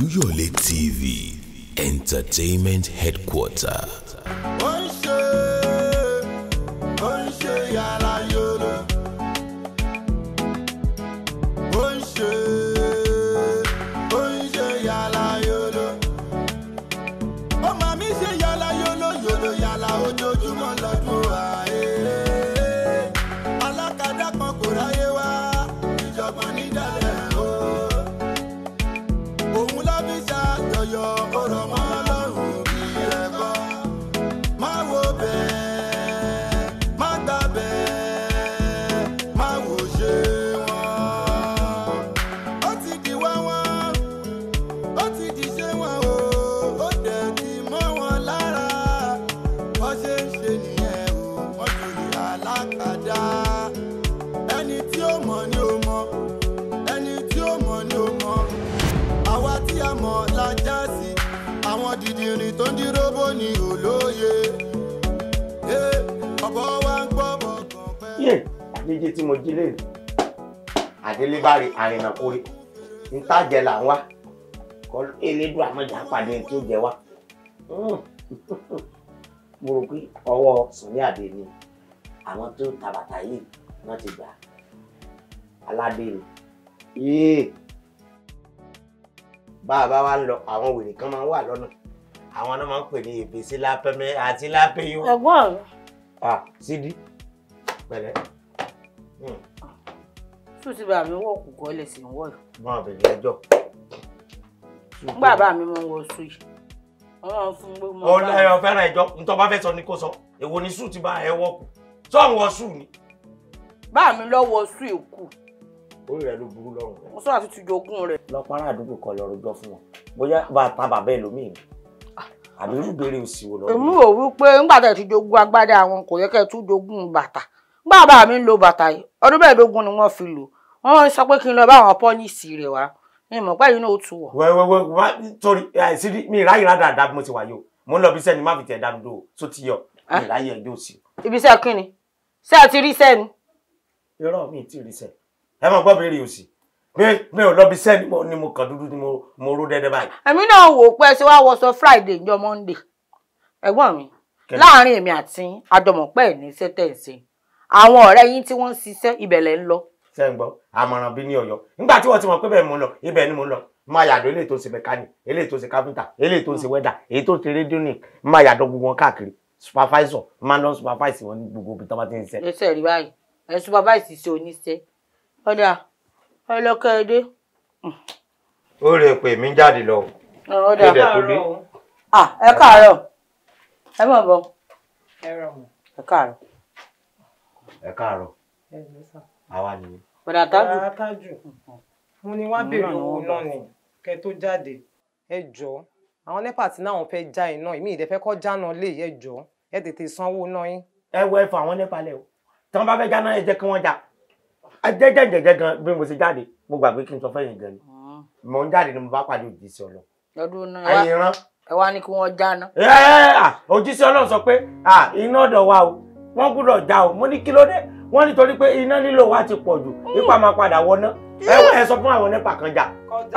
Oluyole TV, entertainment headquarters. déédéé tí mo jí léèrè àdélébárí àrìnàkórè ntàjẹ là ń wá kọ elédùn àmọjà pàdé tí ó jẹ wá hmm. mo rò pé ọwọ́ sùnmí àdé ni àwọn tó ta bàtà yìí wọ́n ti gbà aládé ni yéé bá a bá wa lọ àwọn wèrè kan máa ń wà lọ́nà àwọn náà máa ń pè ní èbè sílápẹ́mẹ́ àti lápẹ́yọ́. ẹ̀gbọ́n rẹ̀. ah sídi pẹ̀lẹ́ tún hmm. ti bàbá mi wọ̀ kù kọ́ lè sì ń wọ̀ yìí. máa bẹ̀rẹ̀ ẹjọ́. nígbà bá mi mọ wọ sùn yìí ọlọ́run fún gbogbo. ó lọ ẹran fẹ́ràn ẹjọ́ nítorí bá fẹ́ sọ ni kó sọ èwo ni sùn ti bá ẹ wọ̀ kù sọ́ọ̀n wọ sùn ni. bá mi lọ́wọ́ sùn èkú. orí rẹ ló burú lọ́rùn rẹ. mo sọ àti tìjọ ogún rẹ. lọ́pọ̀ ará àdúgbò kan lọ rojọ́ fún wọn bóyá bá a ta bàbá ẹ lómi ni àbí irú béèrè òsì wo lọ. èmi ò wí pé ńgbà tẹ̀ ti jogún agbádá àwọn kò yẹ kẹ́ ẹ tún jogún bàtà bàbá mi ń lo bàtà yìí ọdún mẹ́ẹ̀ẹ́dógún ni wọ́n fi lò wọ́n sọ pé kí n lọ bá àwọn pọ́nísì rẹ̀ wá ní ìmọ̀ pẹ́yìn náà ó tu wọ̀. wẹ́wẹ́wẹ́ torí àìsí mi ìráyè rádà dábí mo ti wà yìí o mo ń lọ ibiṣẹ́ ni má fi tẹ̀ dánu dò tó ti yọ mi ìráyè ah. ẹgbẹ́ òsì. ibiṣẹ́ kí ni ṣé ẹ ti rí iṣẹ́ ni. irọ́ mi ti rí iṣẹ́ ẹ máa gbọ́ béèrè òsì mi ò lọ ibiṣẹ́ ni mo kàn dúdú ni mo ró dẹ́dẹ́ báyìí. èmi náà wò pé ṣé wàá wọṣọ Friday ǹjọ́ Monday ẹ̀gbọ́n mi láàárín èmi àti àjọmọ̀pẹ́ ẹ̀ ní sẹ́tẹ̀ẹ̀sì àwọn ọ̀rẹ́ yín tí wọ́n ń ṣiṣẹ́ ibẹ̀ lẹ̀ ń lọ. ṣé ń gbọ́ àmọ̀ràn bí ní ọ̀yọ́ nígbà tí wọ́n ti mọ̀ pé bẹ́ẹ̀ mo lọ ibẹ̀ ni mo lọ máa yàdọ̀ eléyìí tó ń ṣe mẹkáníkì eléyìí tó ń ṣe káfíńtà eléyìí tó ń ṣe wẹ́dà èyí tó ń ṣe rédíònì máa yàdọ̀ gbogbo wọn káàkiri supervisor máa lọ supervise wọn ní gbogbo ibi tó bá ti ń ṣe. ló ṣe rí báyìí ẹ supervise ẹ káàárọ̀ ẹ mọ̀ ẹ káàárọ̀ àwa nìyẹn. ọ̀dà tájù ọ̀dà tájù mo ní wá béèrè owó náà ni kẹ́ tó jáde ẹ jọ̀ọ́ àwọn nepa tí náà wọn fẹ́ já iná ìmí ìdẹ́fẹ́ kọ́ jáná lè ẹ jọ̀ọ́ ẹ tètè sanwó náà yín. ẹ wọ ẹ fọ àwọn nepa lẹ o tí wọn bá fẹ́ jáná ẹ jẹ́ kí wọ́n já jẹjẹjẹjẹ gan bí mo ṣe jáde mo gbàgbé kí n sọ fẹyìn gan ni hmm. mo ń jáde ni mo bá pàdé òjíṣẹ́ Ọlọ́run. lọ́dún náà ayé rán. ẹ wá ní kí wọ́n jáná. ẹ ẹ ojúṣe Ọlọ́run sọ pé iná ọ̀dọ̀ wa o wọ́n gbúdọ̀ já o mo ní kí ló dé wọ́n nítorí pé iná lílò wa ti pọ̀ jù ipa máa padà wọná ẹ sọ fún àwọn nípa kan jà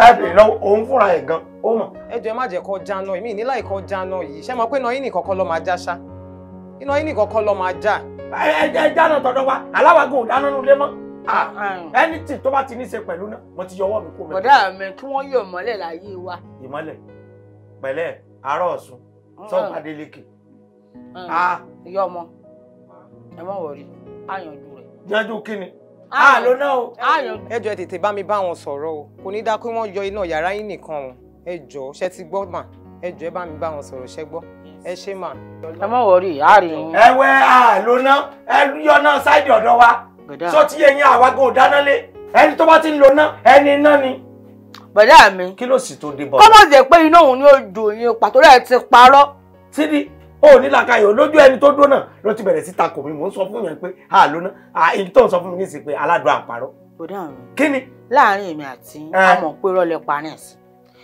ẹ bèrè lọ òun fúnra ẹ̀ gan ó mọ̀. ẹ jọ̀ọ́ ẹ má jẹ́ kó jáná èmi ìnílà ìkọ́ jáná yìí ṣé mo pé iná yín nìkan kọ́ ló máa já ṣá iná yín nìkan kọ́ ló máa já. ẹ ẹ jáná tọ̀dọ̀ wa aláwàgùn dáná nulẹ̀ mọ́ ah, anything tó bá ti ní í ṣe pẹ̀lú náà mo ti yọwọ́ mi kó mẹ́rin. bọ̀dá mi kí wọ́n yọ ìmọ́lẹ̀ láyé wa. ìmọ́lẹ̀ pẹ̀lẹ́ àárọ̀ ọ̀sùn sọ́ọ̀bù adélèké. yọmọ ẹ má wọrí àyànjú rẹ̀. yanjú kí ni àlọ náà o. ẹ jọ̀ọ́ ẹ tètè bá mi bá wọn sọ̀rọ̀ o kò ní dáa kí wọ́n yọ iná yàrá yín nìkan o ẹ jọ̀ọ́ ṣe ti gbọ́ mà ẹ jọ̀ọ́ ẹ bá mi bá wọn sọ̀rọ̀ ṣe gbọ́ ẹ ṣe mà. ẹ má wọrí àárín yín. ẹ wẹ àlọ náà ẹ yọ náà sáìdì ọ̀dọ̀ wa sọ ti yẹ yín àwa gan dáná lé ẹni tó bá ti ń lo náà ẹni náà ni bọ̀dá mi. kí ló sì tó dé bọ̀. kọ́mọ̀ jẹ́ pé iná òun ni ó ju òyìn pàtó rẹ̀ ti parọ́. sídi ó ní làkàyọ̀ lójú ẹni tó dúró náà ló ti bẹ̀rẹ̀ sí takò mi mò ń sọ fún yẹn pé a lóná èyí tó ń sọ fún mi ní ìsìn pé aládùn àpárọ̀. bòdà ọ̀run kí ni. láàárín èmi àti àmọ̀ eh. pé rọ́lẹ̀ parí ẹ̀sìn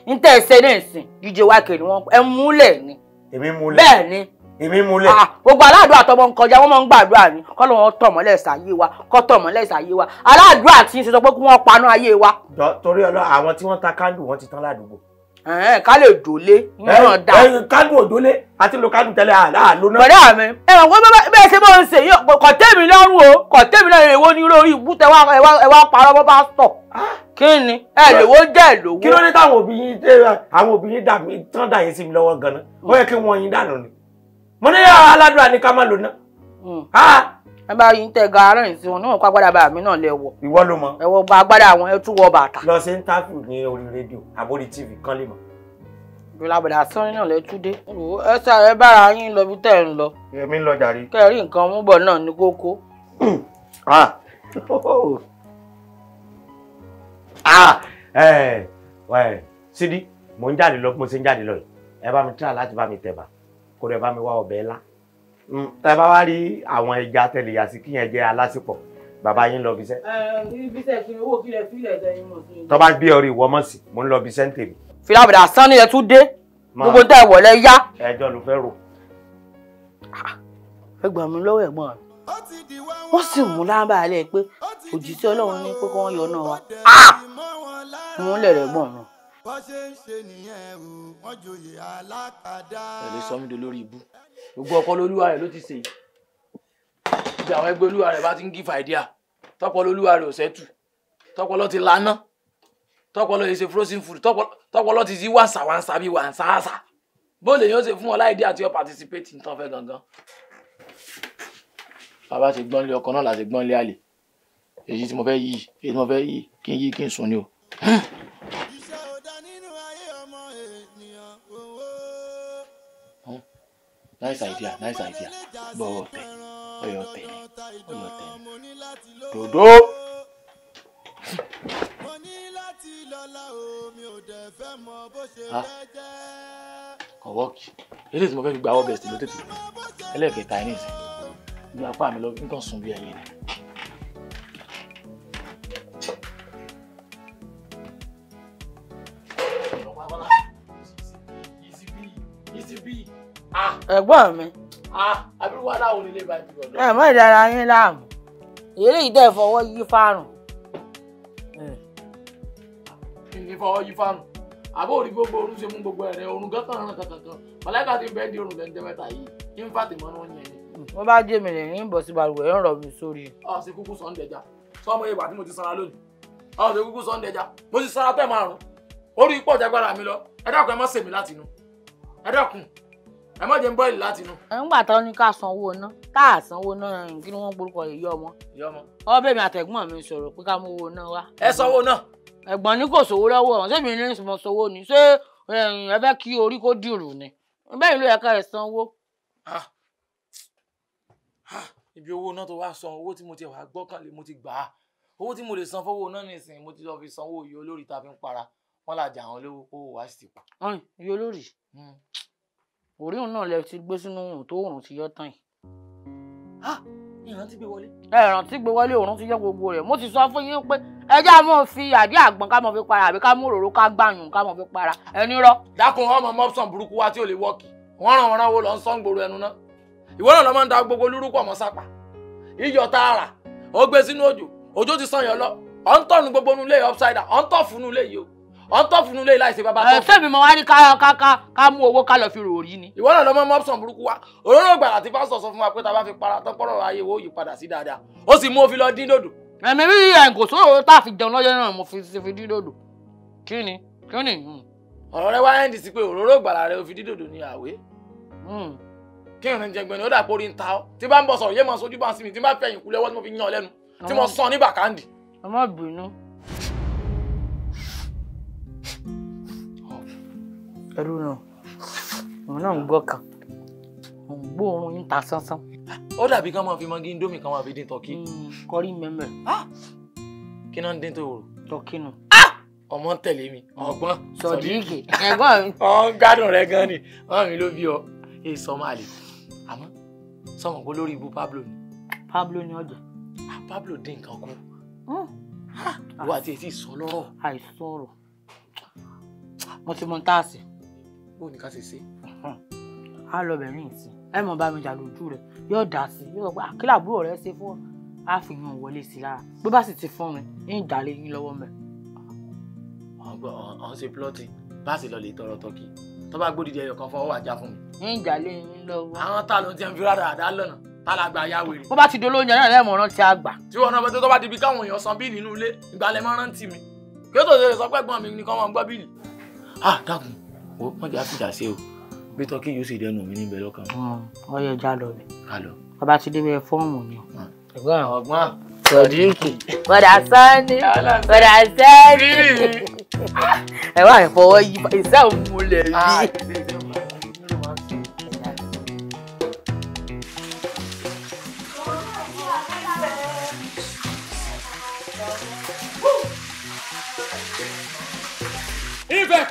ń tẹ́ ẹsẹ̀ náà sìn jíjẹ wákè ni wọ́n ẹ múlẹ̀ ni. èmi múlẹ̀ bẹ́ẹ̀ ni. èmi múlẹ̀. Ah, gbogbo aládùúrà tọmọ ń kọjá wọ́n máa ń gbàdúrà ni kọ́ ló wọn tọ̀ mọ́lẹ̀ sàyé wa kọ́ tọ̀ mọ́lẹ̀ sàyé wa aládùúrà ti ń ṣe sọ pé kí wọ́n paná ayé wa. torí ọlọ́ àwọn tí wọ́n ta kándù wọ́n ti tán ládùúgbò ká lè dòlé náà dá. kádùn òdòlé àti lo kádùn tẹ́lẹ̀ àlọ́ náà. bọ̀dá mi ẹ mọ̀ pé bẹ́ẹ̀ ṣe máa ń ṣe yí kọ̀ tẹ́mi lọ́rùn o kọ̀ tẹ́mi lọ́rùn èwo ni lórí ìbútẹ́ ẹ wá parọ́ bọ́ bá sọ̀ ah. kí ni ẹ lówó jẹ́ ẹ lówó. kí ló dé táwọn òbí yín àwọn òbí yín tán dà yín sí mi lọ́wọ́ gan-an ó yẹ kí wọ́n yín dànù ni. mo ní aládùn àníkà má lò ná. Hmm. Ah ẹ bá yín tẹ gaara ẹ̀ sí wọn níwọ̀n kó agbádá bá mi náà lẹ wọ. ìwọ ló mọ. ẹ wọ gba agbádá àwọn ẹ tún wọ bàtà. lọ sí interview ní orí rédíò àbórí tv kan lè mọ. ìlàbàdà sanni náà lẹ tún dé. ẹ sá ẹ bára yín lọ bí tẹ ẹ ń lọ. èmi ń lọ jàre. kẹrí nǹkan mú bọ̀ náà ní kókó. sídi ah. ah, mò ń jáde lọ mo ṣe ń jáde lọ yìí ẹ bá mi tíra láti bá mi tẹ̀ bá kó lè bá mi wá ọbẹ̀ ńlá Mm, tẹ bá wá rí àwọn ẹja tẹlẹ yà sí kí yẹn jẹ alásìpọ̀ bàbá yín lọ bíṣẹ́. bíṣẹ́ kí ni owó kílẹ̀ fílẹ̀ jẹ́ yín mọ̀ sí. tọ́ba bí ọrí ìwọ mọ̀ sí mo ń lọ bíṣẹ́ ń tèmi. filabada sanni ẹ tún dé gbogbo tẹ ìwọlẹ yá. ẹjọ ló fẹ́ rò. ẹ gbà mí lọ́wọ́ ẹ̀gbọ́n mi wọ́n sì mú lábà alẹ́ pé òjíṣẹ́ ọlọ́run ní pé kí wọ́n yọ náà wá. Ah! mú lẹ̀rẹ̀ gbọ̀n mi. bó ń ṣe nìyẹn o wọ́n joyè alákàdá. pẹ̀lú sọmídìí lórí ibú gbogbo ọkọ lolúwa rẹ ló ti ṣe ibi àwọn ẹgbẹ́ olúwa rẹ bá ti ń gífà ìdíà tọpọ lolúwa rẹ ò sẹtù tọpọ lọ ti laná tọpọ lọ yìí frozen food tọpọ lọ ti di wàṣà wàṣà bíi wàṣà àṣà bó lè yóò ṣe fún ọ láìdí àti ọ participate nǹkan fẹ́ gangan. bàbá ṣe gbọ́n lé ọkọ náà láti gbọ́n lé àlè èyí tí mo fẹ́ yí èyí tí mo fẹ́ yí kí n yí kí n sùn ni o. nice idea nice idea lọ ọtẹ ọyọ ọtẹ ni ọyọ ọtẹ ni dodo. kọ̀wọ́ọ̀kì eléyìí tí mo fẹ́ fi gba ọwọ́ bẹ̀rẹ̀ sí ló tètè lẹ́ẹ̀kẹta ẹ̀ ní ìsìn ní apá mi lọ nǹkan sùn bí ẹyin ni. Ah. ẹ̀gbọ́n mi. Ah, àbúrò wa láwọn onílé bá ti gbọdọ̀. ẹ mọ ìdára yín láàmú eré ìdá ìfọwọ́ yí fárùn. ìfọwọ́ hmm. yí fárùn àbó òrí gbogbo orun ṣe mú gbogbo ẹ̀rẹ̀ orun gánkan ràn kankan mọ̀lẹ́ka ti bẹ́ẹ̀ di orun lẹ́ńdẹ́ mẹ́ta yìí kí n fàtí mọ́ náà yẹn ni. Hmm, wọ́n bá dé mi rẹ̀ ní bọ̀ sí balùwẹ̀ yóò rọ̀ mi sórí. ọ̀ sí kúkú sọ́ńdẹ̀já sọ́mọ ìgbà tí mo ti sanra lónìí ọ̀ sí kúkú sọ́ńdẹ̀já mo ti sanra tẹ̀ márùn-ún orí pọ̀ jágbára mi lọ ẹ dákun ẹ má ṣèmi látinú ẹ dákun ẹ má jẹ́ ń bọ́ìlì láti inú. nígbà tó ni. ká sanwó ná tá a sanwó ná kí ni wọ́n gborúkọ yìí yọ ọmọ. yọ ọmọ. ọ bẹ́ẹ̀ mi àtẹ̀gbọ́n mi sọ̀rọ̀ pé ká mú owó náà wá. ẹ sanwó náà. ẹ̀gbọ́n ní kò sówó lọ́wọ́ ọ̀hún sẹ́mi ní ìsìnkú sanwó ni ṣé ẹ fẹ́ kí orí kó dìrù ni bẹ́ẹ̀ ló yẹ ká ẹ sanwó. ibi owó náà tó wá san owó tí mo ti wà gbọ́kànlé mo ti gbà á owó tí mo lè san fowó náà nìsín mo ti lọ fi sanwó iye olórí ta fi ń para wọn làjà àwọn olówó kó wá sí i. iye olórí hmm orí òun náà lẹ ti gbé sínú òun tó òrùn ti yọ tán yìí. Ah! ìrántí gbé wọlé. ìrántí gbé wọlé òrùn ti yọ gbogbo rẹ̀ mo ti sọ fún yín pé ẹjẹ́ àmọ́ fi àdí àgbọn ká mọ̀ fi para àbí ká mú òróró ká gbàyàn ká mọ̀ fi para ẹni rọ. dákun ọmọ mọ́sán burúkú wa tí ò lè wọ́ọ̀kì wọ́n ràn wọ́n rán wo lọ ń sán gbòòrò ẹnu náà ìwọ náà lọ máa ń da gbogbo lúrúkọ ọmọ sápà iyọ̀ tààrà ó gbé sínú òjò òjò ti sàn yọ lọ ọ̀ ń tọ̀nù gbogbo nulẹ̀ upside down ọ̀ ń tọ̀ fún nulẹ̀ yìí o ọtọ funu lé láìsí bàbá tó. ṣé mi mọ wá ní ká ká ká ká mú owó ká lọ fi rò rí ni. ìwọ náà lọ mọ mọpsán burúkú wa òróró gbàrà tí pásítọ̀ sọ fún wa pé tá a bá fi para tán pọ́nrọ̀ ayé wo yìí padà sí dáadáa ó sì mú òfin lọ dín dòdò. ẹ̀mí bí ẹ̀ǹkò sóró tá a fi jẹun lọ́jọ́ náà mo fi fi dín dòdò kí ni kí ni. Hmm. ọ̀rọ̀ rẹ wá ẹ́ndì sí pé òróró gbàrà rẹ ò fi dín dòdò ní àwé. Hmm. kí n jẹ gbẹ̀ni ó dà pórí ń tí bá ń bọ̀ sọ̀rọ̀ yé mọ̀ sojú bá ń sinmi tí bá fẹ̀yìn kulẹ̀ wọ́n tí mo fi yàn ọ lẹ́nu tí mo sàn ní bàkàndì. ọmọ bìnú ẹrú náà òun náà ń gbọ́ kan òun gbóòórùn yín ta sánsán. ó dàbí ká máa fi mọ́gí indomie kan wà fi dín tọ́kì. Hmm, kọrí mẹ́mẹ́. Ah! kí náà ń dín tó wòrò. tọ́kì nù. Ah! ọmọ ń tẹ̀lé mi hmm. ọgbọ́n. sọ̀díìkì ẹ̀gbọ́n mi. ọ̀ ń rẹ gan ni wọ́n mi ló bí ọ èyí sọmọ àlè àmọ́ sọmọ pé lórí ibú Pablo ni. Pablo ni ọjà. Ah, Pablo dín nǹkan kú. wọ́n àti èsì sọ lọ́rọ̀. àìsọ̀rọ̀ mo ti mọ táàsì bó ní ká ṣe ṣe. a lọ bẹ̀rẹ̀ yìí sí ẹ mọ̀ bá mi jà lójú rẹ̀ yóò dà sí yóò gbà kílà àbúrò rẹ̀ ṣe fún a fi hàn wọlé sí lára bí bá sì ti fún mi ń dàlẹ́ yín lọ́wọ́ mẹ́. ọ̀n ṣe plọ́tì bá a sì lọ lè tọrọ tọ́kì tó bá gbódìdí ẹyọ kan fọwọ́ àjà fún mi. ń dàlẹ́ yín lọ́wọ́. àwọn tá ló ti ń fi rárá àdá lọ́nà tálàgbà ya wèrè. bó bá ti dolóyún náà lẹ́mọ̀ rántí àgbà. tí wọn náà bẹ tó bá ti bi káwọn èèyàn san bíìlì inú ilé ìgbàlẹ̀ mọ́ rántí mi kí ó tó ṣe sọ pé ẹ̀gbọ́n mi ni kọ́ mọ́ gbọ́ bíìlì. a ah, dákun wọ́n jà fìjà sí o bí tọ́kì yóò sì dẹnu mi níbẹ̀ lọ́kàn. ọ yẹ já lọ bẹ bàbá ti dé bẹ fọ́ọ̀mù ni. ọgbọ́n ọgbọ́n sọdíkì bọ̀dà sọ́ni bọ̀dà sẹ́ni ẹ wá ìfọwọ́ yí ìsáàmúlẹ̀ bíi.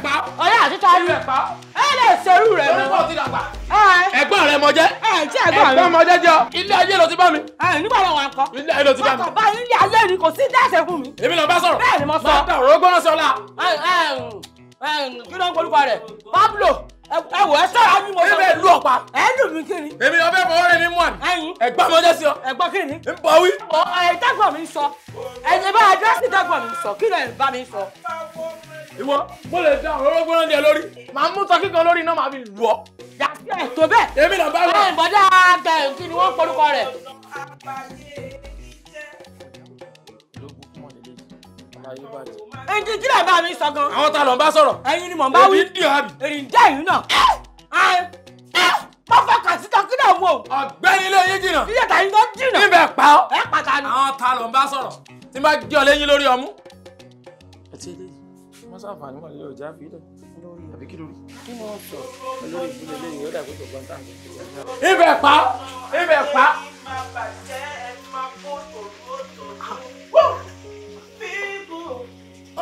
pa ọ́. ọ̀yá àti tani ẹ lè ṣerú rẹ mọ́. orúkọ ti dàgbà. ẹ̀gbọ́n rẹ mọ jẹ́. ẹ ti ẹ̀gbọ́n mi. ẹ̀gbọ́n mọ jẹ́ jọ. ilé ayé ló ti bá mi. nígbà wo wà ń kọ. ilé ayé ló ti bá mi. bàbá ilé ayé ni kò sí dáṣẹ fún mi. èmi lọ bá sọ̀rọ̀. bẹ́ẹ̀ ni mo sọ. máa dàrú ó gbọ́dọ̀ sí ọ̀la. Pablo ẹ wò ẹ sọ̀rọ̀ mi mo sọ. ẹ lu ọ̀pá. ẹ dùn mí kiri. èmi lọ fọwọ́ rẹ ní mọ́ọ̀nì. ẹyin mi ọjọ́ sí ọ. ẹgbà kí ni. n bọ̀ wí. ọ ẹ dẹ́gbọ̀n mi sọ ẹ̀jẹ̀ bá àdírẹ́sì dẹ́gbọ̀n mi sọ kí lẹ̀ bá mi sọ. ìwọ mo lè da òróró gbóná ní lórí. màá mú sọ kíkan lórí náà màá fi lù ọ. yàtọ̀ bẹ́ẹ̀. èmi náà bá wà. ẹ̀ ń bọ́dá ẹnjì kí lè bá mi sọ gan. àwọn ta ló ń bá sọ̀rọ̀. ẹ̀yin ni mò ń bá wí. èdè àbí. èdè ẹ̀yin náà. mo fọkàn sí kan kí lè wo. ọ̀gbẹ́ni ilé yín jìnnà. ilé tàyín tó jìnnà. níbẹ̀ pa ọ́. ẹ pàtàkì. àwọn ta ló ń bá sọ̀rọ̀. tí n bá gé ọ lẹ́yìn lórí ọmú. ẹ ti ilé wọn ṣàǹfààní wọn lè ọjà fi lẹ àbí kí lórí kí ni sọ olórí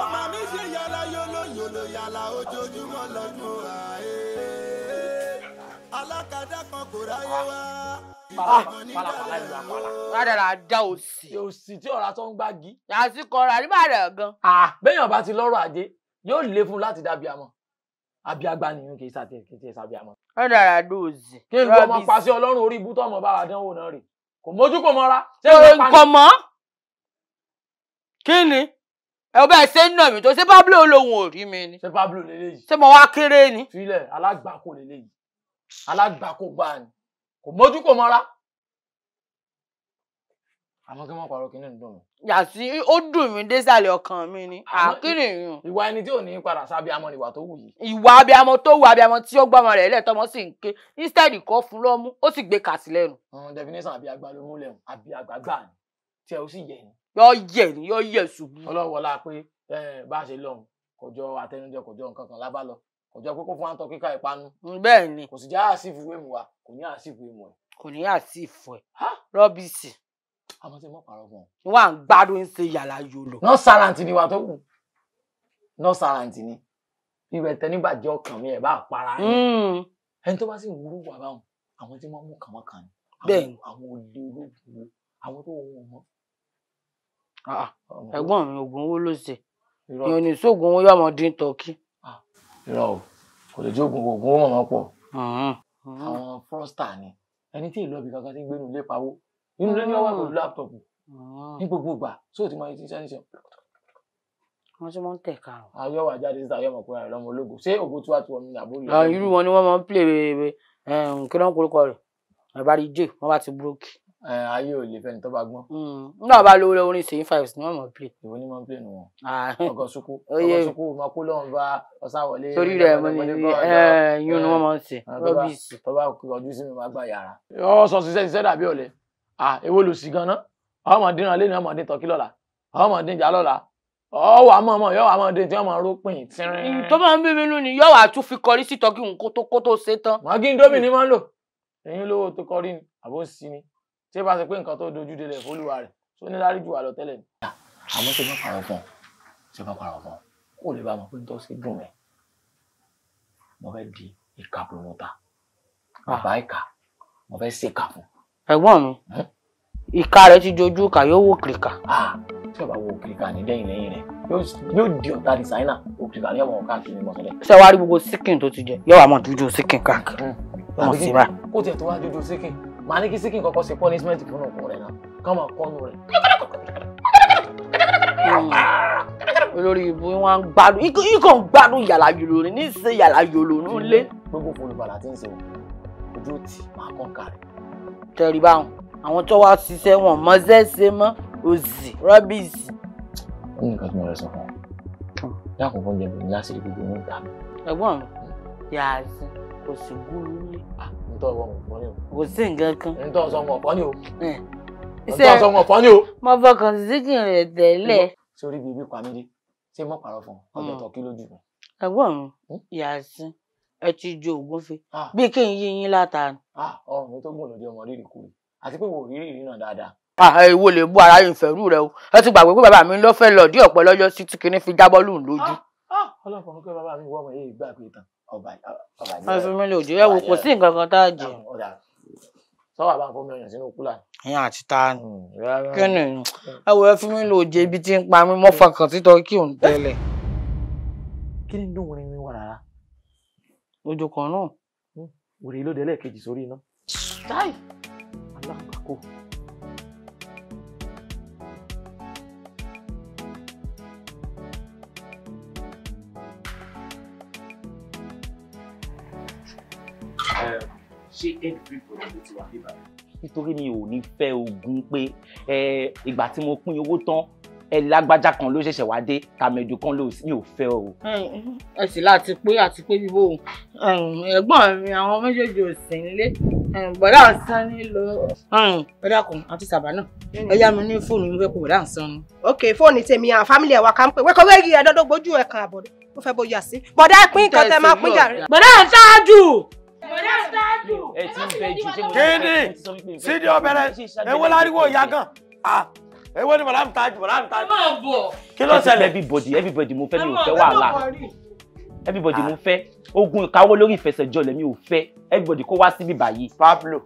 ọmọ mi ṣe yàrá yòlò yòlò yàrá ojoojúmọ́ lọ́dún ààyè alákàdá kan kò ráyé wá. Rádàrà dá òsì. Òsì tí ọ̀rá tó ń gbági. Àsìkò ọ̀rá rí bàrẹ̀ gan. Béèyàn bá ti lọ́rọ̀ ajé, yóò lé fún un láti dábì àmọ́. Àbí àgbà nìyẹn kì í sàtì kì í sàbí àmọ́. Rádàrà dá òsì. Kí n gbọ́ ọmọ pàṣẹ ọlọ́run orí ibú tọ́mọ bá wa dánwò náà rè. Kò mójú kò mọ́ra. Ṣé ìwé pa ni? Kò mọ́. Kí ni? ẹ bẹ́ẹ̀ ṣe ń nà mí tó ṣé pablo lòun ò rí mi ni. ṣé pablo lélẹ́yìí. ṣé mo wá kéré ni. filẹ̀ alágbàkó lélẹ́yìí alágbàkó gbáà ni kò mójú kò mọ́ra. àmọ́ kí wọ́n parọ́ kí ní dùn mí. yàtí ó dùn mí désàlẹ̀ ọkàn mi ni àkínní yìí. ìwà ẹni tí ò ní padà sábẹ́ amọ̀ ìwà tó wù yìí. ìwà abiyamọ tó wù abiyamọ tí ó gbọ́mọ rẹ̀ lẹ̀ tọmọ sì ń ké instead kọ́ fún lọ́mú ó sì gbé kà sí lẹ́nu. definition àbí àgbà ló mú lẹ́nu àbí àgbà gbà ni tí ẹ yọ yẹ ni yọ yẹ ṣubú. ọlọ́run wọlá pé bá a ṣe lọ́hùn kọjọ àtẹnujẹ kọjọ nǹkan kan lábá lọ kọjọ pé kó fún àtọ kíkà ìpanu. Mm, bẹ́ẹ̀ ni. kò sì já àṣìfù ìwé mu wa kò ní àṣìfù ìmọ̀ ẹ̀. kò ní àṣìfù ẹ̀ rọ́bìsì. àmọ́ tí mo pàrọ̀ fún ọ. wà á gbádùn ń ṣe yàrá yòlò. nọ́ọ̀sàràǹtì ni wà tó kù nọ́ọ̀sàràǹtì ni ìrẹ̀tẹ̀ níbàjẹ́ ọkàn mi ẹ̀ bá para rẹ̀. Mm. ẹni tó bá sì wúrú wà báwọn àwọn tí wọ́n mú kàmọ́kàn Ah, ẹ̀gbọ́n mi oògùn owó ló ṣe èèyàn ní sóògùn owó yọmọ dín tọkí. Ah, irọ́ o kò lè jẹ́ oògùn oògùn owó mọ̀ pọ̀ àwọn frosta ni ẹni tí ìlú ọbì kankan ti ń gbénu ilé pawó inú ilé ní ọwọ́ pẹ̀lú láptọ̀pù ní gbogbo ìgbà tí ò ti máa ti ṣe ṣe. wọ́n ti máa ń tẹ̀ karùn-ún. ayọ̀ wà jáde síta ayọ̀ mọ̀kúnra rẹ̀ lọ́mọ ológun ṣé ògo tí wàá tu ọmọ ìyàbọ̀ rẹ̀. irú wọn ni wọ́n máa ń pè ayé ò lè fẹ́ni tó bá gbọ́n. Hmm. nígbà bá lówó lọ́wọ́ ní sèyí fives ni wọ́n mọ̀ play. ìwọ ni wọ́n play nù wọn. Ah. ọkọ̀ suku ọkọ̀ suku mako lọ́wọ́ bá ọ̀sáwọlé. torí rẹ̀ mo ní yún ni wọ́n mọ̀ ń sè rọ́bìsì. Ah, tó bá ọdún sí mi máa gbà yàrá. ọ sọ ṣiṣẹ́ ṣiṣẹ́ dàbí ọ̀lẹ́ èwo ah, ló sì gan-an àwọn ọmọdé náà lé ní ọmọdé tọ́kí lọ́la àwọn ọmọdé ìjà lọ́la ọwọ àmọ ọmọ yọwọ àmọ ọdẹ tí wọn máa rópin tìrín. tó máa ń bí mi nú ni yọwọ àtún fi kọrí sí tọkí nǹkó tó kó tó ṣe tán. màgí ndómìnì máa ń tí ó bá ṣe pé nǹkan tó dojú délẹ̀ fólúwa rẹ̀ tó ní lárí jù wà lọ tẹ́lẹ̀ ni. àmọ́ ṣe bá parọ́ fún ọ ṣe bá parọ́ fún ọ kó lè bá mọ̀ pé nítorí ṣe dùn mẹ́ mo fẹ́ di ìka promoter bàbá ah. ìka mo fẹ́ ṣèkà fún. ẹ̀gbọ́n mi hm? ìka rẹ̀ ti jojú ìka yóò wò kìrìkà. Ah, tí ọba wo kìrìkà ní dẹ́yìn lẹ́yìn rẹ̀ yóò di ọ̀tá dìsáínà òkìrìkà ní ọ̀wọ̀n káàkiri mọ̀sálẹ̀. ṣé wàá rí gbogbo síkìn tó ti jẹ yóò wá mọ̀ dúdú síkìn káàkiri. Hm. kó tiẹ̀ tó wá dúdú síkìn màá ní kí síkì kọ́kọ́ ṣe punishment fún ọkùnrin rẹ̀ náà ká máa kọ́nu rẹ̀. olórí ìbò wọn ń gbádùn ikọ̀ ń gbádùn yàrá yòlò ní ní ṣe yàrá yòlò ní ilé. gbogbo olùbàdà ti ń ṣe ojú tì máa kọ́ kárẹ̀. tẹ̀rí báwọn àwọn tó wá ṣiṣẹ́ wọn mọ́ṣẹ́ ṣe mọ́ òsì rọ́bìsì. ó ní nǹkan tí mo rẹ sọ fún ọ dákùn fún jẹbi láti rí ní ìta mi. ẹ̀gbọ́n mi yàá sí kò sí gúrú ní. Ah, ntọ́ ọmọ ọ̀pọ̀ ni o. kò sí nǹkan kan. ntọ́ ọmọ ọ̀pọ̀ ni o. ntọ́ ọmọ ọ̀pọ̀ ni o. mo fọkàn sí kí n rẹ̀ tẹ́lẹ̀. sórí bíbí pamídé ṣé mo pàrọ̀ fún ọ ọjọ́ tó kí lójú mi. ẹ̀gbọ́n mi hmm? yàtí ẹ ti ju ògùn fi ah. bí kí n yí yín láta. Ah, ọrùn mi tó gùn lòdì ọmọ rírì kúrì àti pé wò rírì rírì náà dáadáa ìwo lè bú ara ìfẹ̀rú rẹ o ẹ ti gbàgbé pé bàbá mi ló fẹ́ lọ dí ọ̀pẹ lọ́jọ́ sí tí kinní fi jábọ́ lù lójú. Ọlọ́run fọ̀run pé bàbá mi wọ́n ọmọ yìí gbàgbé tán ọba ìjọba. ọ̀sùnmi lè jẹ́ ẹ̀wò kò sí nǹkan kan tá a jẹ. sọ́wọ́ àbá nǹkan mìíràn sínú kúlà. ẹ̀yin àti ta ni hmm, kí ni ẹ̀wò ẹ fún mi lò jẹ ibi tí ń pa mí mọ́ fọkàn títọ́ kí òun tẹ́lẹ̀. kí ni dùn wọrin mi wà rárá. ojú kan náà. Hmm, wèrè ló dé lẹ́ẹ̀kejì sórí iná. táì alákòókò. ṣé end free ti wà níbà. nítorí mi ò ní fẹ́ ogun pé ìgbà tí mo pín owó tán ẹ lágbájá kan ló ṣẹ̀ṣẹ̀ wáá dé tàmẹ̀dù kan ló mi ò fẹ́ o. ẹ sì láti pé àti pé bíbó ẹ̀gbọ́n mi àwọn méjèèjì ò sí nílé bọ̀dá ọ̀sán ni bọ̀dá kan àti sàbà náà ẹ mi ní fóònù mi fẹ́ bọ̀dá ọ̀sán ni. ok fóònù tèmi àwọn fámìlì ẹ̀ wá ká ń pè wẹ́kọ̀ wẹ́rì ẹ̀ dọ́dọ̀ gbójú ẹ̀ kan àbọ̀dẹ̀ ó sí bọ̀dá pín nǹkan máa pín jàre. bọ̀dá ń ṣáájú ẹ ti ń bẹ ju tí mo ní kí sídìí ọbẹ̀rẹ̀ ewé láriwo ìyá gan ewé ni madam Tájù madam Tájù kí ló ṣẹlẹ̀ everybody everybody mo fẹ́ mi ò fẹ́ wàhálà everybody mo fẹ́ ogun ìkáwó lórí ìfẹsẹ̀jọlẹ̀ mi ò fẹ́ everybody kó wá síbí báyìí. Pablo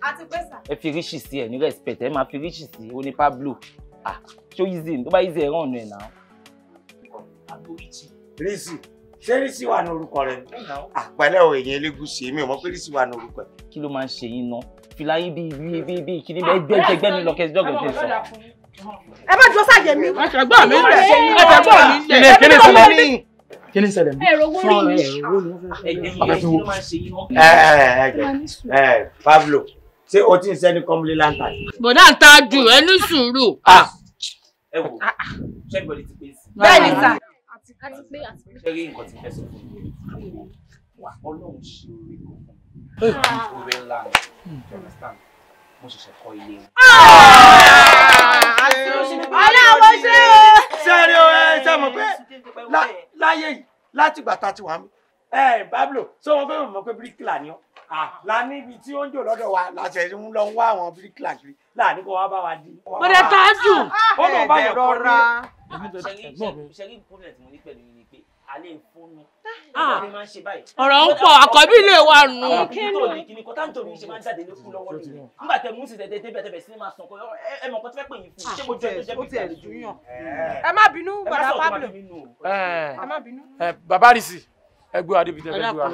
àti pẹ́sà. ẹ fi ríṣì sí ẹ ní respect ẹ máa fi ríṣì sí ó ní Pablo ah ṣó easy tó bá easy ẹ rán ọ̀nà ẹ̀ náà. ríṣì ṣé rísí wà ní orúkọ rẹ àpẹẹlẹ ah, o èyàn elégùsì èmi ò mọ pé rísí wà ní orúkọ ẹ. kí ló máa ń ṣe yín náà fìlà yín bíi bíi bíi bíi kí ni ah, bẹ́ẹ̀ gbé jẹgbẹ mi lọ kẹsí dọgbẹ tẹsán. ẹ bá jọ sáàjẹ mi. àṣàgbọ́ mi ń bẹ̀ àṣàgbọ́ mi ń bẹ̀ kí ni sọlọ ní. kí ni sọlọ ní. ẹ̀rọ wọ́n rí ẹ̀ ẹ̀ ẹ̀ Pablo ṣé o ti ń sẹ́ni kọ́mílé láǹtà. bọ̀dá ń ta jù ẹ ní sùúrù. Ah. ẹ wò ṣẹ́gbọ̀n ti pèsè. bẹ́ẹ̀ ni sà àti pé àti pé. ṣé rí nǹkan tí fẹ́ sọ fún mi wà ọlọ́run ṣe orí kan fún mi orí ńlá mi understand mo ṣẹ̀ṣẹ̀ kọ́ ilé mi. aláwọ̀ ah! ṣe o. sẹ́ẹ̀rì o ẹ ṣe mọ̀ pé láyé yìí láti ìgbà tá a ti wà mí ẹ Pablo sọ wọn pé mo mọ̀ pé bíríkìlà ni ọ́ la níbi tí ó ń jò lọ́dọ̀ wa làṣẹ ń lọ wá àwọn bíríkìlà kiri láàánú kó wá bá wa di. mo lè tọ́jú. ó lọ bá yẹ kọ́ ní. Ah, ah. ọ̀rọ̀ ń pọ̀ àkọ́bí ilé wa nù. nígbà tẹ mú sísẹ dédé bẹ̀tẹ̀ bẹ̀sí ni máa sàn kọ́ ẹ mọ̀ kọ́ tí fẹ́ pè yín fún ṣé mo jẹ́ ìjẹ́ ah, bí eh. eh. ẹ má bínú gbàdá Pablo eh. ẹ má bínú. bàbá rìsì ẹ gbé wa débi tẹ fẹ́ gbé wa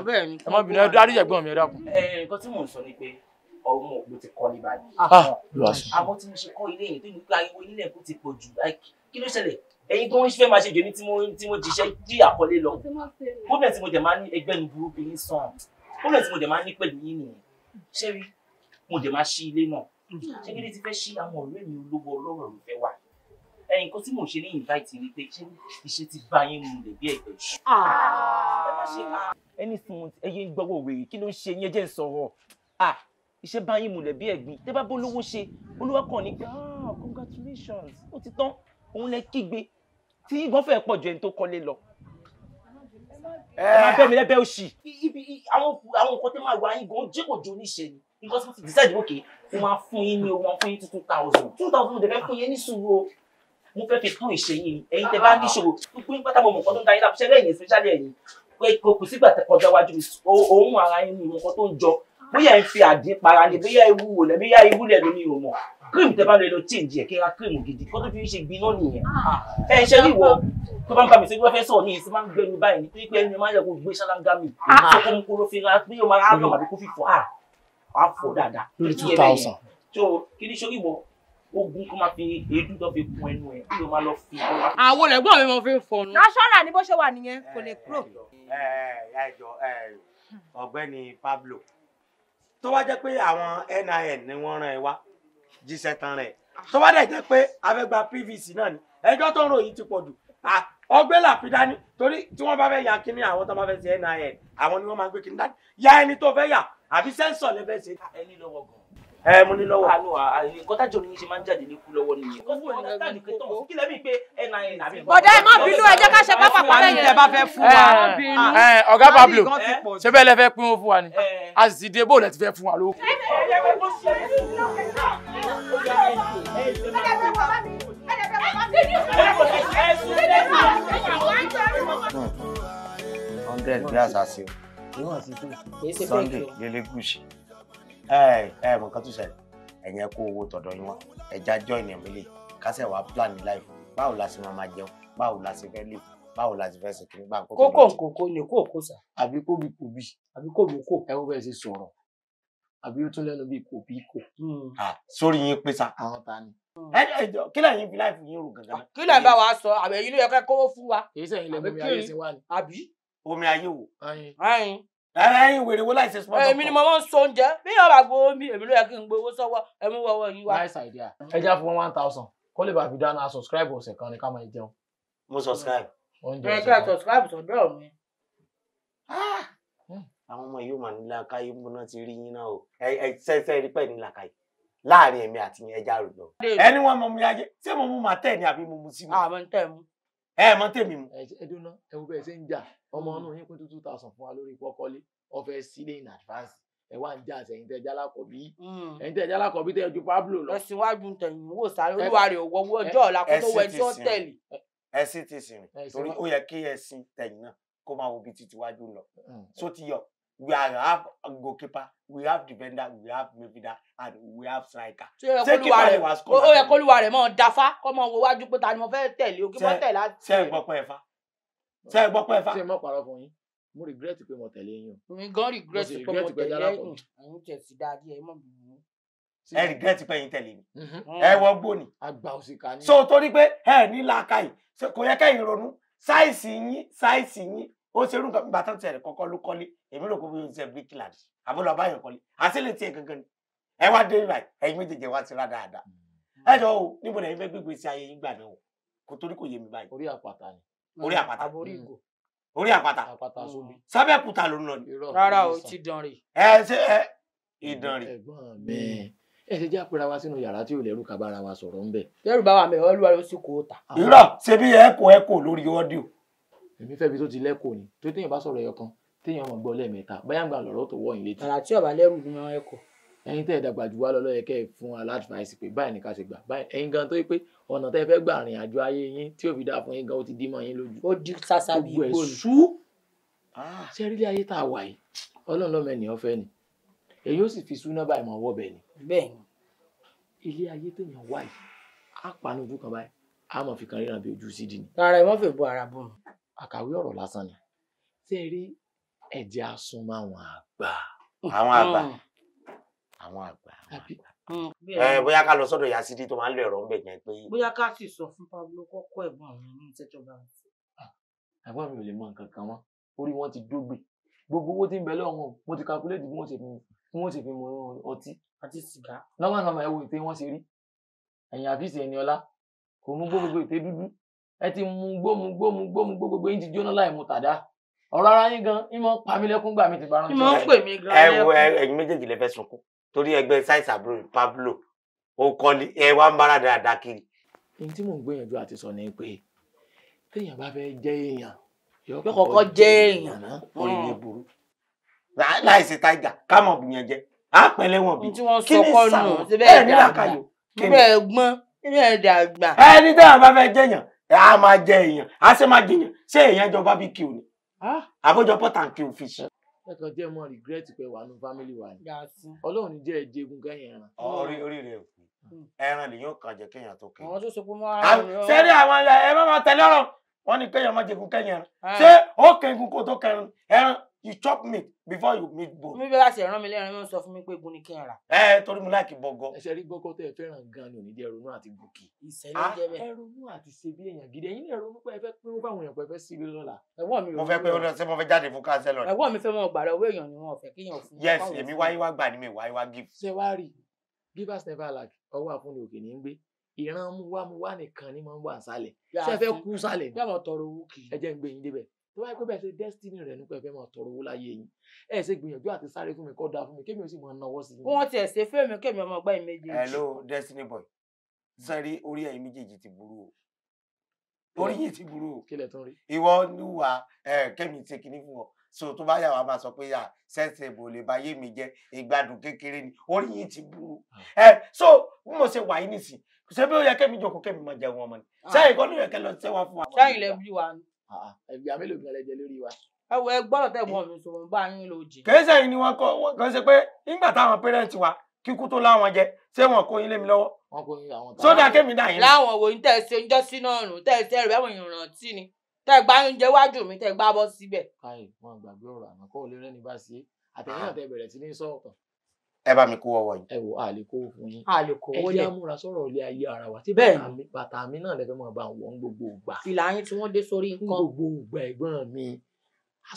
ẹ má bínú ẹ dárí ẹ̀gbọ́n mi ẹ dákun. nǹkan tí mò ń sọ ni pé ọmọ ògbó ti kọ́ ní báyìí àwọn tí mo ṣe kọ́ ilé yìí tó ní pé ariwo ilé ẹ̀kọ́ ti pọ̀ jù láìkì kí ló ṣẹlẹ̀ ẹ̀yin tó ń fẹ́ máa ṣe jèmi tí mo tí mo jíṣẹ́ jí àkọlé lọ gómìnà tí mo dẹ̀ máa ní ẹgbẹ́ nu burúkú yín sàn gómìnà tí mo dẹ̀ máa ní pẹ̀lú yín nìyẹn ṣé rí mo dẹ̀ máa ṣí ilé náà ṣé kí ni ti fẹ́ ṣí àwọn ọ̀rẹ́ mi olówó ọlọ́rọ̀ ló fẹ́ wà ẹ̀yin kan tí mò ń ṣe ní invite ni pé ṣé iṣẹ́ ti bá yín mu lè bí ẹgbẹ́ jù. Ah. Ah. ẹni sùn ẹyẹ gbọ́wọ́ wèrè kí ló ń ṣe yẹn jẹ́ ń sọ̀rọ̀ ah, iṣẹ́ bá yín mu lè bí ẹ̀gbin tẹ́ bá bó lówó ṣe olúwa kàn ní congratulations ó ti tán òun lẹ kígbe tí ìbọn fẹ́ pọ̀ ju ẹni tó kọ́lé lọ. Eh. ẹ máa bẹ́ mi lẹ́bẹ̀ẹ́ òsì. ibi àwọn àwọn nǹkan tó máa wà yín gan jẹ́ kò jó níṣẹ́ ni nǹkan tó ti decide okay mo máa fún yín ní owó máa fún yín two thousand two thousand mo dẹ̀ fẹ́ fún yín ní sùúrù o mo fẹ́ fi kún ìṣẹ́yìn ẹ̀yin tẹ bá níṣòro pínpín pátá mo mọ̀ nǹkan tó ń da yín lápò ṣẹlẹ̀ ẹ̀yìn especially ẹ̀yìn pé kò sígbà tẹ kọjá wájú mi òun ara yín mi mọ̀ nǹkan tó ń jọ bóyá ẹ fi àdín para ni bóyá ewu wò lẹ bóyá ewu lẹ lómi ò mọ̀ cream tẹ bá lọ lọ change ẹ kí ra cream gidi kó tó fi ṣe gbiná nìyẹn ah. Ah, ẹ ṣe ní ìwọ tó bá ń bá mi sójú ọfẹ sọ ní ìsìn máa ń gbẹnu báyìí nítorí pé ẹni máa ń yẹ kó gbé ṣáláńgá mi tó ah. mú kó fi ra pé ó máa rà lọ àbí kó fífọ à á fọ dáadáa lórí two thousand. so kí ni sórí ìwọ ogun kó máa fi èédú tó fi kun ẹnu ẹ kí ló máa lọ fi. tó wá jẹ́ pé àwọn NIN ni wọ́n rán ẹ wá jíṣẹ́ tán rẹ̀ tó bá dẹ̀ jẹ́ pé a fẹ́ gba pvc náà ni ẹjọ́ tó ń ròyìn ti pọ̀ jù ọgbẹ́ làpí dání torí tí wọ́n bá fẹ́ ya kíní àwọn tó bá fẹ́ ṣe nin àwọn ni wọ́n máa ń gbé kíní dání ya ẹni tó fẹ́ yà àbí sẹ́ńsọ̀ lẹ́fẹ́ ṣe. ẹni lọ́wọ́ gan. ẹ mo ní lọ́wọ́. àánú àyè kọ́tàjọ ni ṣe máa ń jáde ní kú lọ́wọ́ nìyẹn. gbogbo ọ̀nà tá a nìkan tán kí lẹ́mìí pé nin àbí. bọ̀dá ẹ má bínú ẹ jẹ́ ká ṣe pápá pàlẹ́ yẹn. ọ̀gá Pablo ṣé bẹ́ẹ̀ lẹ fẹ́ pín owó fún wa ni a sì ti dé bó lẹ ti fẹ́ fún wa lówó hundred bí àṣàṣe o sunday délé gùsì ẹ ẹ mọ nǹkan tó ṣẹlẹ̀ ẹ̀yin ẹ kó owó tọ̀dọ̀ yín wá ẹja join ẹ mílẹ kásẹ̀ wàá plan ní life báwo la ṣe máa jẹun báwo la ṣe fẹ́ lè báwo la ṣe fẹ́ ṣe kí kókó. kókó ni kó òkó àbí kóbi kóbi. àbí kóbi kó. ẹ wo bẹ́ẹ̀ ṣe sọ̀rọ̀ àbí ó tún lẹ́nu bíi kòbíkò. Hmm. Ah, sórí yín pé sa. àwọn ta ni. Hmm. ẹ ẹ jọ kí lẹ́yìn fi láìpẹ́ yín rò gangan. kí lẹ́yìn bá wa sọ àbẹ̀ yìí ló yẹ ká kówó fún wa. èyí sẹ́yìn lẹ́nu omi ayé ti wá ni. àbí. omi ayé wo. ayin. ẹyin wèrè wo láì ṣe sọ́dọ̀ kan. èmi ni mo máa ń so oúnjẹ bí yóò bá gbowó mi èmi ló yẹ kí n gbowó sọ́wọ́ ẹ mú wọ́wọ́ yín wá. nice idea ẹ já fún one thousand kó lè bá fi dáná subscribe ọ̀sẹ̀ kan ní ká máa jẹun. mo subscribe. oúnjẹ ọ̀sẹ̀ kan. ẹ àwọn ọmọ yìí ó mà ní làákàyè ń bọ́ná ti rí yín náà o ẹ ẹ sẹ́sẹ́ rí pẹ́ ní làákàyè láàrin èmi àti yẹn ẹja rò lọ. ẹni wọn mọ mi ayé ṣé mo mú màá tẹ̀ ni àbí mo mu sí mi. àmọ́ ń tẹ̀ mu. ẹ mọ tèmi mu. ẹ dúná ẹ wo bẹ́ẹ̀ ṣe ń jà ọmọ ọ̀nà yín pín two thousand fún wa lórí pọ́kọ́lé ọ̀fẹ́ sílẹ̀ in advance ẹ wá ń jà sẹ́yìn tẹ́ jálákọ̀bí hmm. ẹ̀yìn tẹ́ jálákọ̀bí tẹ́ ju Pablo lọ. ẹ̀sìn wájú tẹ̀yìn wò sáré olúwa rẹ̀ òwò owó ọjọ́ ọ̀la kó tó wẹ tí ó tẹ̀lé. ẹ̀sìn ti sìn torí ó yẹ kí ẹ̀sìn tẹ̀yìn náà kó máa wo bí titi lọ hmm. só ti we are, have goalkeeper we have defender we have midfielder and we have striker. ṣé kípa ni wàá score. ó yẹ kólúwa rẹ̀ mọ̀ dáfá kọ́ mọ̀ wo wájú pé ta ni mo fẹ́ tẹ̀lé o kí mo tẹ̀lé àti. ṣé ẹ gbọ́ pé ẹ fa ṣé ẹ gbọ́ pé ẹ fa. ṣé ẹ mọ̀ fún yín mo regret pé mo tẹ̀lé yín o. mi gan regret pé mo tẹ̀lé yín ẹ̀yin tẹ̀ sí dáadé ẹ̀ mọ̀ bí mi. ẹ regret pé yín tẹ̀lé mi mm-hmm. mm. ẹ wọ gbóni. àgbà òṣìkà ni. so torí pé ẹ ní làákàyè kò yẹ kẹ́yìn ronú sáìsì yín sáìsì yín ó ṣerú nǹkan bàtà tẹ̀lé kọ́kọ́ ló kọ́lé èmi rò kó bí oúnjẹ bíríkìlà ni àbúrò abáyọ̀ kọ́lé àti lè tiẹ̀ gangan ni ẹ wá dé ibà ẹ̀yin méjèèjì wá ti dáadáa hmm. ẹ jọ o níbo lẹ́yìn fẹ́ gbégbé sí ayé yín gbà náà o kò torí kò yé mi báyìí. orí àpáta ni. orí hmm, àpáta àbórí hmm. ìgò. orí àpáta àpáta sóbi. sábẹ́ kùtà ló ń lọ ni. rárá o ti dán rè. ẹ ṣe ẹ ìdán rè. ẹ̀gbọ́n mi ẹ ṣe jẹ́ àpẹẹrẹ wa sínú yàrá tí ò lẹ́rù ká bára wa sọ̀rọ̀ ń bẹ̀. lẹ́rù bá wa mẹ́ olúwa ló sì kó ta. irọ́ ṣebí ẹ̀kọ́ ẹ̀kọ́ lórí ọ́díò. èmi fẹ́ bi tó ti lẹ́kọ̀ọ́ ni tó téèyàn bá sọ̀rọ̀ ẹyọ kan téèyàn mọ̀ gbọ́ lẹ́ẹ̀mẹ́ta báyà ń gba lọ́rọ́ tó wọ̀ yín létí. àrà tí ọ̀bà lẹ́rù ni wọ́n ẹ̀kọ́. ẹ̀yin tẹ́ ẹ̀ dàgbà jù wá lọ́lọ́ yẹ kẹ́ ẹ̀ fún wa láàdìváìsì pé báyìí ni ká ṣe gbà báyìí ẹ̀yin gan tó yẹ pé ọ̀nà tẹ́ fẹ́ gbà rìn àjò ayé yín tí ò fi dáa fún yín gan ó ti dí mọ́ yín lójú. ó di sàṣà bí ìgbò ṣú. Ah. ṣé rí ilé ayé tá a wà yìí ọlọ́run lọ́mọ ènìyàn fẹ́ ni èyí ó sì fi súná báyìí mọ̀ ọwọ́ bẹ́ẹ̀ ni. bẹ́ẹ̀ni ilé ayé téèyàn wà ẹ jẹ́ á súnmọ́ àwọn àgbà. Hm, hm. àwọn àgbà. àwọn àgbà. Hm, ẹ bóyá ká lọ sọ́dọ̀ ìyá sídìí tó máa ń lo ẹ̀rọ ńbẹ̀ yẹn pé. bóyá ká sì sọ fún Pablo kọ́kọ́ ẹ̀gbọ́n mi ní ìtẹ́jọba. ẹ̀gbọ́n mi ò lè mọ nǹkan kan mọ́ orí wọn ti dógbè gbogbo owó tí ń bẹ lọ́wọ́ mo ti calculate bí wọ́n ṣe fi bí wọ́n ṣe fi mu ọtí. àti sìgá. lọ́wọ́ náà ẹ wo ìpè wọ́n ṣe rí ẹ̀yìn àfíìsì ẹni ọlá kò mú gbogbo ìpè dúdú ẹ ti mu gbó mu gbó mu gbó mu gbogbo yín ti jóná láì mu tàdá ọ̀rọ̀ ara yín gan ìmọ̀ pamílẹ́kún gbà mí ti bá rántí. ìmọ̀ ń pè mí gan. ẹ wo ẹ̀yin méjèèjì lè fẹ́ sunkún torí ẹgbẹ́ sáìsì àbúrò Pablo ó kọ́lé ẹ wá ń bára dáadáa kiri. èyí tí mò ń gbìyànjú àti sọ ni pé téèyàn bá fẹ́ jẹ́ èèyàn yóò kọ́kọ́ jẹ́ èèyàn náà kó ilé hmm. burú láìsí táìgà kámọ̀ bùyàn jẹ àpẹẹlẹ wọn bí kí ni sàmù ẹ ní làkàyò kí ni ẹgbọn ní ẹdẹ àgbà. ẹni tí àwọn bá fẹ́ jẹ́yàn á máa jẹ èèyàn á sì máa jẹyàn ṣé èèyàn jọ bábíkì ò ní Ah, àbójọpọ̀ tàǹkì òfin ṣe. lẹ́kàn jẹ́ mọ́ regret pé wà nù family wa ni ọlọ́run ní jẹ́ ẹ̀jẹ̀gun kẹ́yìn ẹran. orí orí rẹ̀ kù hmm. ẹran lèyàn kan jẹ kéèyàn tó kéèyàn. àwọn tó so pé wọn á rìn lọ. sẹ́rí àwọn ẹ má máa tẹ̀lé ọ̀rọ̀ wọn ni kéèyàn má jẹ̀gùn kẹ́yìn ẹran ah. ṣé ó kẹ́gun kó tó kẹrin ẹran you chop meat before you meet. bone. mi bẹ́ẹ̀ láti ẹ̀rán mi lẹ́rìn mi sọ fún mi pé egun ni kí n rà. ẹ torí mo láìkí bọgọ. ẹ ṣe rí gbọgọ tẹ ẹ fẹ́ràn gan ni onídìí ẹrọnú àti gòkè. ìṣẹ̀lẹ̀ jẹ bẹ́ẹ̀. Ah, ẹrọnú àti ṣe bí èèyàn gidi ẹ̀yin ní ẹrọnú pé ẹ fẹ́ pé ó bá àwọn èèyàn pé ẹ fẹ́ sí ilé lọ́la. ẹ̀wọ̀n mi ò fẹ́ pé ṣé mo fẹ́ jáde fún káńsẹ́ lọ. ẹ̀wọ̀n mi fẹ́ mọ gbàrà owó èèyàn ni wọn fẹ́ kéèyàn fún. yes èmi wáyé wá gbà ní mi wáyé wá give. ṣé wàá rí givers never lack ọwọ́ àfúnni òkè ní ń gbé ìran mú wá mú wá nìkan ni mo ń wà sálẹ̀ ṣé ẹ fẹ́ kú sálẹ̀. yàrá tọrọ owó kì í. ẹ jẹ́ ń gbé yín débẹ̀ tó bá yẹ pé bẹ́ẹ̀ ṣe destiny rẹ̀ nípa ẹ̀fẹ́ máa tọrọ owó láyé yín ẹ̀ ṣe gbìyànjú àti sáré fún mi kọ́ da fún mi kémi ó sì máa náwó sí i. wọ́n ti ẹ̀ ṣe fẹ́mi kémi ọmọ ọgbà ìméjì. hello destiny boy sáré orí ẹ̀yin méjèèjì ti burú o orí yìí ti burú o kílẹ̀ tó rí. ìwọ níwà kẹ́mi ṣe kìíní fún ọ so tó bá yà wá máa sọ pé yà sẹ́sẹ̀ bò lè báyé mi jẹ́ ìgbádùn kékeré ni orí yìí ti burú ah. so bí mo ṣe wà yín nìsín ṣé bí ó yẹ kẹ́mi jókòó kẹ́mi máa jẹun ọmọ ni sẹ́yìn ah. kọ́ ló yẹ kẹ́ lọ sẹ́wà fún wa. sẹ́yìn lẹ́bí wa ni. Ah, ah, ẹgbẹ́ amélòó gan lẹ́jẹ̀ lórí wa. ẹ wo ẹgbọ́rọ̀ tẹ̀ wọ́n mi sọ̀rọ̀ bá yín ló jì. kèé sẹ́yìn ni wọ́n kọ́ kàn ṣe pé nígbà táwọn pẹ́rẹ́ǹtì wa kíkú tó láwọn jẹ ṣé wọn kó yín lé mi lọ́wọ́. wọn kò yin àwọn tààrà sódà kémi dà yín. láwọn wo ní tẹ̀sí ń jọ́sí náà rùn tẹ̀sí ẹ̀rù ẹ̀wọ̀n ìrántí ni tẹ̀ gbá oúnjẹ wájú mi tẹ̀ gbá bọ́ síbẹ̀. káyì wọn gbàgbé ọ̀rọ̀ àná kọ́ ò lè rẹ́ni bá sí àtẹ̀yìn àtẹ̀ bẹ̀rẹ̀ sí ní sọ̀tọ̀ ẹ bá mi kó ọwọ́ yìí. ẹ wò a lè kó fún yín. a lè kó owó lẹ ẹ jẹ́ àmúra sọ̀rọ̀ ilé ayé ara wa. bẹ́ẹ̀ ni bàtà mi náà lẹfẹ máa bá wọn gbogbo ìgbà. fìlà yín tí wọ́n dé sórí nǹkan. gbogbo ìgbà ẹ̀gbọ́n mi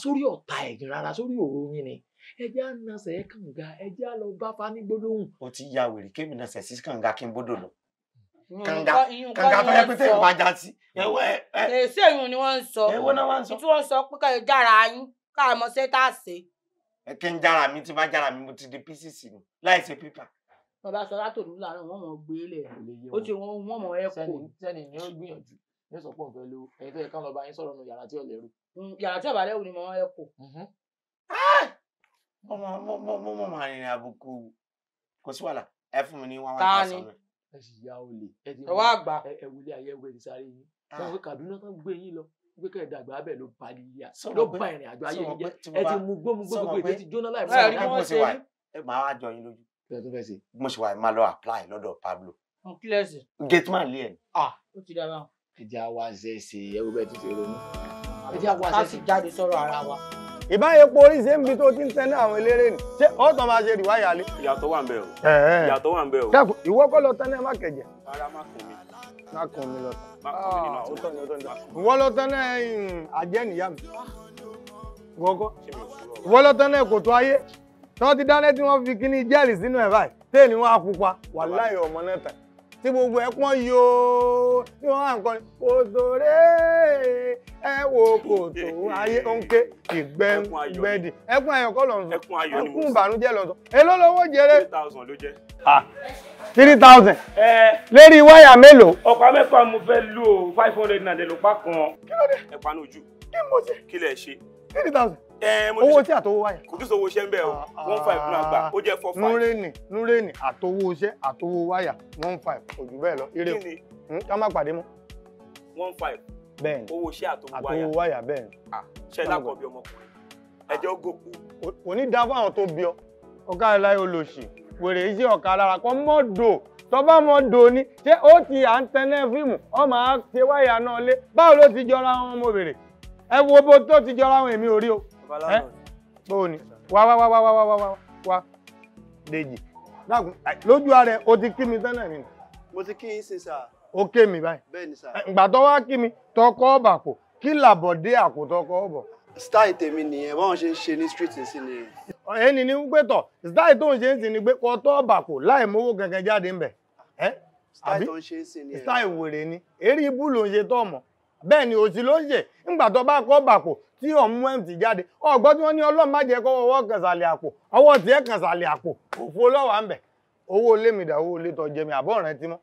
sórí ọ̀tá ẹ̀gbìn rárá sórí òru yín ni ẹ jẹ́ ànàṣẹ kànga ẹ jẹ́ àlọ bá fa ní gbólóhùn. o ti ya wèrè kémi náà ṣẹ̀ sí kànga kí n bódò lọ kànga kànga tó yẹ já sí. èsì èyí tá a kí n jára mi tí bá jára mi mo ti di písìsì ni láì ṣe pípà. bàbá sọ látòlú làárọ̀ wọ́n mọ̀ gbé e lẹ̀ o ti wọ́n wọ́n mọ̀ ẹ́ kò. sẹ́ni ni ó gbìyànjú ní sọ̀pọ̀ nǹkan ló ẹ̀yin tó yẹ kán lọ bá yín sọ̀rọ̀ nu yàrá tí ò lẹ́rù. Mm, yàrá tí ọ̀bà lẹ́rù ni mo ẹ kò. Mm-hmm. Ah! mo mọ màá rìnrìn àbùkù kò sí wàhálà ẹ fún mi ní one one thousand. ẹ sì ya olè ẹ ti wá àgbà ẹ wulẹ̀ ayẹwo ẹ sáré yín. ẹ wọ kan gbé yín lọ pé kẹ́ ẹ̀ ló ba yíyá ló ba ìrìn àjò ayé yíyá ẹ ti mú gbó mú gbó gbogbo ètò ti láì fún ọ̀gá mo ṣe wà ẹ máa wá jọ yín lójú mo ṣe wà ẹ máa lọ apply lọ́dọ̀ Pablo. gateman lé ẹ̀. ó ti ṣe ṣe ẹrú bẹ́ẹ̀ ti ṣe ronú. ẹ jẹ́ ṣe ṣe. jáde sọ̀rọ̀ ara wa. ìbáyé porí ṣe ń bi tó ti ń tẹ́lẹ̀ àwọn eléré ni ṣé ọ̀tọ̀ máa ṣe ìwáyà lé. ìyàtọ̀ wà ń bẹ̀ o. ìyàtọ̀ wà ń bẹ̀ o. ìwọ lọ tẹ́lẹ̀ má kẹ̀jẹ̀. ara má kùn mi má kàn mí lọ. má kàn mí nínú àwọn ọ̀tọ̀ ni ọ̀tọ̀ ah, ni. wọ́n lọ tán náà àjẹ́ nìyá mi gọ́gọ́ ah. wọ́n lọ tán náà kò tó ayé tí wọ́n ti dáná tí wọ́n fi kíní jẹ́ẹ̀lì sínú ẹ̀ báyìí tẹ́ẹ̀ ni wọ́n á pupa wàláhì ọmọ náà tàn tí gbogbo ẹ̀ pọ́n yóò ní wọ́n wà nǹkan kò sóré ẹ wo kò tó ayé ó ń ké ìgbẹ́ gbẹ́dì ẹkún ayọ̀ kọ́ lọ́nà ẹkún ìbànújẹ́ lọ́nà èló lówó jẹrẹ. three thousand ló jẹ́ three thousand. lérí wáyà mélòó. ọ̀pá mẹ́fà mo fẹ́ lò ó five hundred naira lọ́pá kan. kí ló dé. ẹ panu ojú. kí mo ṣe. kí lẹ ṣe. three thousand. owó tí àtọwọ́ wáyà. kò tí sọ owó iṣẹ́ ń bẹ̀ o ah, one five náà gbà ó jẹ́ four five. Nureni. núrẹ́nì àtọwọ́ iṣẹ́ àtọwọ́ wáyà one five kò jù bẹ́ẹ̀ lọ. ire o hmm, ká má pàdé mọ́. one five. bẹ́ẹ̀ni owó iṣẹ́ àtọwọ́ wáyà bẹ́ẹ̀ni. Ah, ṣẹ́ lákọ̀ọ́ bí ọmọkùnrin ẹjọ́ gòkú. kò ní dáa fáwọn tó bí ọ wèrè yí ọ̀ka lára kan mọ́dò tọ́ba mọ́dò ni ṣé ó ti à ń tẹ́lẹ̀ fíìmù ọmọ á ṣe wáyà náà lé báwo ló ti jọra wọn mo bèrè ẹ ti jọra wọn èmi ò o ẹ bó ni wá wá wá wá wá wá wá wá Dèjì lójú ara ẹ o ti kí mi mo stai tèmi nìyẹn báwọn ṣe ń ṣe ní street sí ni. ẹni ni pé tọ style tó ń ṣe ń to ni láì kankan jáde ńbẹ̀ àbí stai wèrè ni se ibú ló ń ṣe bẹ́ẹ̀ ni òsì ló ń ṣe ńgbà tó bá kọ́ tí ti jáde ọ̀gbọ́n tí wọ́n ní ọlọ́run ọwọ́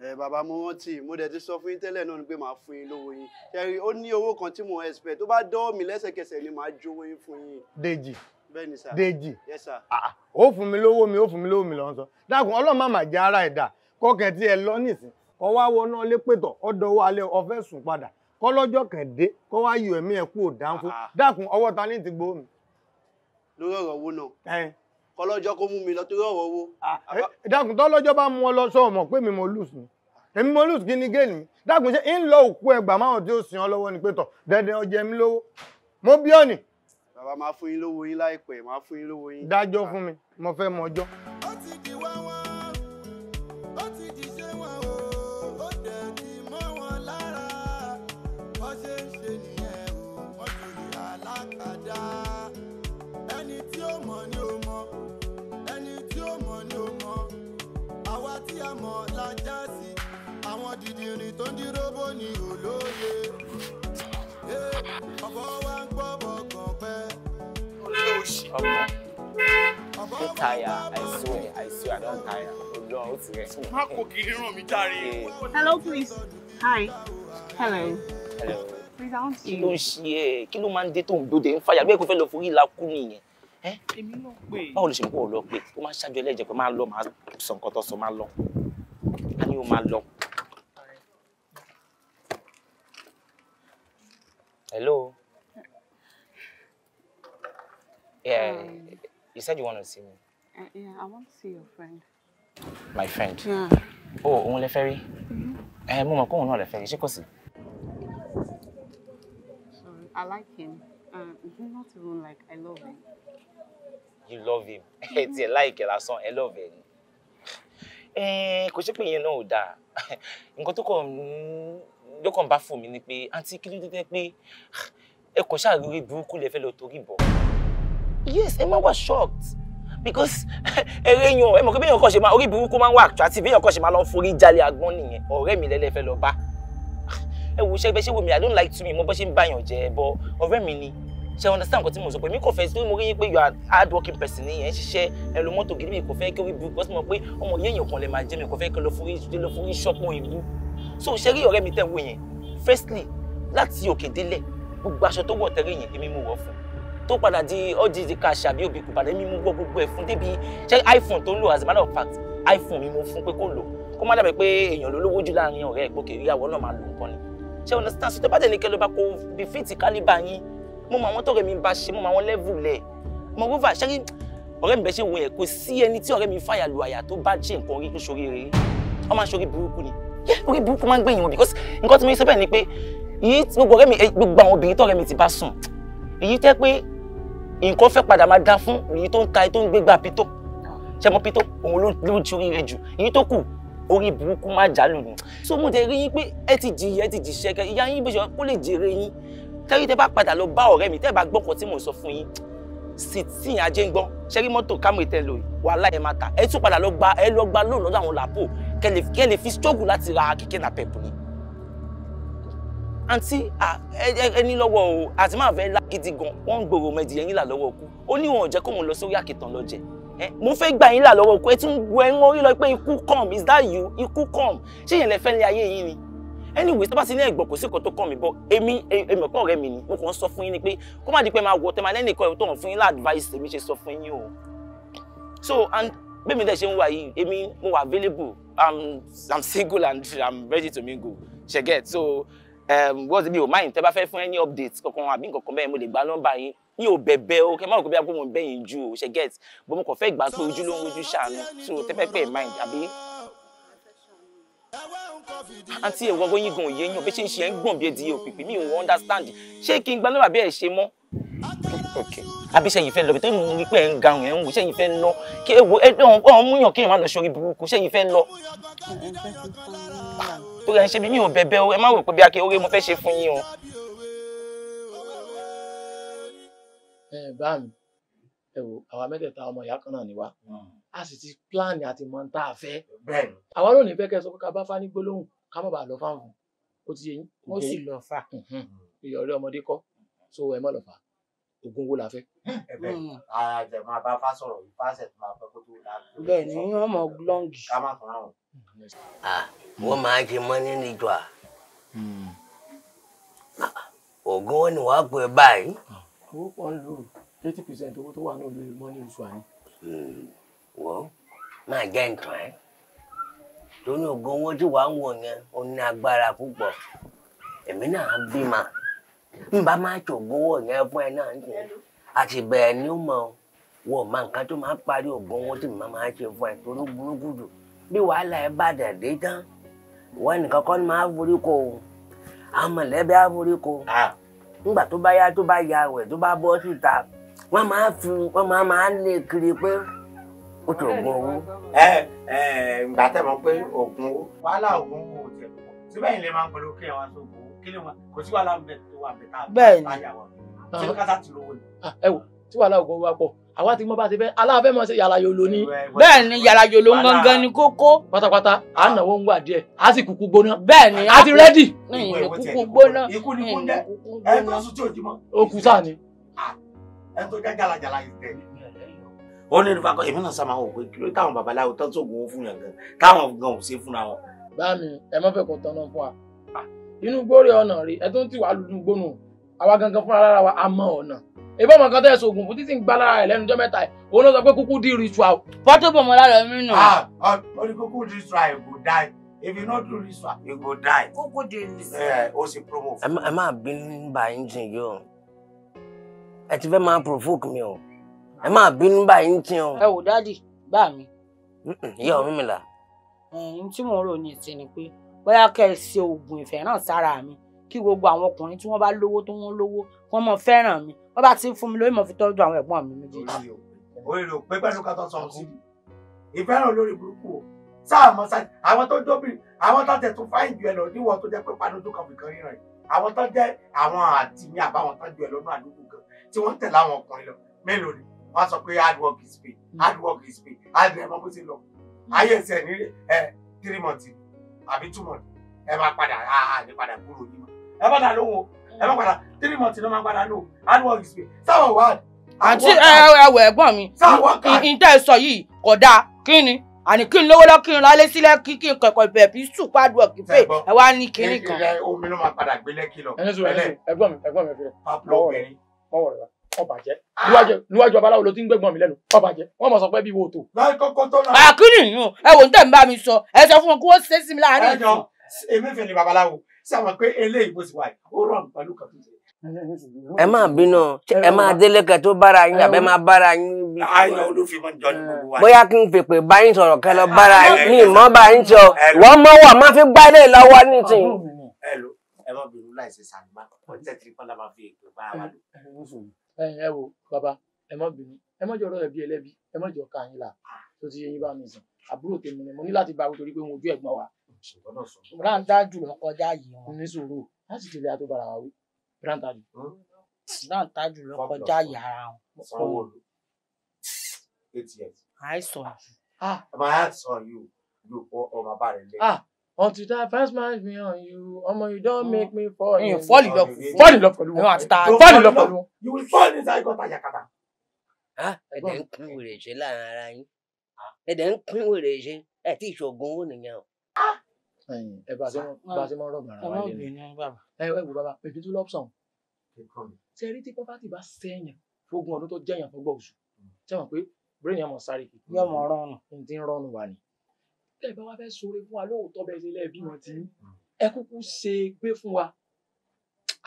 ẹ bàbá mo rántí mo dẹ̀ ti sọ fún yín tẹ́lẹ̀ náà ni pé màá fún yín lówó yín ṣẹ́rí ó ní owó kan tí mo expect tó bá dọ́ọ̀ mi lẹ́sẹ̀kẹsẹ̀ ni màá jówó yín fún yín. Dèjì bẹ́ẹ̀ni sá Dèjì yes sá ah, ah, ó fún mi lówó mi ó fún mi lówó mi lọ́n sọ dákun ọlọ́run má má jẹ́ ara ẹ̀dá kọ́kẹ́ tí ẹ lọ nísìn kọ́ wá wọná lépètọ̀ ọ̀dọ̀ wa alẹ́ ọ̀fẹ́ sùn padà kọ́ lọ́jọ́ kàn kọ́ wá yọ ẹ̀mí ẹ̀ kú ah, dákun ọwọ́ ta ní ti gbó mi. lórí ọ̀rọ̀ owó náà kọlọ́jọ́ kó mú mi lọ torí ọ̀rọ̀ owó. ìdákun ah, eh, tọ́lọ́jọ́ bá mú ọ lọ sọ ọmọ pé mi mo lùs ni èmi mo lùs gíní géèlì mi dákun ṣe ń lọ òkú ẹgbà márùn tí ó sìn ọ lọ́wọ́ ni pé tọ̀ dẹ́dẹ́ ọjẹ́ mi lówó mo bí ọ̀nì. bàbá máa fún yín lówó yín láìpẹ́ máa fún yín lówó yín. dájọ́ fún mi mo fẹ́ mọ ọjọ́. máa já àwọn dìdìrín tó ń dúró bó ni olóye eh, ọ̀bọ̀ wa ń gbọ́ bọ̀gàn pẹ́. olóòṣì ọmọ I tire. I swear, I swear, I don't tire. Ọjọ́ ó ti rẹ̀. Má kò kiri ràn mí járe. Hello please. Hi. Hello. Hello. Please, I want to see you. Kí ló ń ṣe ẹ́? Kí ló máa ń dé tó ń dòde ń fàyà? Bẹ́ẹ̀ kò fẹ́ lọ forí la kú nìyẹn. Èmi náà pè. Báwo ló ṣe mú kó o lọ pé? Ó máa ń ṣáájú ẹlẹ́jẹ̀ pé máa lọ, máa sọ nǹkan tó sọ, máa lọ a hello. Yeah, um, you said you want to see me. Uh, yeah, I want to see your friend. My friend? Yeah. Oh, òun lẹ mm-hmm. Eh, mo come on, òun she lẹ Sorry, I like him. Uh, um, he's not even like I love him. You love him? It's a like tiẹ̀ láìkẹ̀ song. I love him. Eh, kò sí pé ìyẹn náà ò dáa nǹkan tó kàn ló bá fún mi ni pé àǹtí kí ló dé pé ẹ kò ṣàròrí burúkú lẹ fẹ́ lọ torí bọ̀ yes ẹ má wà shocked because eré yan ẹ mọ̀ pé béèyàn kàn ṣe máa orí burúkú máa ń wà àti béèyàn kàn ṣe máa lọ forí jalè agbọ́n nìyẹn ọ̀rẹ́ mi lẹ́lẹ́ fẹ́ lọ bá ẹ wò ṣẹ́gbẹ́ ṣé wo mi i don't like to me mo bọ́ ṣe ń báyàn jẹ́ bọ́ ọ̀rẹ́ mi ni ṣe understand nǹkan tí mo sọ pé mi kò fẹ́ sí mo rí yín pé you are hard working person ni yẹn ṣiṣẹ́ ẹ lo mọ́tò gidi mi kò fẹ́ kí wí bu because mo mọ̀ pé ọmọ yéèyàn kan lè máa jẹ́ mi kò fẹ́ kí lọ fún yín lọ fún yín ìlú so ṣe rí ọ̀rẹ́ mi tẹ̀ wò yẹn firstly láti òkè délẹ̀ gbogbo aṣọ tó wọ̀ tẹ́rẹ̀ yẹn èmi mo wọ̀ fún tó padà di ọdí di cash àbí òbí kò padà èmi mo wọ̀ gbogbo ẹ̀ fún débi ṣe iphone tó ń lò as a matter of fact iphone mi mo fún pé kó lò kó má dàbẹ̀ pé èèyàn ló lówó jù láàrin ọ̀rẹ́ ẹ̀ pé kèrè ìyàwó náà máa lò nǹkan ni ṣe understand so tó bá dẹ̀ ní kẹ́ ló bá kó bí fíìtì kálíbà yín mo mọ àwọn tọ̀rẹ́ mi bá ṣe mo mọ àwọn level lẹ̀ mo rúfà ṣẹ́rí ọ̀rẹ́ mi bẹ́ ṣe wọ yẹn kò sí ẹni tí ọ̀rẹ́ mi fàyà lu àyà tó bá ṣe nǹkan rí tó ṣorí rere wọ́n máa ṣorí burúkú ni orí burúkú máa ń gbẹ̀yìn wọn because nǹkan tí mo sọ bẹ́ẹ̀ ni pé èyí gbogbo ọ̀rẹ́ mi eh, gbogbo àwọn obìnrin tọ̀rẹ́ mi ti bá sùn èyí tẹ́ pé nǹkan fẹ́ padà máa dá fún èyí tó ń ta tó ń gbégbá pító ṣẹmọ pító òun ló ló ti orí rẹ jù èyí tó kù orí burúkú má jálù ni so mo tẹ rí yín pé ẹ ti jìyà ẹ ti jìṣẹ́ kẹ ìyá yín bó ṣe kó lè jèrè yín tẹ́rí tẹ́ bá padà lọ bá ọ̀rẹ́ mi tẹ́ bá gbọ́kọ̀ tí mò ń sọ fún yín sì tí ìyẹn ajé ń gbọ́ ṣẹ́rí mọ́tò kámú ìtẹ́lò wàhálà ẹ̀ máa ta ẹ tún padà lọ gba ẹ lọ gba lóòrùn lọ́dọ̀ àwọn làpò kẹ́ lè fi struggle láti ra kẹ̀kẹ́ nà pẹ̀pù ni. àǹtí ẹni lọ́wọ́ o àti máa fẹ́ lá gidi gan wọ́n ń gbòòrò mẹ́dì ẹ̀yìn là lọ́wọ́ kú ó ní wọn ò jẹ́ kó mo lọ sórí àkìtàn lọ jẹ mo fẹ́ gbà yín là lọ́wọ́ kú ẹ tún wọ ẹ̀wọ̀n orí lọ pé ikú come is that you ikú come ṣé yẹn lẹ fẹ́ lé ayé yín ni anyway tó bá ti ní ẹ̀gbọ́n kò sí nǹkan tó kàn mí bọ́ èmi èmi ọ̀pọ̀ ọ̀rẹ́ mi ni mo kàn ń sọ fún yín ni pé kó má di pé máa wọ tẹ́ máa lẹ́nu ìkọ́ ẹ̀rọ tó hàn fún yín láàdìváìsì èmi ṣe sọ fún yín o so and bẹ́ẹ̀ mi dẹ̀ ṣe ń wà yìí èmi mo wà available i'm i'm single and i'm ready to mingle ṣe get so wọ́n ti bí o mind tẹ́ bá fẹ́ fún any update kankan àbí nǹkan kan bẹ́ẹ̀ mo lè gba nọ́mbà yín mi ò bẹ̀bẹ̀ o kẹ́ máa rò pé bí agbóhùn bẹ́yìn ju o ṣe get bó mo kàn fẹ́ gbà pé ojú ló ń wojú ṣàánú so tẹ́pẹ́pẹ́ mind àbí àǹtí ẹ̀wọ̀ ọwọ́ yín gan òye yín ọ̀bẹ ṣe ń ṣe ẹ̀ ń gbọ̀n bí ẹ di òpìpì mi ò understand ṣé kí n gba lọ́wọ́ àbí ẹ̀ ṣe mọ́ àbí ṣẹ́yìn fẹ́ lọ bí tẹ́yìn rí pé ń garun ẹ̀ ń wò ṣẹ́yìn fẹ́ lọ kí ewo ẹ̀ ọ̀hún múyàn kí èèyàn má lọ sórí burúkú ṣẹ́yìn fẹ́ lọ. torí ẹ̀ ṣe bí mi ò bẹ̀bẹ̀ o ẹ má wò pé bí akẹ́ oore mo fẹ́ ṣe fún yín o. ẹ bá mi ẹ wo àwa mẹ́tẹ̀ẹ̀ta ọmọ ìyá kan náà ni wá hmm a sì ti plan àti mọ tá a fẹ́. bẹ́ẹ̀ni. àwa ló ní fẹ́ kẹ́ sọ pé fani gbólóhùn ká má bàa lọ fáwọn ó ti yé yín. ó sì lọ fà. Mm-hmm. ìyọrí ọmọdé kọ́ so ẹ má lọ fà ogun wo la fẹ́. bẹ́ẹ̀ni àjẹ máa bá fá sọ̀rọ̀ yìí fá sẹtì máa fẹ́ kó tó la. bẹ́ẹ̀ni wọn mọ glọngi. ká má tán àwọn. wọ́n máa ṣe mọ́ nínú ìjọ à. oògùn hmm. wọn ni wàá pè báyìí. Hmm. owó kan lò eighty percent owó tó wà náà lórí mọ́ ní oṣù àná. Hmm wò ó máa jẹ́ nǹkan ẹ́ torí ògo owó tí wàá ń wò yẹn ó ní agbára púpọ̀ èmi náà bímọ n bá máa ṣògo owó yẹn fún ẹ náà nìyẹn àti bẹ́ẹ̀ ni ó mọ̀ wọ́n máa nǹkan tó máa parí ògo owó tí màá máa ṣe fún ẹ torí burúkú jù bí wàhálà ẹ bá dẹ̀ tán ìwọ ẹnìkan kọ́ ni máa forí ko o àwọn á forí ko nígbà tó bá yá tó bá ya wẹ̀ tó bá bọ́ síta wọ́n máa fi wọ́n máa máa lé kiri pé ó ti ògùn owó. ẹ ẹ ìgbà tẹ mọ̀ pé ògùn owó. wàhálà ògùn owó ò tẹ lọ síbẹ̀ yìí lè máa ń pẹ̀lú kí ẹ̀wọ̀n tó gbowó kí ni wọn kò sí wàhálà bẹ̀ tó wà bẹ̀ tá a yà wọ̀ ah. ṣé kásá ti lówó ni. Ah, ẹ wò tí wàhálà ògùn owó wà pọ̀ àwa ti mọ bá ti fẹ́ aláàfẹ́ mọ̀ sí yàrá yòlò ni. bẹ́ẹ̀ ni yàrá yòlò ń gangan ni kókó. pátápátá à ń ah. náwó ń wà díẹ̀ a sì kúkú gbóná. bẹ́ẹ̀ ni a ti rẹ́dì. ní ìlú kúkú gbóná. ikú ni kúndẹ ẹ tó sùn tí ò jí mọ. ó kú sáà ni. ẹ tó jẹ́ jàlàjàlà yìí tẹ̀ ó ní nípa èmi náà sábà wò pé kí ló táwọn babaláwo tán tó gbowó fún yàn gan táwọn gan ò ṣe fúnra wọn. báàmì ẹ má fẹ́ kó tán náà fún wa inú gbórí ọ̀nà rí ẹ tó ń tì wá lùdú gbónú àwa gangan fúnra lára wa a ọ̀nà ebi ọmọ kan tẹ ẹ sọgùn fún títí ń gba lára rẹ lẹ́nu jọ́ mẹ́ta ẹ òun ló sọ pé kúkú di ritual. pọ́tò bọ̀ lára mi nù. Ah, ó ní kúkú di ritual ego die if you no ẹ máa bínú báyìí ń tiẹ̀ o. ẹ wò dáàdì bá mi. ìyá Ọ̀rúnmìlà. ẹ̀yin tí mò ń rò ní ìsìn ni pé bóyá kẹ́ ẹ ṣe oògùn ìfẹ́ náà sára mi kí gbogbo àwọn ọkùnrin tí wọ́n bá lówó tó wọ́n lówó wọ́n mọ̀ fẹ́ràn mi wọ́n bá ti fún mi lórí mọ̀ fi tọ́jú àwọn ẹ̀gbọ́n mi méjèèjì. orí rò pé bẹ́ẹ̀ ló ká tó sọ sí ìfẹ́ràn olórí burúkú o sáà mọ sáà àwọn tó dóbi àwọn tó tẹ̀ tún fáìn jù ẹ lọ níwọ̀n tó jẹ́ pé pàdójú kan fìkan ríran yìí àwọn tó jẹ́ àwọn àtìmí àbáwọn tó jù ẹ lọ́nà àdúgbò kan tí wọ́n tẹ̀ láwọn ọkùnrin lọ mélòó ni wọ́n sọ pé hard work is pay hmm. hard work is pay hard work bó ti lọ hmm. ayé ẹsẹ̀ ní ẹ three months àbí two months ẹ máa padà àhàdé padà kúrò yìí mọ́ ẹ padà lówó ẹ máa hmm. padà three months ló máa padà lò hard work is pay sáwọn wàhálà àti ẹwẹ ẹ̀gbọ́n mi ìtẹ sọ yìí kò dáa kí ni àní kí n lówó lọ kí n lálé sílẹ̀ kí kí n kẹkọ ibẹ bí sùn pàdùn ọkì pé ẹ wá ní kinní kan. omi ló máa padà gbélé kí lọ. ẹ̀gbọ́n mi ẹ̀gbọ́n mi fi rẹ. pablo obìnrin. mọwọ rẹ wa ọbàjẹ́ níwájú babaláwo ló ti ń gbẹ̀gbọ́n mi lẹ́nu ọbàjẹ́ wọ́n mọ̀ sọ pé bí wo tò. láì kọ́kọ́ tó náà. àkínní ni o ẹ wò ń tẹ̀ ń bá mi sọ ẹ sọ fún wọn kí wọ́n ṣe é sí mi láàárín. ẹ jọ èmi fẹ́ ni babaláwo sábà pé eléyìí bó ti wà yìí ó rọrùn pẹ̀lú kan tó ṣe ẹ máa bínú ẹ máa délé kẹ tó bára yín àbẹ máa bára yín bí. ayọ olùfimọ jọ ní gbogbo wa. bóyá kí n fèpè bá yín sọ̀rọ̀ kẹ lọ bára yín ní ìmọ bá yín sọ wọn mọ wà má fi gbá lè lọ́wọ́ ní ti. ẹ lọ ẹ má bínú láì ṣe sàmì má kọ́ńtẹ́tì kọ́lá máa fi ètò bá a wà lò ẹ̀yin ẹ wo bàbá ẹ má bínú ẹ má jọ ọ̀rọ̀ ẹbí ẹlẹ́bí ẹ má jọ ká yín là tó ti yẹ yín bá mi sàn àbúrò tèmi ni mo ní láti bá wí torí pé mo ojú ẹ̀gbọ́n wa. ráńdájú ló kọjá yìí wọn. ní sùúrù láti tẹ̀lé àtó bara wa wí ráńdájú. Hmm? ráńdájú ló kọjá yìí ara wọn. àìsàn. àmà àìsàn yìí o yóò kọ ọmọ bá rẹ lẹ until that first man me on you ọmọ you don mm. make me fall in love fall in love fall in love for You wọn àti ta fall in love for you. you will fall inside gutter yakata. Ah, ẹ̀dẹ̀ ń pín wèrè ṣe láàrin ara yín ẹ̀dẹ̀ ń pín wèrè ṣe ẹ̀ tí ìṣògùn owó nìyẹn o. ẹ bá a ṣe mọ rọgbà ara wa lẹ́nu ẹ wù bàbá ètò tó lọ́pṣọ̀n ṣe rí tí pọ́pátì bá sẹ́yìn fógun ọdún tó jẹ́yàn fọgbọ́ oṣù hmm. ṣe mọ̀ pé brain yẹn mọ̀ sáré kìkì yọmọ rọrùn ní ti ń rọrùn wà ní tẹ́ ẹ bá wá fẹ́ sọ̀rọ̀ fún wa lóòótọ́ bẹ́ẹ̀ ṣe lẹ́ẹ̀bí wọn ti mm. ẹ kúkú ṣe pé fún wa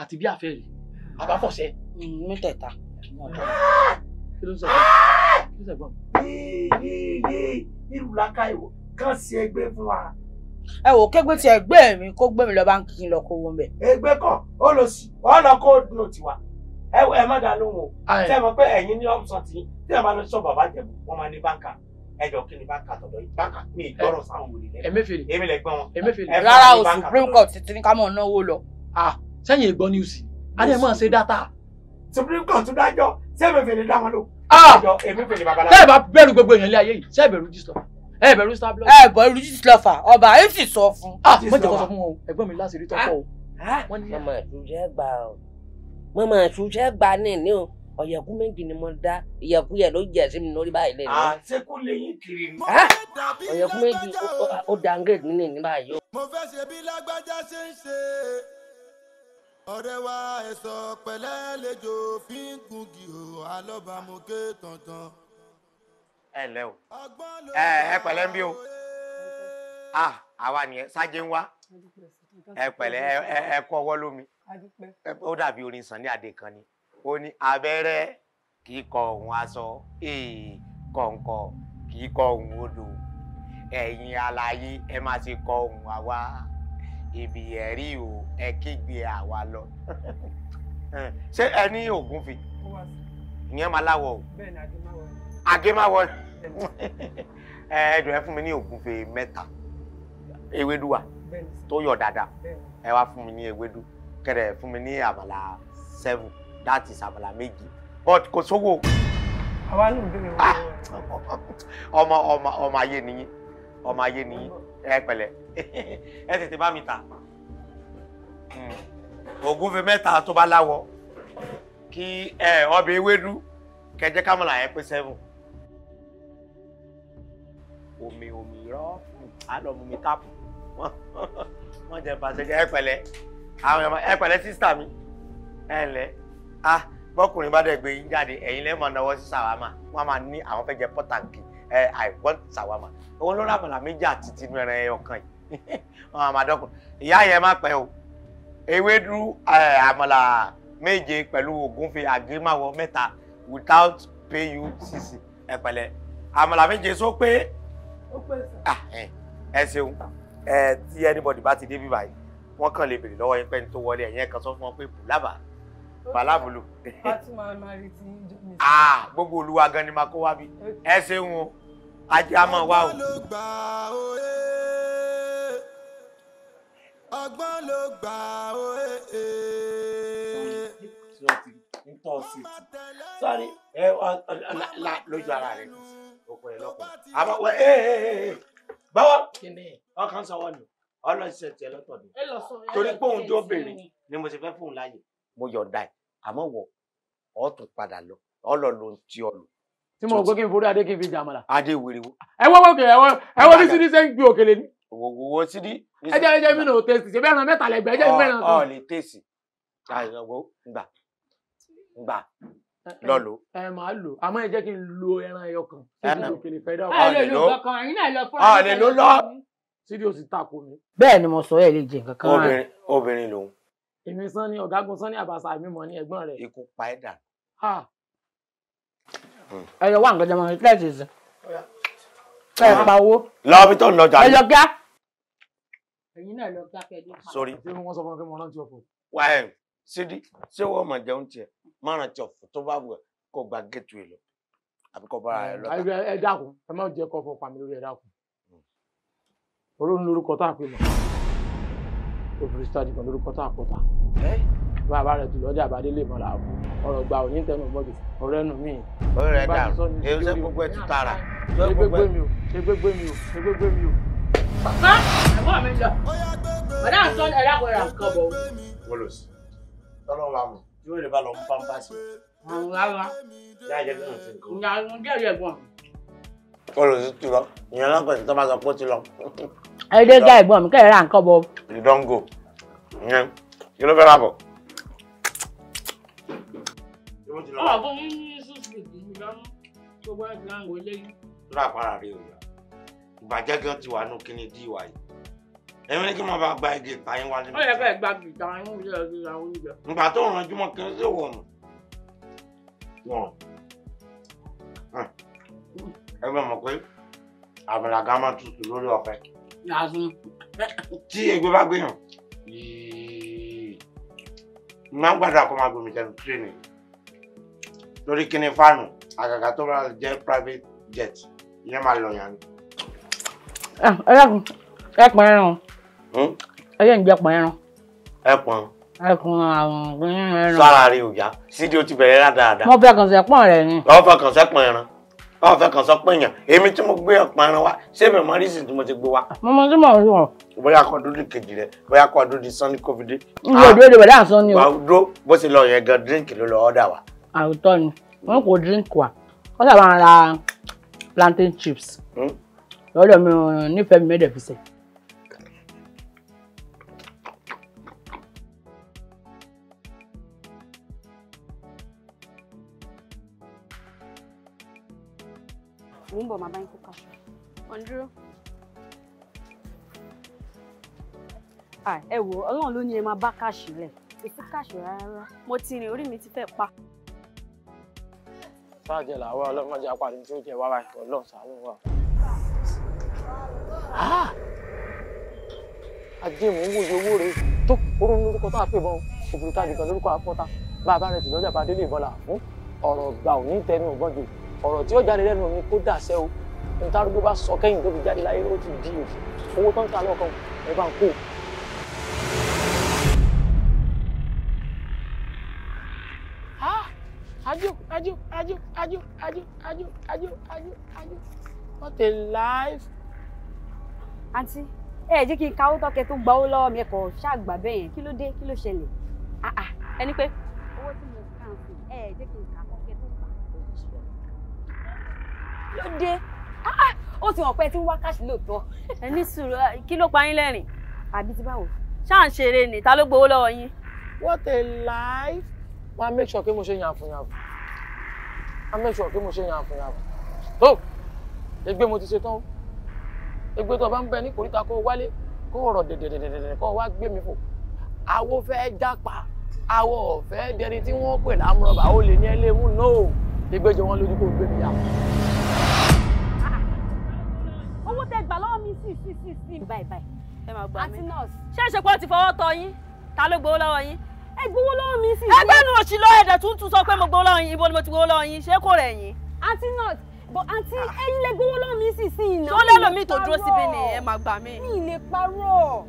àti bí àfẹ́ rè àbáfọ̀ṣẹ. mẹ́tẹ̀ẹ̀ta mm, ní ọ̀dọ́ kí ló ń sọ fún mi kí ló ń sọ fún mi. yéé yéé irú làákà ìwọ kàn sí ẹgbẹ́ fún wa. ẹ wò kégbé tí ẹ gbé mi kó gbé mi lọ bá ń kí n lọ kó wọn bẹ. ẹgbẹ́ kan ó lọ sí ọ lọ kó nù tiwa ẹ má dá lóhùn o tẹ́ ẹ mọ̀ pé ẹ̀yin ní ọ̀sán tí ẹ bá lọ sọ bàbá jẹ̀bù wọ́n máa ní báńkà ẹjọ kí ni bákà tọdọ yìí bákà mi ìgbọràn sáwọn wòlé lẹ. Emefiele èmi lè gbọ́n wọn. Emefiele rárá o Supreme Court ti ní ká mọ̀ náwó lọ. sẹ́yìn ìgbọ́ news adé mọ̀ ṣe dáta. Supreme Court tún dájọ́ ṣé Emefiele dá wọn lò. Emefiele babaláwo. tẹ́ẹ̀ bá bẹ̀rù gbogbo èèyàn lé ayé yìí ṣé bẹ̀rù jísọ ẹ bẹ̀rù star blood. ẹ bẹ̀rù jísọ fà ọba ẹ sì sọ fún. mọ̀ jẹ́ kó sọ fún wọn o ẹ̀gbọ́n mi láti rí tọ́kọ o. wọ́n máa tún jẹ́ gbà o wọ́n máa tún jẹ́ gbà ní ní o ọ̀yẹ̀kú méjì ni mo dá ìyẹ̀kú yẹ̀ ló jẹ̀ sí mi lórí báyìí lẹ́nu. àṣekú lẹ́yìn kiri. ọ̀yẹ̀kú méjì ó downgrade nínú ìní báyìí. mo fẹ́ ṣe bí lágbájá ṣe ń ṣe ọ̀rẹ́ wa ẹ̀sọ́ pẹ̀lẹ́ lẹ́jọ́ fi ń gungi o alọ́bàmùkè tọ̀tàn. ẹ ǹlẹ́ o ẹ ẹ pẹ̀lẹ́ ń bí o àwa nìyẹn ṣáájú ń wá ẹ pẹ̀lẹ́ ẹ kọ́ ọwọ́ lómi ó dàbí orin sàn ní adé kan ni ó ní abẹ́rẹ́ kì í kọ òun aṣọ èè kọ̀ǹkọ̀ kì í kọ òun odò ẹ̀yin aláyé ẹ má ti kọ òun àwa ibi ẹ̀rí o ẹ kígbe àwa lọ ṣé ẹ ní ògùn fi ìyẹn máa láwọ o àgémáwọ ẹ ẹdùn ẹ fún mi ní ògùn fi mẹ́ta ewédú wa tó yọ dáadáa ẹ wá fún mi ní ewédú kẹrẹ fún mi ní àmàlà seven that is abala méjì but kò sówó. àwa ló ń béèrè owó. Ah! ọmọ ọmọ ọmọ ayé nìyí ọmọ ayé nìyí ẹ pẹ̀lẹ́ ẹ tètè bá mi ta hmm. ògúnfe mẹ́ta tó bá láwọ kí ẹ ọbẹ̀ ewédú kẹjẹ kámọlà ẹ pé seven omi omi rọpù alọmọmi tápù wọn jẹ pàṣẹ ẹ pẹ̀lẹ́ àwọn ẹ pẹ̀lẹ́ sísítà mi ẹ lẹ ah bọ́kùnrin bá dẹ̀ gbé yín jáde ẹ̀yin lẹ́ẹ̀ máa náwó sí sàwámà wọ́n máa ní àwọn fẹ́ jẹ ẹ i want sàwámà òun ló rábàlà méjì àti tinú ẹran ẹyọ kan yìí wọ́n máa dọ́kùn ìyá yẹn má pẹ́ o ewédú àmàlà méje pẹ̀lú ògúnfe àgírímàwọ̀ mẹ́ta without pucc ẹ pẹ̀lẹ́ àmàlà méje sọ pé ah, ẹ ṣeun ẹ tí anybody bá ti dé bí báyìí wọ́n kàn lè béèrè lọ́wọ́ yín pẹ́ni tó wọlé ẹ̀yìn ẹ̀kan sọ fún wọn pé bùlábàá balabulu. ah gbogbo olúwa gan ni ma kó wá bí ẹ ṣeun o ajá máa wá o. ọgbọ́n ló gbà òye ọgbọ́n ló gbà lójú ara rẹ̀ kò pẹ̀lú ọkùnrin báwo ọkàn sọ wọ́n ni ọlọ́sẹ̀ tiẹ̀ lọ́tọ̀ ni torí pé òun tó béèrè ni mo ti fẹ́ fóun láàyè mo yọ̀ǹda ẹ̀ àmọ́ wọ̀ ọ́ tún padà lọ ọ́ lọ lo ti ọ lò. tí mo gbé kí n forí adé kí n fi jà mọ́ra. adé wèrè wo. ẹ wọ́n wọ́n kèrè ẹ wọ́n bí sídí ṣe ń gbé òkèlè ní. òwò wo sídí. ẹ jẹ́ ẹ jẹ́ mi náà tẹ̀sí ṣe bẹ́ẹ̀ ràn mẹ́ta lẹ́gbẹ̀ẹ́ ẹ jẹ́ mi bẹ́ẹ̀ ràn. ọ lè tẹ̀sí gbà gbà lọ lò. ẹ máa lò àmọ́ ẹ jẹ́ kí n lo ẹran ẹyọ kan. ẹran ọ lè lò lọ. sídí o sì takò bẹ́ẹ̀ ni mo sọ ẹ lè jẹ nǹkan kan. obìnrin lòun èmi Sanni ọ̀gágun Sanni Àbàṣà mi mọ̀ ní ẹ̀gbọ́n rẹ̀. ikú pa ẹ̀ dà. Hmm. ẹ yọ wá nǹkan jẹ mọ tẹ́ẹ̀sì sí ẹ pa owó. lọ́ọ́bí tó ń lọ jà. ẹ yọ kíá. ẹ̀yin náà lọ kíá kẹ́ẹ̀dé. sori ṣé wọ́n sọ fún mi pé mo rántí ọ̀pọ̀. wà á sídi ṣé wọ́n mọ̀ jẹun tiẹ̀ má rántí ọ̀pọ̀ tó bá wù ẹ́ kó gba géètù ẹ̀ lọ àbí kó bá ẹ lọ́ta. ẹ dákun ẹ má jẹ́ kó hmm. tá a pè obìnrin sáà dìgbọ̀n lórúkọ tá a kọta. bàbá rẹ jùlọ dé àbádé lè mọ̀lá àbú ọ̀rọ̀ gba òní tẹnu mọ́gì ọ̀rẹ́ nù mí. ọ̀rẹ́ dà èyí ṣe gbogbo ẹ̀ tún tara. ṣé gbégbé mi o ṣé gbégbé mi o ṣé gbégbé mi o. bàbá ẹ̀gbọ́n mi lọ bàdá àtọ́ ẹ̀rá kò ra nǹkan bọ̀ wọlọsí tọ́lọ́ wa mọ̀ yóò lè bá lọ mú pampasì. àwọn ará. jáde náà ti kú. ìyá àwọn jẹ́rìí ẹ̀gbọ́n mi. wọlọsí ti lọ ìyẹn lọ́kọ̀ọ́sì tó bá sọ pé ó ti lọ ẹdẹ ga ẹ̀gbọ́n mi kẹrẹ ra nǹkan bọ. you don go yẹn kí ló fẹ́ rà bọ̀. ìbàjẹ́ gan ti wà nù kí dí ìwà yìí èmi ní kí mo bá gba igi ìtayín wálé. ó yẹ fẹ́ gba igi ìtayín oúnjẹ ìgbà oúnjẹ. ìgbà tó ràn jùmọ̀ kí n sì wọ̀ mù. wọ̀n mọ̀ pé àmàlà gàmà tutù lórí ọ̀fẹ́ lásán. tí ẹgbẹ́ bá gbéyàn máa ń gbàdúrà kó máa gbomi jẹun tírénì lórí kíní fáànù àgàgà tó bá jẹ́ private jet ìyẹn máa lọ yàn. Ah, ẹlẹ́kùn ẹ̀pọ̀n ẹran hmm? ẹ̀yẹ́ ń jẹ́ ẹ̀pọ̀n ẹran. ẹ̀pọ̀n. ẹ̀kùn àwọn ẹran. sára rí òjá sídìí ó ti bẹ̀rẹ̀ rádàrádà. wọ́n fẹ́ kàn sẹ́pọ̀n rẹ̀ ni. wọ́n fẹ́ kàn sẹ́pọ̀n ẹran ọ ah, fẹ́ kàn sọ pé èèyàn èmi tí mo gbé ọ̀pọ̀ ẹran wa ṣé mi mọ rísì tí mo ti gbé wa. mo mọ tí mo rí wọn. bóyá kó dúdú kejì rẹ bóyá kó dúdú sanni kófìdé. ìwé òdúró ah, de bàdá àsán ni o. wàá dúró bó ṣe lọ yẹn gan díríǹkì ló lọ ọ́dà wa. àwùtọ́ ni wọn kò díríǹkì wa wọ́n sábà ń ra plantain chips hmm? lọ́dọ̀ mi nífẹ̀ẹ́ mi mẹ́ẹ̀ẹ́dẹ́fisẹ̀. ń bọ̀ máa bá yín kó kaṣọ. wọ́n dúró. ẹ wo ọlọ́run ló ní ẹ máa bá káàṣì lẹ̀ èsì káàṣì rárá. mo ti rìn orí mi ti fẹ́ pa. sáàjẹ làwọn ọlọ́mọdé apàdé tí ó jẹ wá wáyé ọlọ́run ṣàánú wa. Ah! ajé mò ń wòye owó rẹ tó oró ọ̀rọ̀ tí ó jáde lẹ́nu mi kó dàṣẹ́ o n tárúgbó bá sọ kẹ́yìn tó fi jáde láyé ó ti di òkè owó tó ń ta lọ́kàn ẹ bá ń kó. ajo ajo ajo ajo ajo ajo ajo ajo ajo what a life. àǹtí ẹ ẹ jẹ́ kí n kawó tọ́kẹ tó gbawó lọ́wọ́ mi ẹ̀kọ́ ṣáàgbà bẹ́ẹ̀ yẹn kí ló dé kí ló ṣẹlẹ̀ ah, ah. ẹni pé owó tí mo kà fún ẹ jẹ́ kí n kà á lóde ah, ah, ó ti hàn pé ẹ ti ń wá ẹ ní sùúrù kí ló pa yín lẹ́rìn. àbí ti báwo. ṣáà ń ṣeré ni ta ló gbowó lọ́wọ́ yín. what a life. wọ́n á make sure pé mo ṣe yànfùyànfù. wọ́n á make sure pé mo ṣe yànfùyànfù. tó ẹgbẹ́ mo ti ṣe tán o ẹgbẹ́ tó o bá ń bẹ ní kòríta kó o wálé kó o rọ̀ dẹ̀dẹ̀dẹ̀dẹ̀ kó o wá gbé mi fò. àwo fẹ́ jápa àwo ọ̀fẹ́ dẹni tí wọ́n pè lámúrọ̀bà ó lè ní ẹlẹ́mú náà owó tẹ gbà lọ́wọ́ mi sí sí sí sí. báyìí báyìí ẹ máa gbà mí. àti nurse. ṣé pé ó ti fọwọ́ tọ yín ta ló gbowó lọ́wọ́ yín. ẹ gbowó lọ́wọ́ mi sí. ẹgbẹ́ nu òsì lọ ẹ̀dẹ̀ tún sọ pé mo gbowó lọ́wọ́ yín ibo ni mo ti gbowó lọ́wọ́ yín ṣé kò rẹ̀ yín. àti nurse bọ àti ẹ̀yin lè gbowó lọ́wọ́ mi sí sí iná. tó lẹ́lọ mi tó dúró síbi ni ẹ máa gbà mí. mi lè parọ́.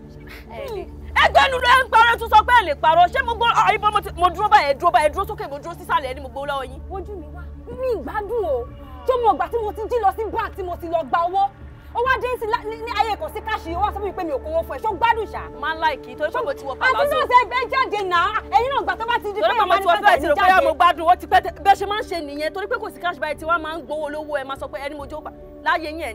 ẹgbẹ́ nu ẹ ń parọ́ tún sọ pé ẹ lè parọ́ ṣé mo gbowó ibo mo dúró báyìí dúró báyìí dúró sókè mo dúró sísàlẹ̀ ẹni mo gbowó lọ́wọ́ yín. ojú mi wá mi ìgbádùn o tó mọ̀ ọgbà tí mo ti jí lọ sí bank tí mo ti lọ gba owó ó wá dé ní ayé kò sí káṣí ó wá sọ fún mi pé mi ò kówó fún ẹ ṣó gbádùn ṣá. máa ń láìkì torí ṣé mo ti wọ palazo. àti náà ṣe ẹgbẹ́ jáde náà ẹ̀yin náà gbà tó bá ti di pé màmá ní jáde. torí pé mo ti wọ ti rò pé mo gbádùn ó ti pẹ́ bẹ́ẹ̀ ṣe máa ń ṣe nìyẹn torí pé kò sí káṣí báyìí tí wọ́n máa ń gbowó lówó ẹ máa sọ pé ẹni mo jó láyé yín ẹ̀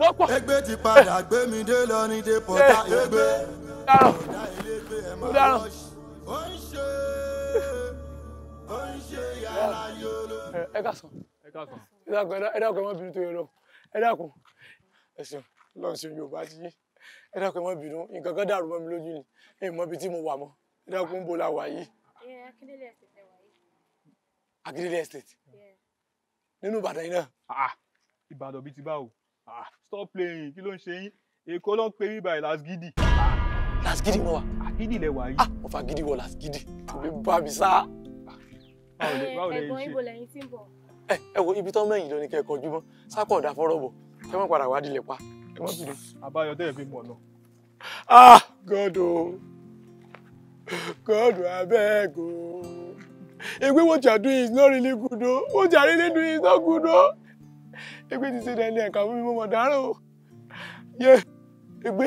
wọ́n pọ̀. ẹgbẹ́ ti padà gbé mi dé lọ ní dé pọ̀tà ẹgbẹ́ ọ̀dà ẹlẹ́gbẹ́ ẹ̀ máa lọ ẹ ká eh, ẹ ká ẹ dákun ẹ tó yẹ lọ ẹ dákun ẹ ṣeun lọ́n ṣe Yorùbá ti yé ẹ dákun ẹ má bínú nǹkan kan dàrú mọ́ mi lójú ni ẹ mọ ibi tí mo wà mọ́ ẹ dákun ń bo la wà yìí. Eh, Akíndélé estate wà yìí. Akíndélé estate nínú Ìbàdàn yìí náà. Ah, ah. Ìbàdàn bíi ti báwo. Ah, stop playing kí ló ń ṣe yín èkó ló ń pè mí báyìí lasgidi. Ah, lasgidi mo wa. agidi ah, lẹ wà yìí. mo fa gidi wọ lasgidi kò lè bá mi sá. báwo lè ṣe ẹ̀gbọ́n ibo lẹ́yìn tí ń bọ̀. ẹ ẹ wo ibi tán mẹ́yìn ló ní kẹ́ ẹ kọjú mọ́ sákò ọ̀dà fọ́rọ̀ bọ̀ kẹ́ mọ́ padà wádìí lẹ̀ pa. ẹ má bìrì àbáyọ tẹ́lẹ̀ fi mọ̀ náà. ah god o oh. god abeg o. Egwe, what you are doing is not really good o. What you are really doing is not good o ègbé ti ṣe dẹni ẹ̀ka fún mi mo mọ̀ dáràn o yẹ ègbé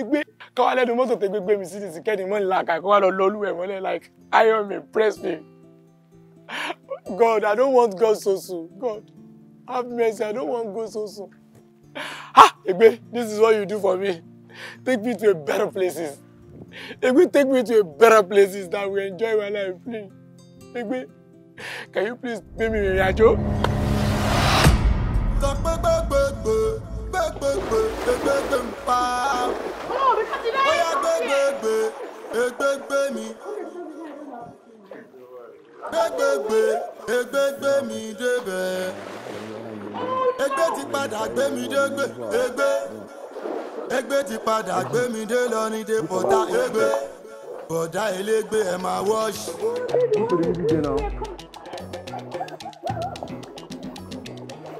ègbé káwá lẹ́nu mọ́tò tẹ gbégbé mi sí ti sìkẹ́ni mọ́ nílà kàkọ́ lọ lọ́lú ẹ̀ mọ́lẹ̀ like iron me press me God I don't want God so soon God have mercy I don't want God so soon ha ègbé this is what you do for me take me to a better places ègbé take me to a better places that we enjoy my life please ègbé can you please pay me ìrìn àjò kan gbẹgbẹgbẹgbẹ gbẹgbẹgbẹgbẹgbẹ ń pa. bóyá gbẹgbẹgbẹ egbẹgbẹ mi. gbẹgbẹgbẹ egbẹgbẹ mi débẹ̀. ẹgbẹ́ ti padà gbé mi dé gbé ẹgbẹ́. ẹgbẹ́ ti padà gbé mi dé lọ ní dé pọ̀tà ẹgbẹ́. bọ̀dá elégbé ẹ̀ máa wọ́ọ̀ṣì.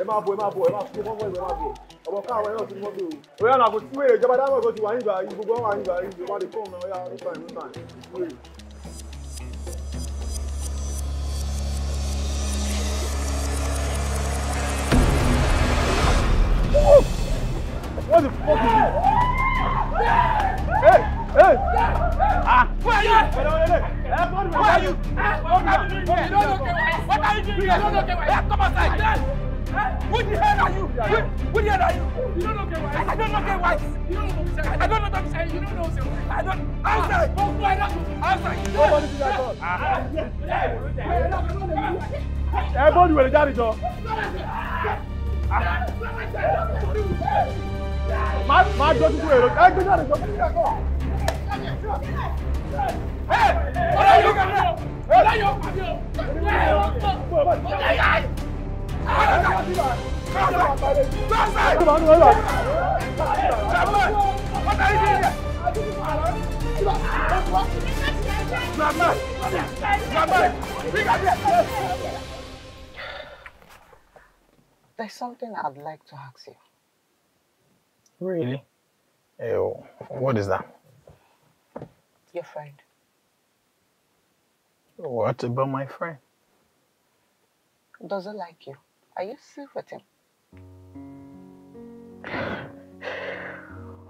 ẹ máa bọ̀ ẹ máa bọ̀ ẹ máa fi wọ́n wọ́n máa bọ̀ ọmọ káwọn ẹ náà ti wọ́n bẹ̀ o. òyà náà kò sí wèrè ìjọba dáhùn ọ̀gọ́ ti wà nígbà yìí gbogbo wà nígbà yìí ìjọba lè fọ́ọ̀mù náà ọ̀yà nígbà yìí nígbà yìí What the fuck is this? Hey! Hey! Ah! where are you? Who are you? What are you doing What are you doing here? Come outside! Hey, who the hell are you? Who, who the hell are you? You don't know gay wife. I don't know gay wife. You don't know Bobby I don't know Bobby You don't know Bobby I don't. Ah, Outside. Oh, why not? Outside. Nobody did that call. Everybody will get it all. Má má jọ tuntun èrò ẹ gbé jáde jọ fún ìyàgò. Ẹ ọ̀rọ̀ yóò kàn mí o, ọ̀rọ̀ yóò kàn mí o, ọ̀rọ̀ yóò kàn mí o. There's something I'd like to ask you. Really? Ew. What is that? Your friend. What about my friend? Doesn't like you. Are you still with him?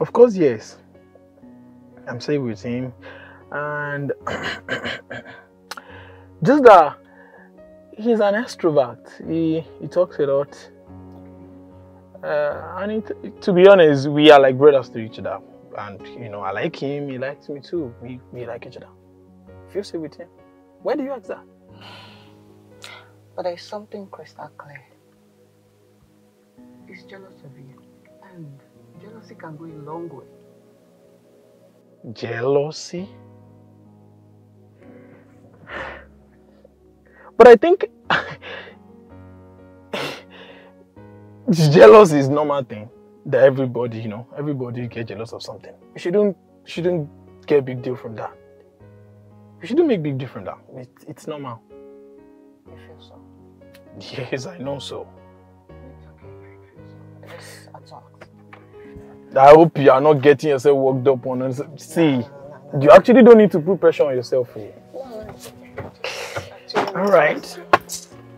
Of course, yes. I'm safe with him. And just that he's an extrovert. He he talks a lot. Uh, and it, to be honest, we are like brothers to each other. And you know, I like him. He likes me too. We we like each other. Feel safe with him. Why do you ask that? But there's something crystal clear. He's jealous of you jealousy can go a long way. Jealousy? But I think jealousy is normal thing that everybody, you know, everybody get jealous of something. You shouldn't shouldn't get a big deal from that. You shouldn't make big deal from that. It, it's normal. You feel so? Yes, I know so. It's okay, feel so. I hope you are not getting yourself worked up on. And see, you actually don't need to put pressure on yourself. For. Oh. All right.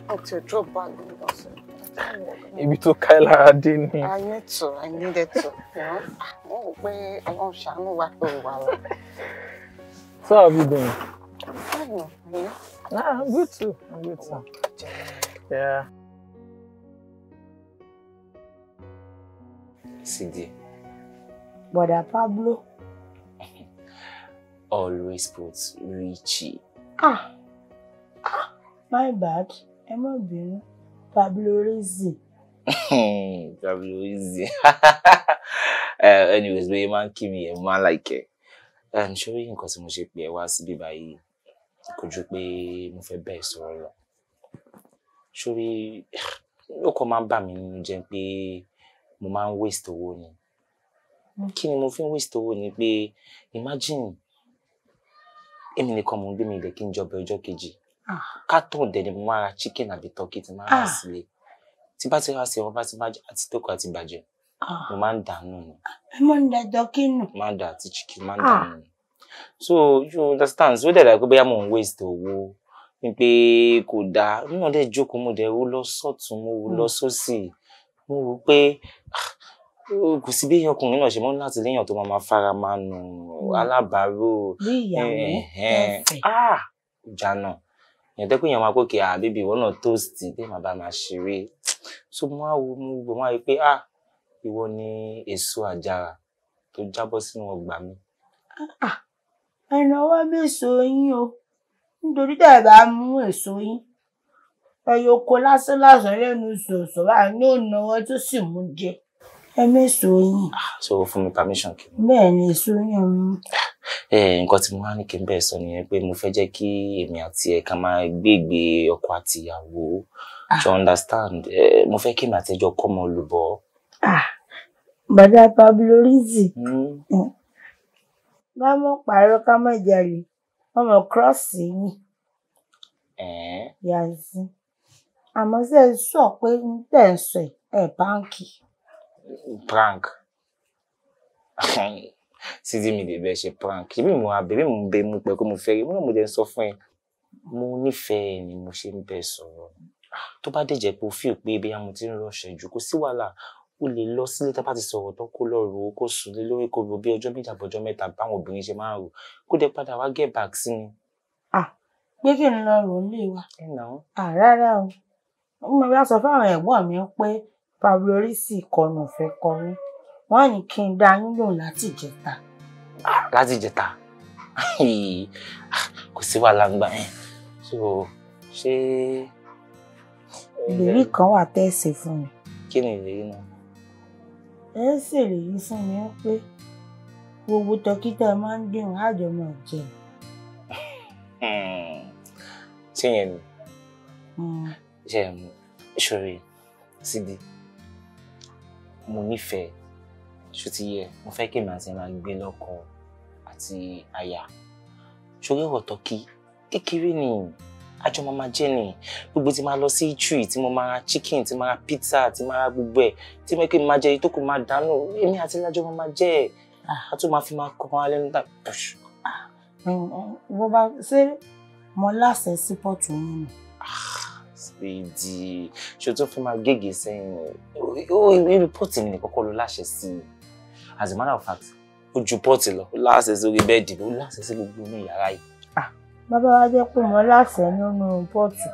Okay, drop back. Maybe to Kyla lára I need to, I needed to. Oh, rò pé ọlọ́run ṣàánú wa So how have you been? Fine, Nah, good too. I'm good too. Yeah. Cindy. Bọ̀dà Pablo. Always puts Richie. Ah, ah, my bad. I'm má being Pablo Rizzi. Pablo Rizzi. uh, anyways, bí man máa ń kí mi, like it. I'm orí nǹkan tí mo ṣe pè ẹ wá síbí báyìí? Kò ju pé mo fẹ́ bẹ́ẹ̀ sọ̀rọ̀ lọ. Ṣé orí ó kàn máa ń waste owó ni kí ni mo fi ń waste owó ni pé imagine èmi nìkan mò ń gbé mi ilẹ̀ kí n jọba ọjọ́ kejì ká ah. tó dẹ̀ ni mo máa ra chicken àbí turkey ti máa rà ah. sílé tí bá ti rà sí ọba ti bàjẹ́ àti tókò àti bàjẹ́ ah. mo máa ń dànù ni. mo ń da turkey nù. máa dà àti chicken máa ń dànù ni. so you understand so dẹ̀ dà pé bóyá mò ń waste owó ni pé kò dáa nínú ọdẹ jókòó mo dẹ̀ wo lọ sọ́tún mo wo lọ hmm. sósì mo wò pé kò sí bí ọkùnrin náà ṣe mọ́ láti léèyàn tó máa máa fara máa nù alábàárò ah! jana èèyàn tẹ́kọ̀ èèyàn máa pé kí àbíbí ah, ìwọ náà tóòsì pé màá bá máa ṣeré so mo máa wo mo gbọ́ máa rí pé ah ìwọ ni èso àjàrà tó jábọ́ sínú ọgbà mi. Ah, ẹnáwó mèso yín o nítorí tẹ̀ bá mú èso yín ẹyọ oko lásán lásán lẹ́nu sọ̀sọ̀ báyìí ní ònà wọn tó sì mú jẹ. ẹ mẹ́sàn oyin. Ah, so o fún mi permission kì ni. bẹ́ẹ̀ ni èso yẹn mú. nǹkan tí mo máa ń ní kí n bẹ́ẹ̀ sọ nìyẹn pé mo fẹ́ jẹ́ kí èmi àti ẹ̀ ká máa gbégbé ọkọ àti ìyàwó to ah. understand eh, mo fẹ́ kí èmi àti ẹjọ́ kọ́ ọmọ olùbọ. Ah, bàdá Pablo Rizzi bá hmm. hmm. mọ̀ pààrọ̀ ká mọ̀ jalè ọmọ kírọ́ọ̀sì yìí eh? yàtí àmọ́ sẹ́ sọ pé ń tẹ̀ ń sọ ẹ̀ báńkì. prank sídìí mi lè bẹ ṣe prank ṣebí mo abẹ mi ń bẹ mú pẹ kó mo fẹ́ rí mo náà mo dẹ̀ ń sọ fún ẹ mo nífẹ̀ẹ́ ni mo ṣe ń bẹ sọ̀rọ̀ tó bá dẹ̀ pé o fi pé ibi àwọn tí ń rọṣẹ̀ jù kò sí wàhálà o lè lọ sílé tá a bá ti sọ̀rọ̀ tán kó lọ rò ó kó sùn lé lórí kó rò bí ọjọ́ méjì àbọ̀jọ́ mẹ́ta báwọn obìnrin ṣe máa ń rò kó dẹ̀ padà wá get back sí mi. pé kí n lọ rò ó lé wa rárá o mo máa sọ fáwọn ẹ̀gbọ́n mi pé fábíọ́rìsì ìkọnù ọ̀fẹ́ kọ mí wọ́n á ní kí n dá yín lòun láti ìjẹta. Ah, láti ìjẹta ah, kò sí wàhálà ń gbà yẹn so ṣé. Eh, ìlérí kan wà tẹ́ ẹ ṣe fún mi. kí ni ìlérí náà. ẹ ṣèlérí fún mi pé gbogbo dókítà máa ń dìrùn àjọ máa jẹ. tíyẹn hmm. ni ṣe é yìí síbi mo nífẹ̀ẹ́ ṣùtìyẹ mo fẹ́ kí èmi àti ẹ máa gbé lọ́kọ àti aya ṣorí ọ̀rọ̀ tọ́kì kékeré ni àjọ mama jẹ́ ni gbogbo tí máa lọ sí Italy tí mo máa ra chicken tí máa ra pizza tí máa ra gbogbo ẹ̀ tí mo kí n máa jẹ èyí tó kù máa dànù èmi àti lájọ mama jẹ́ ẹ̀ ah. a tún máa fi máa kọ́ ara lẹ́nu dàbí ah. mm, mm, bó bá ṣe mo láṣẹ sí pọ̀tù yín nù ìdí ṣe tó fi máa gègé sẹ́yìn ó irú pọ́ọ̀tì mi nìkan kọ́ ló láṣẹ sí i as a matter of fact ó ju pọ́ọ̀tì lọ ó láṣẹ sórí bẹ́ẹ̀dì ó láṣẹ sí gbogbo inú yàrá yìí. Ah, bàbá wa jẹ́ pé mo láṣẹ nínú pọ́ọ̀tì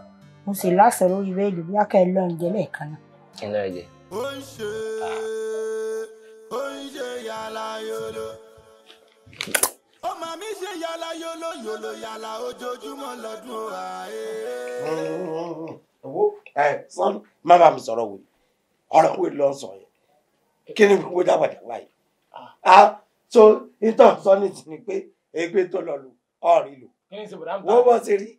mo sì láṣẹ lórí bẹ́ẹ̀dì bí akẹ́ lọ ǹjẹ́ lẹ́ẹ̀kan náà. kí n lọ jẹ. ó ń ṣe ó ń ṣe yàrá yòlò ó máa mi ṣe yàrá yòlò yòlò yàrá ojoojúmọ́ lọ́dún ààyè wo ẹ sọ́n má bàa mi sọ̀rọ̀ wòye ọ̀rọ̀ wòye lọ sọ yẹn kí ni gbogbo dábàdàbà yìí a so nítorí sọ́ni ti ni pé egbe tó lọ lù ọ̀rìn lò wọ́n bọ́ ṣe rí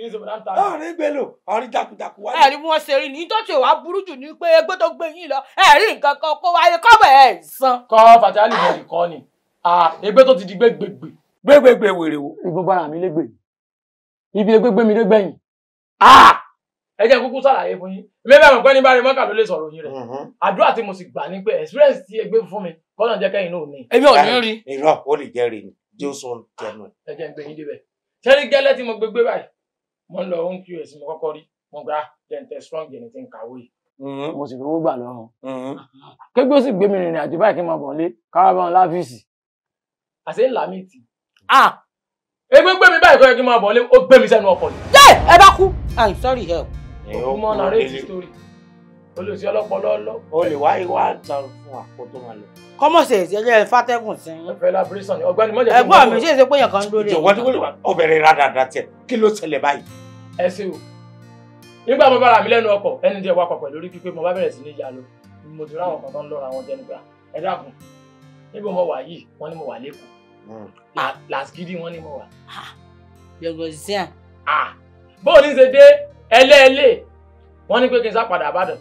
ọ̀rẹ́ gbé lò ọ̀rẹ́ jakujaku wáyé. ẹ̀rí wọn ṣe rí ní tọ́tù ìwà burú jù ní pé egbé tó gbé yín lọ ẹ̀rí nǹkan kan kó wáyé kọ́bẹ̀ ẹ̀ san. kọ́ fàtàlì mọ̀lì kan ni egbé tó ti di gbégbègbè. gbégbègbè wèrè wo. ìbọn bára mi lé gbè ibi egbégbé mi lé gbẹ̀yìn ẹ jẹ́ kúkú sàlàyé fún yín èmi bá mọ̀ pé ní bárí mọ́kà ló lè sọ̀rọ̀ yín rẹ̀ mm-hmm. àdúrà tí mo sì gbà ní pé experience ti ẹgbẹ́ fún mi kọ́nà jẹ́ kẹ́yìn náà ní. èmi ò ní rí. Eh, irọ́ ó lè jẹ́ rè ni jésù ń tẹnu. ẹ jẹ́ ń gbé yín débẹ̀ sẹ́rí gẹ́lẹ́ tí mo gbé gbé báyìí mo ń lọ home qs mo kọ́kọ́ rí mo gbà jẹ́ strong jẹ́ ní ti ń kàwé. Mm-hmm. mo sì fowó gbà lọ́rùn. Mm-hmm. kégbé ó sì gbé mi rìnrìn àjò báyìí kí n máa mi tì. egbé gbé mi báyìí kọ́ ẹ kí n máa bọ̀ lé ó gbé sẹ́nu ọkọ̀ yìí. ẹ bá kú i'm sorry help òfúnmọ́ nàrètì story olùsí ọlọ́pọ̀lọ́ lọ. o lè wá ìwà àtàrò fún àkótó wọn lọ. kọ́mọ̀sì ẹ̀jẹ̀ fàtẹ́kùn sí. ẹ̀fẹ̀ labration ni ọgbẹ́ni mọ́jọ́. ẹ̀gbọ́n mi ṣe é ṣe pé èèyàn kan dúró lé. jọ̀wọ́ tí wọ́n lè wá ọbẹ̀rẹ̀ rádàdà tiẹ̀ kí ló ṣẹlẹ̀ báyìí. ẹ ṣe o nígbà mo bára mi lẹ́nu ọkọ̀ ẹni díẹ̀ wakọ̀ pẹ̀lú orí pípé mo bá bẹ̀rẹ̀ sí ní yalo mo ti ráwọn kan tó ń lọ́ra àwọn jẹni gbà ẹ dákun níbo mo wà yìí wọ́n ní mo wà lẹ́kọ̀ọ́ hmm. làásìkìdí wọ́n ní mo wà. Ah, yọ̀gbọ̀n sí à. Ah, bóòlù ń ṣe dé ẹlẹ́ẹ̀lẹ́ wọ́n ní pé kí n sá padà àbàdàn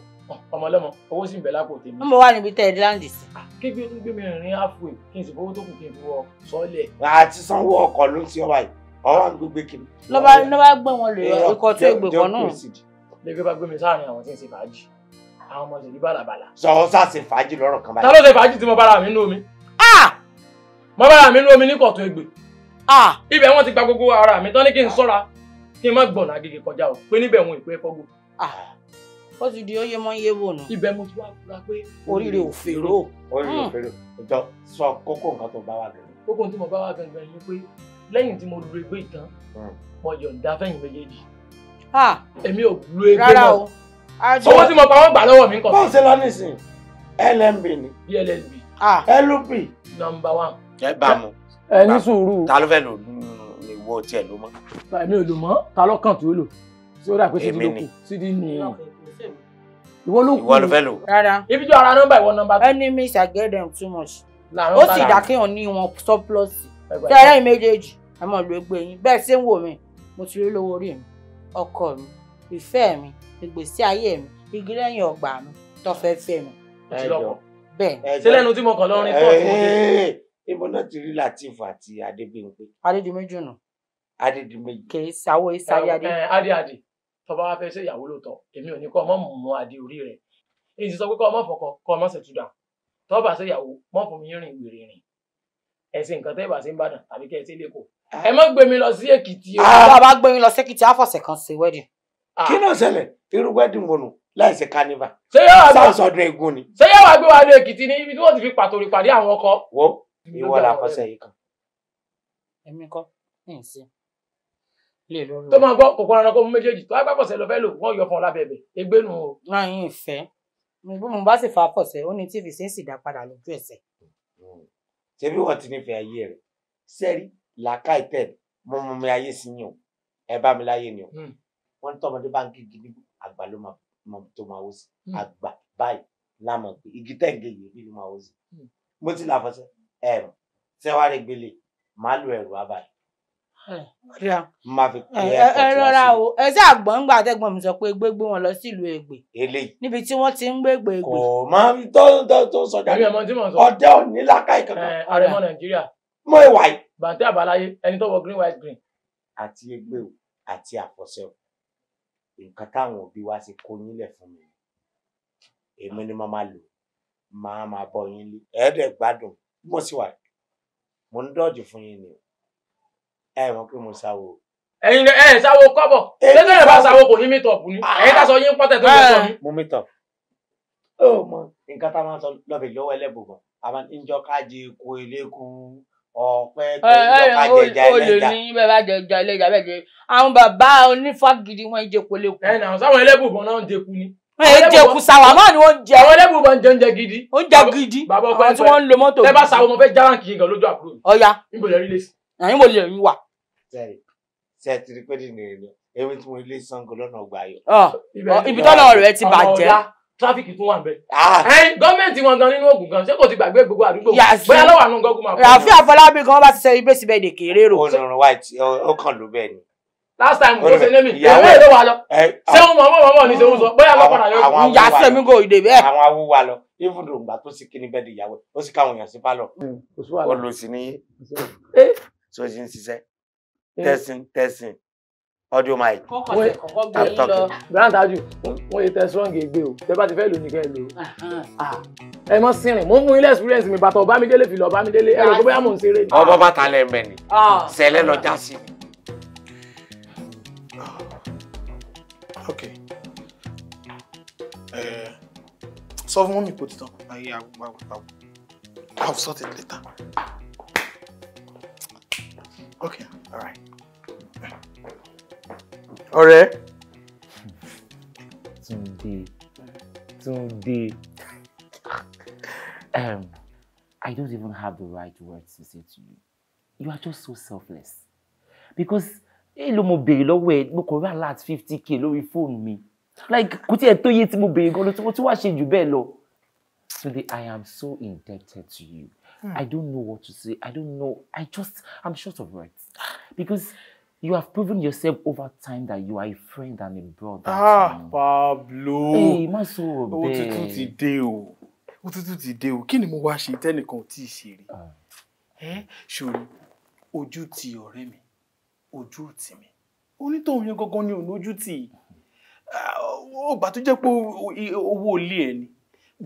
ọmọlọ́mọ owó sì ń bẹ lápò tèmi. mo wà níbi tẹ ẹ díláǹdì sí. Ah, kí gbé gbé mi rìn halfway kí n sì fowó tó kù kí n fi wọ sọ́ọ̀lẹ̀. àti sanwó ọkọ̀ ló ń ti ọba yìí ọwọ́ àti gbogbo kìnnì. lọ́ba lọ́ba gbé wọn lè ikọ̀ tó ègbè kan náà. lẹ́gbẹ́ bá gbé mi sáàrin àwọn tí ń ṣe fàájì àwọn ọmọ ìṣèlú bàlàbàlà. sọ ọ sá ṣe fàájì lọ́rọ̀ kan báyìí. ta ló ṣe fàájì tí mo bára mi nú omi. mo bára mi nú omi ní kọ̀tún ègbè. ibẹ̀ wọ́n ti gba gbogbo ara mi tán ní kí n sọ́ra kí n má gbọ̀nà agége kọjá o pé níbẹ̀ wọn ìpè ẹ̀fọ́ gbò. Ah, wọ́n ti di oyè mọ́ iye wò nù. ibẹ̀ mo ti wá fura pé. oríire ò fèrò. oríire ò hmm. fèrò ìjọ sọ kókó nǹkan tó bá wà gẹ̀gẹ̀. kókó tí mo bá wà gẹ̀gẹ̀ ni pé lẹ́yìn tí mo lu egbé ìtàn hmm. mo yọ̀ǹda fẹ̀yìn méjèèjì. Ah. èmi ò lu egbé mọ́. owó tí mo pa wọ́n gbà lọ́wọ́ mi kọ̀. bọ́ọ̀ ṣe lọ nísìn LMB ni. LMB. Ah. LP. number one. ẹ bá mu. ẹ ní sùúrù. ló fẹ́ lò ìwọ ọtí ẹ̀ ló mọ́. èmi ò lò mọ́ ta lọ́kàn tó lò tí ó dà pé sídìí ló kù sídìí ni ìwọ ló kù ìwọ ló fẹ́ lò. rárá ibi tí ara nọ́mbà ìwọ nọ́mbà. enemies are get them too much. ó sì dákéèyàn ní wọn surplus tẹ́lẹ̀ méjèèjì ẹ mọ̀ ló gbé yín bẹ́ẹ̀ ṣé ń wò mí mo ti rí lówó orí mi ọkọ mi ìfẹ́ mi ìgbésí ayé mi igi lẹ́yìn ọgbà mi tọ́fẹ́ fẹ́ mi. bẹ́ẹ̀ ṣé lẹ́nu tí mo kàn lọ́rin tó ọ̀tún mi. ìbọn náà ti rí Latif àti Adébíyìnpé. Adédìméjì nù adìdìmẹjì. kì í sáwó ìsáyé adé. adé adi tọba wa fẹ́ ṣe ìyàwó lóòótọ́ èmi ò ní kọ ọmọ mọ adé orí rẹ èyí sọ pé kọ ọmọ fọkọ kọ ọmọ ṣètúdà tọba ṣe ìyàwó mọ fún mi rìn wèrè rìn ẹsìn nǹkan tẹ ẹ bá ṣe ń bàdàn tàbí kẹ ẹ ṣe lẹkọọ ah. ẹ má gbé mi lọ sí èkìtì o. Ah, bàbá gbé mi lọ sí èkìtì àfọ̀sẹ̀ kan sí wedding. Ah. kí ló ṣẹlẹ̀ irú wedding wo nù láìsí carnival. ṣé yóò wá gbé wa sọdún egun ni. ṣé yóò wá gbé wa lọ èkìtì ní ibi tí tó máa gbọ́ kòkó ara kó mú méjèèjì tó agbá pọ̀sẹ̀ lọ fẹ́ lò wọ́n yọ fún ọ lábẹ́ ẹ̀bẹ̀ egbé nù o. náà yín ìfẹ́ mo bá sì fa pọ̀sẹ̀ ó ní tí fi sẹ́ǹsì dá padà lójú ẹsẹ̀. ṣebí wọn ti nífẹ̀ẹ́ ayé rẹ sẹ́rí làákà ìtẹ̀ mo mú mi ayé sí yín o ẹ bá mi láyé ni o hmm. wọ́n ní tọ́mọdé bá ń gé gidi àgbà ló máa tó máa wó sí hmm. àgbà báyìí lámọ̀ pé igi tẹ̀gẹ̀ yìí bí ló máa wó sí hmm. mo ti làfọ̀ṣẹ́ ẹ̀ sẹ́wárí ẹ rọra o ẹ sí àgbọn ńgbà àtẹ̀gbọ́n mi sọ pé gbégbé wọn lọ sílùú Ẹ̀gbẹ́ níbi tí wọ́n ti ń gbégbé Ẹ̀gbẹ́. kò máa ń tó tó tó sọjà ní ọdẹ òní lákàyè kankan. àrẹ̀mọ Nàìjíríà. mọ ìwà yìí. bàtẹ àbáláyé ẹni tó wọ green white green. àti ẹgbẹ́ o àti àfọ̀ṣẹ o nǹkan táwọn òbí wa ti kó yín lẹ̀ fún mi èmi ni màá máa lò màá máa bọ yín lé ẹ̀ẹ́dẹ̀ gbádùn mo sì mo ń dọ̀jú fún yín ni o ẹ mọ̀ pé mo ṣàwò. ẹ̀yin ẹ ṣàwò kọ́bọ̀ lẹsẹ rẹ bá ṣàwò kò ní meet up ni ah. ẹ̀yin tá sọ yín pọtẹ tó lọ sọ ah. ni. mo meet up ó mọ nǹkan tá a máa sọ lọ́bẹ̀ lọ́wọ́ ẹlẹ́bùn kan a máa ń jọ kájí ko elékun ọ̀pẹ tó ń jọ kájẹjà ẹlẹ́jà. olè ní bẹ́ẹ̀ bá jẹjà ẹlẹ́jà bẹ́ẹ̀ jẹ àwọn bàbá onífà gidi wọn jẹ kó lékun. ẹ nà sáwọn ẹlẹ́bùn kan náà ń jẹku ni. wọn yẹ jẹku sáwà máa ni wọn jẹ. àwọn ẹlẹ́bùn kan jẹ oúnjẹ gidi. oúnjẹ gidi àwọn tí wọ́n ń lo mọ́tò. ẹ bá sáwọn ọmọ fẹ́ jáwọ́ kì í gan lójú àbúrò mi. ọ̀ya níbo lè rí lè sí. àyìnbó lè rí wà sẹ́yìn ṣe ti rí pé nínú ìrìn ewé tí mo ilé Ṣàngó lọ́nà ọgbà ayọ̀. ibi tọ́lọ rẹ̀ ti bàjẹ́. tráfíkì tún wà ń bẹ. Ah. gọ́ọ̀mẹ̀ntì wọn gan nínú Ògùn gan ṣé kò ti gbàgbé gbogbo àdúgbò bóyá lọ́wọ́ àwọn gọ́gùn máa. Ràfí Àfọlábí gan bá ti ṣe ibé síbẹ̀ èdè kéré rò. onírun white ó kàn ló bẹ́ẹ̀ ni. last time kò ṣe lémi ìyàwó èlò wa lọ ṣé òun mọ̀mọ́ mọ̀mọ́ ni ṣeun sọ bóyá lọ́kọ̀ọ́ náà yóò. ìyá sẹ́mi kò ìdè bẹ́ẹ̀. àwọn awú wa lọ even though ìgbà tó sì kí ni bẹ́ẹ̀ di ìyàwó ó sì káwọn èèyàn sí pálọ̀ hmm, ó testing eh. testing audio mic. I'm talking. kọ́kọ́ gbé yín lọ. grand aju wọ́n yẹ tẹ strong egbe o tẹ bá ti fẹ́ lò nìkan ẹ lò ó. Uh-huh. Ah. ẹ mọ sinrin mo ń fún experience mi bàtà Ọbámidélé fi lọ Ọbámidélé ẹ lọ tó bóyá mò ń ṣeré. ọbọ bàtà lẹ mẹ ni sẹlẹ ah. lọ já sí mi. sọ fún mọ́mí kò ti tán ayé agbáwo I'll sort it later. Okay, all right ọ̀rẹ́. Túndé Túndé um, I don't even have the right words to say to you you are just so selfless because èló mo béèrè lọ́wọ́ ẹ mo kàn rí alert fifty k lórí fóònù mi like kò tiẹ̀ tó iye tí mo béèrè gan-an tí mo tún wá ṣe jù bẹ́ẹ̀ lọ. Tunde, I am so indebted to you. Mm. I don't know what to say. I don't know. I just, I'm short of words. Because you have proven yourself over time that you are a friend and a brother. ah Pablo hey, má sọ ọ bẹ́ẹ̀ òtútù ti dé o òtútù ti dé o kí ni mo wá ṣe tẹ́nìkan tí ì ṣe rí ah. ṣòro ojú ti ọ̀rẹ́ mi ojú tì mí onítọ̀hún yẹn gangan ni òun ojú tì í ọgbà ah, tó jẹ́ pé owó ilé ẹ̀ ni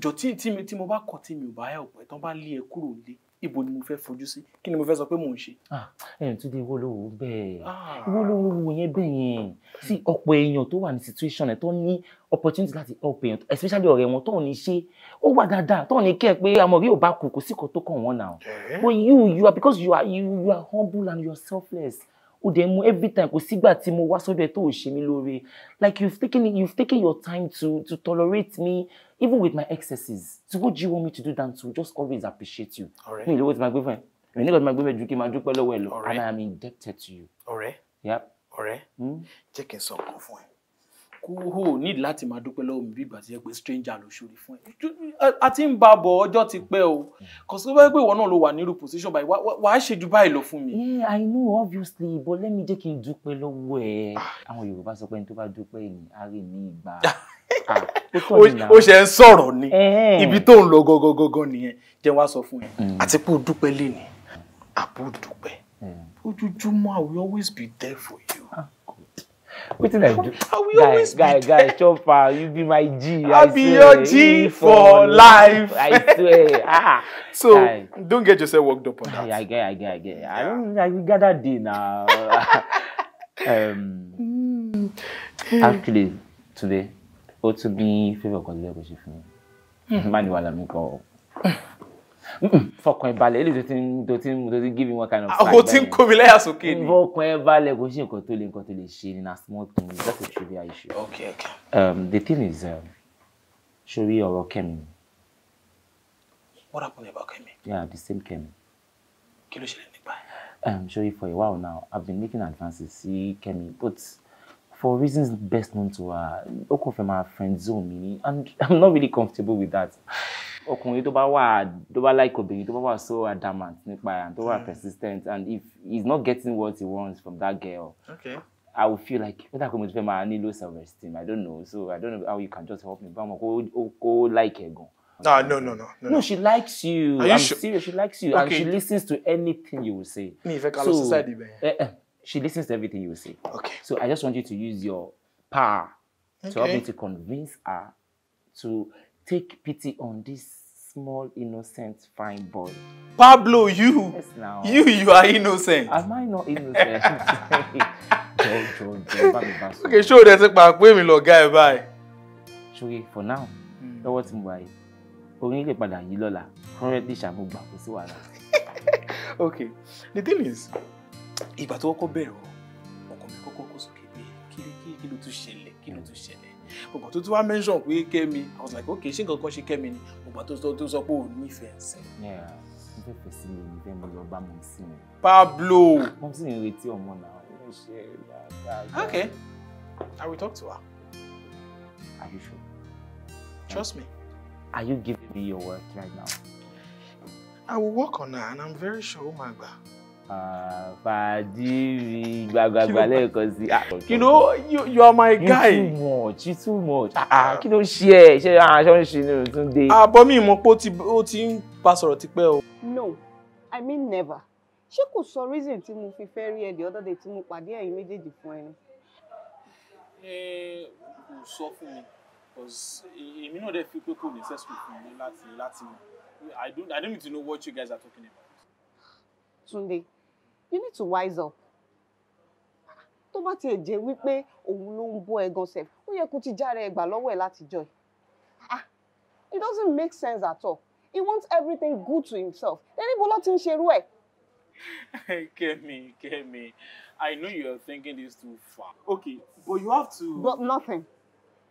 jọ tí mo bá kọ̀ tí mi ò bá ẹ̀ ọ̀pẹ tán bá lé ẹ kúrò lé ibo ni mo fẹ́ fojú sí kí ni mo fẹ́ sọ pé mò ń ṣe. Ah, ẹ̀yìn tún dé ìwọ ló wò bẹ́ẹ̀ ah. ìwọ ló yẹn bẹ́ẹ̀ sí ọ̀pọ̀ èèyàn tó wà ní situation ẹ̀ tó ní opportunity láti help èèyàn especially ọ̀rẹ́ wọn tó ní ṣe ó wà dáadáa tó ní kẹ́ pé amọ̀rí ò bá kù kò sí kò tó kàn wọ́n náà but you you are because you are you, you are humble and you are selfless Ude dẹ̀ every time kò sígbà tí mo wá sọ́dọ̀ ẹ̀ tó ò ṣe mí lóore like you've taken you've taken your time to to tolerate me even with my excesses so what do you want me to do than to just always appreciate you mi ìlú wo ti máa gbé fún ẹ mi nígbà tí máa gbé bẹ́ẹ̀ ju kí n máa dúpẹ́ lọ́wọ́ ẹ lọ and I am indebted to you. ọ̀rẹ́ ọ̀rẹ́ hmm? jẹ́ kí n sọ ọkàn fún ẹ kú hò ní láti máa dúpẹ́ lọ́wọ́ mi bí ìgbà tí yẹ pé stranger ló ṣòro fún ẹ a ti ń ba bọ̀ ọjọ́ ti pẹ́ o hmm. kò sí pé ìwọ náà ló wà nírú position báyìí wàá ṣe ju báyìí lọ fún mi. yeah hmm, i know obviously but let me jẹ́ kí n dúpẹ́ lọ́wọ́ ẹ̀ àwọn yorùbá sọ pé ẹni tó bá dúpẹ́ ẹ̀yìn á rí mi ìgbà ah, ó ṣe ń sọ̀rọ̀ ni ibi tó ń lọ gọ́gọ́gọ́gọ́ nìyẹn jẹ́ wá sọ fún ẹ àti pé ó dúpẹ́ lénìí àbó dúpẹ́ hmm. ojoojúmọ́ i will always be there for you. Ah wetin i do guy guy guy chopper you be my g i, I be your e g for life i swear ah so guy. don't get yourself worked up on that i, get i get i get yeah. i don't i we gather day na um, mm. actually today ó to bí favour kan lẹ́kọ̀ọ́ ṣe fún mi hmm. má mi kọ́ fọkàn ẹ balẹ̀ eléyìí tó ti ń tó ti ń tó ti give me one kind of. àwọn tí ń kó mi láyà sókè ni. fọkàn ẹ balẹ̀ kò ṣe nǹkan tó lè nǹkan tó lè ṣe ni na small thing That's a trivial issue. okay okay. Um, the thing is um, sori ọ̀rọ̀ Kẹ́mi. what happened about Kẹ́mi. yeah the same Kẹ́mi. kí ló ṣẹlẹ̀ nípa ẹ̀. um sori for a while now I've been making advances sí Kẹ́mi but for reasons best known to her ó kàn fẹ́ máa friend zone mi and I'm not really comfortable with that ọkùnrin tó bá wà tó bá like obìnrin tó bá wà so adamant nípa ẹ̀ tó wà mm. persistent and if he's not getting what he wants from that girl okay. I will feel like whether kò mo ti fẹ́ máa nílò self esteem I don't know so I don't know how you can just help me bá ọmọ kó kó like ẹ̀ gan. Nah, no, no, no, no. No, she likes you. Are you I'm sure? serious. She likes you, okay. and she listens to anything you will say. Me, if I can so, society, man. Eh, eh, she listens to everything you will say. Okay. So I just want you to use your power okay. to help me to convince her to take pity on this small, innocent, fine boy. Pablo, you! Yes, now. You, you are innocent. Am I not innocent? Okay, show Jọ jọ jọ bá mi bá sọ. Okay, the I to is, if talk about I'm ṣé o dẹ̀ ti pa pé mi lọ̀gá ẹ̀ báyìí? Ṣòye for now, hmm. lọ́wọ́ tí mo wà yìí, orin lè padà yí lọ́la, currently ṣàmúgbà kò sí wàhálà. Okay, the thing is, ìgbà tó kọ́kọ́ bẹ̀rẹ̀ o, ọkọ mi kọ́kọ́ kó sókè pé kí ló tún ṣẹlẹ̀, kí ló tún ṣẹlẹ̀ ọkọ̀ tó tún wá mention pé kẹ́mi i was like okay ṣé nǹkan kan ṣe kẹ́mi ni ọgbà tó tó sọ pé ò nífẹ̀ẹ́ sí. n fẹ́ fẹ́ sí mi ní bẹ́ẹ̀ mo lọ bá mọ̀ sí mi. Pablo. mo sì ń retí ọmọ náà ó ṣe é dáadáa. okay i will talk to her. are you sure. trust me. are you giving me your word right now. i will work on her and i'm very sure ó máa gbà fàdírì gbàgbàgbà lẹ́ẹ̀kan sí. Ah, kí you are my guy. you too much you too much. Ah, ah, kí ló ṣe ẹ ṣe aṣọ ń ṣe ní òtúndé. àbọ̀ mi ìmọ̀ pé ó ti ń bá sọ̀rọ̀ tipẹ́ o. no i mean never ṣé kò sọ reason tí mo fi fẹ́ rí ẹ the other day tí mo pàdé ẹ̀yin méjèèjì fún ẹ ẹ kò sọ fún mi èmi náà dẹ̀ fi pé kò necessary fún mi láti láti mọ̀ i don't i don't need to know what you guys are talking about. Túndé you need to wise up tó bá tiẹ̀ jẹ́ wípé òun ló ń bọ́ ẹgan sef ó yẹ kó ti járe ẹgbà lọ́wọ́ ẹ̀ látijọ́ ẹ̀ ah it doesn't make sense at all he wants everything good to himself ẹnìbó ló ti ń ṣerú ẹ̀. Kemi, Kemi, I know you are thinking this too far. Okay, but you have to. But nothing.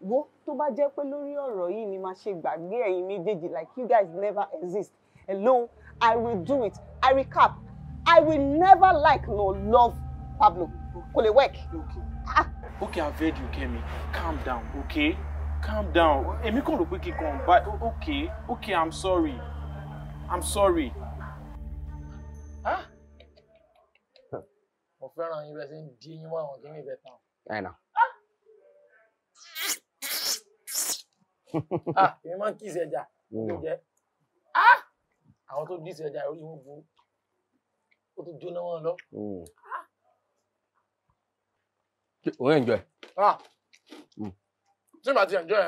Wo tó bá jẹ́ pé lórí ọ̀rọ̀ yìí ni màá ṣe gbàgbé ẹ̀yin méjèèjì like you guys never exist. Hello, I will do it. I recap. I will never like nor love Pablo. Okay, lè work. Okay. Ah. Okay, I've heard you, Kemi. Calm down, okay? Calm down. Emi kon rò pé kí n okay okay I'm sorry. I'm sorry. Mo fẹ́ràn yín bẹ́ẹ̀ ṣe ń di yín wá àwọn kí ní ibẹ̀ tán. Ẹ nà. Ah! Èmi máa ń mm. kí ìṣẹ̀jà. Ah! Àwọn tó dí ìṣẹ̀jà orí wọn burú ó tún jóná wọn lọ. o yẹn jọ ẹ. tí màá ti ẹ̀jọ́ ẹ̀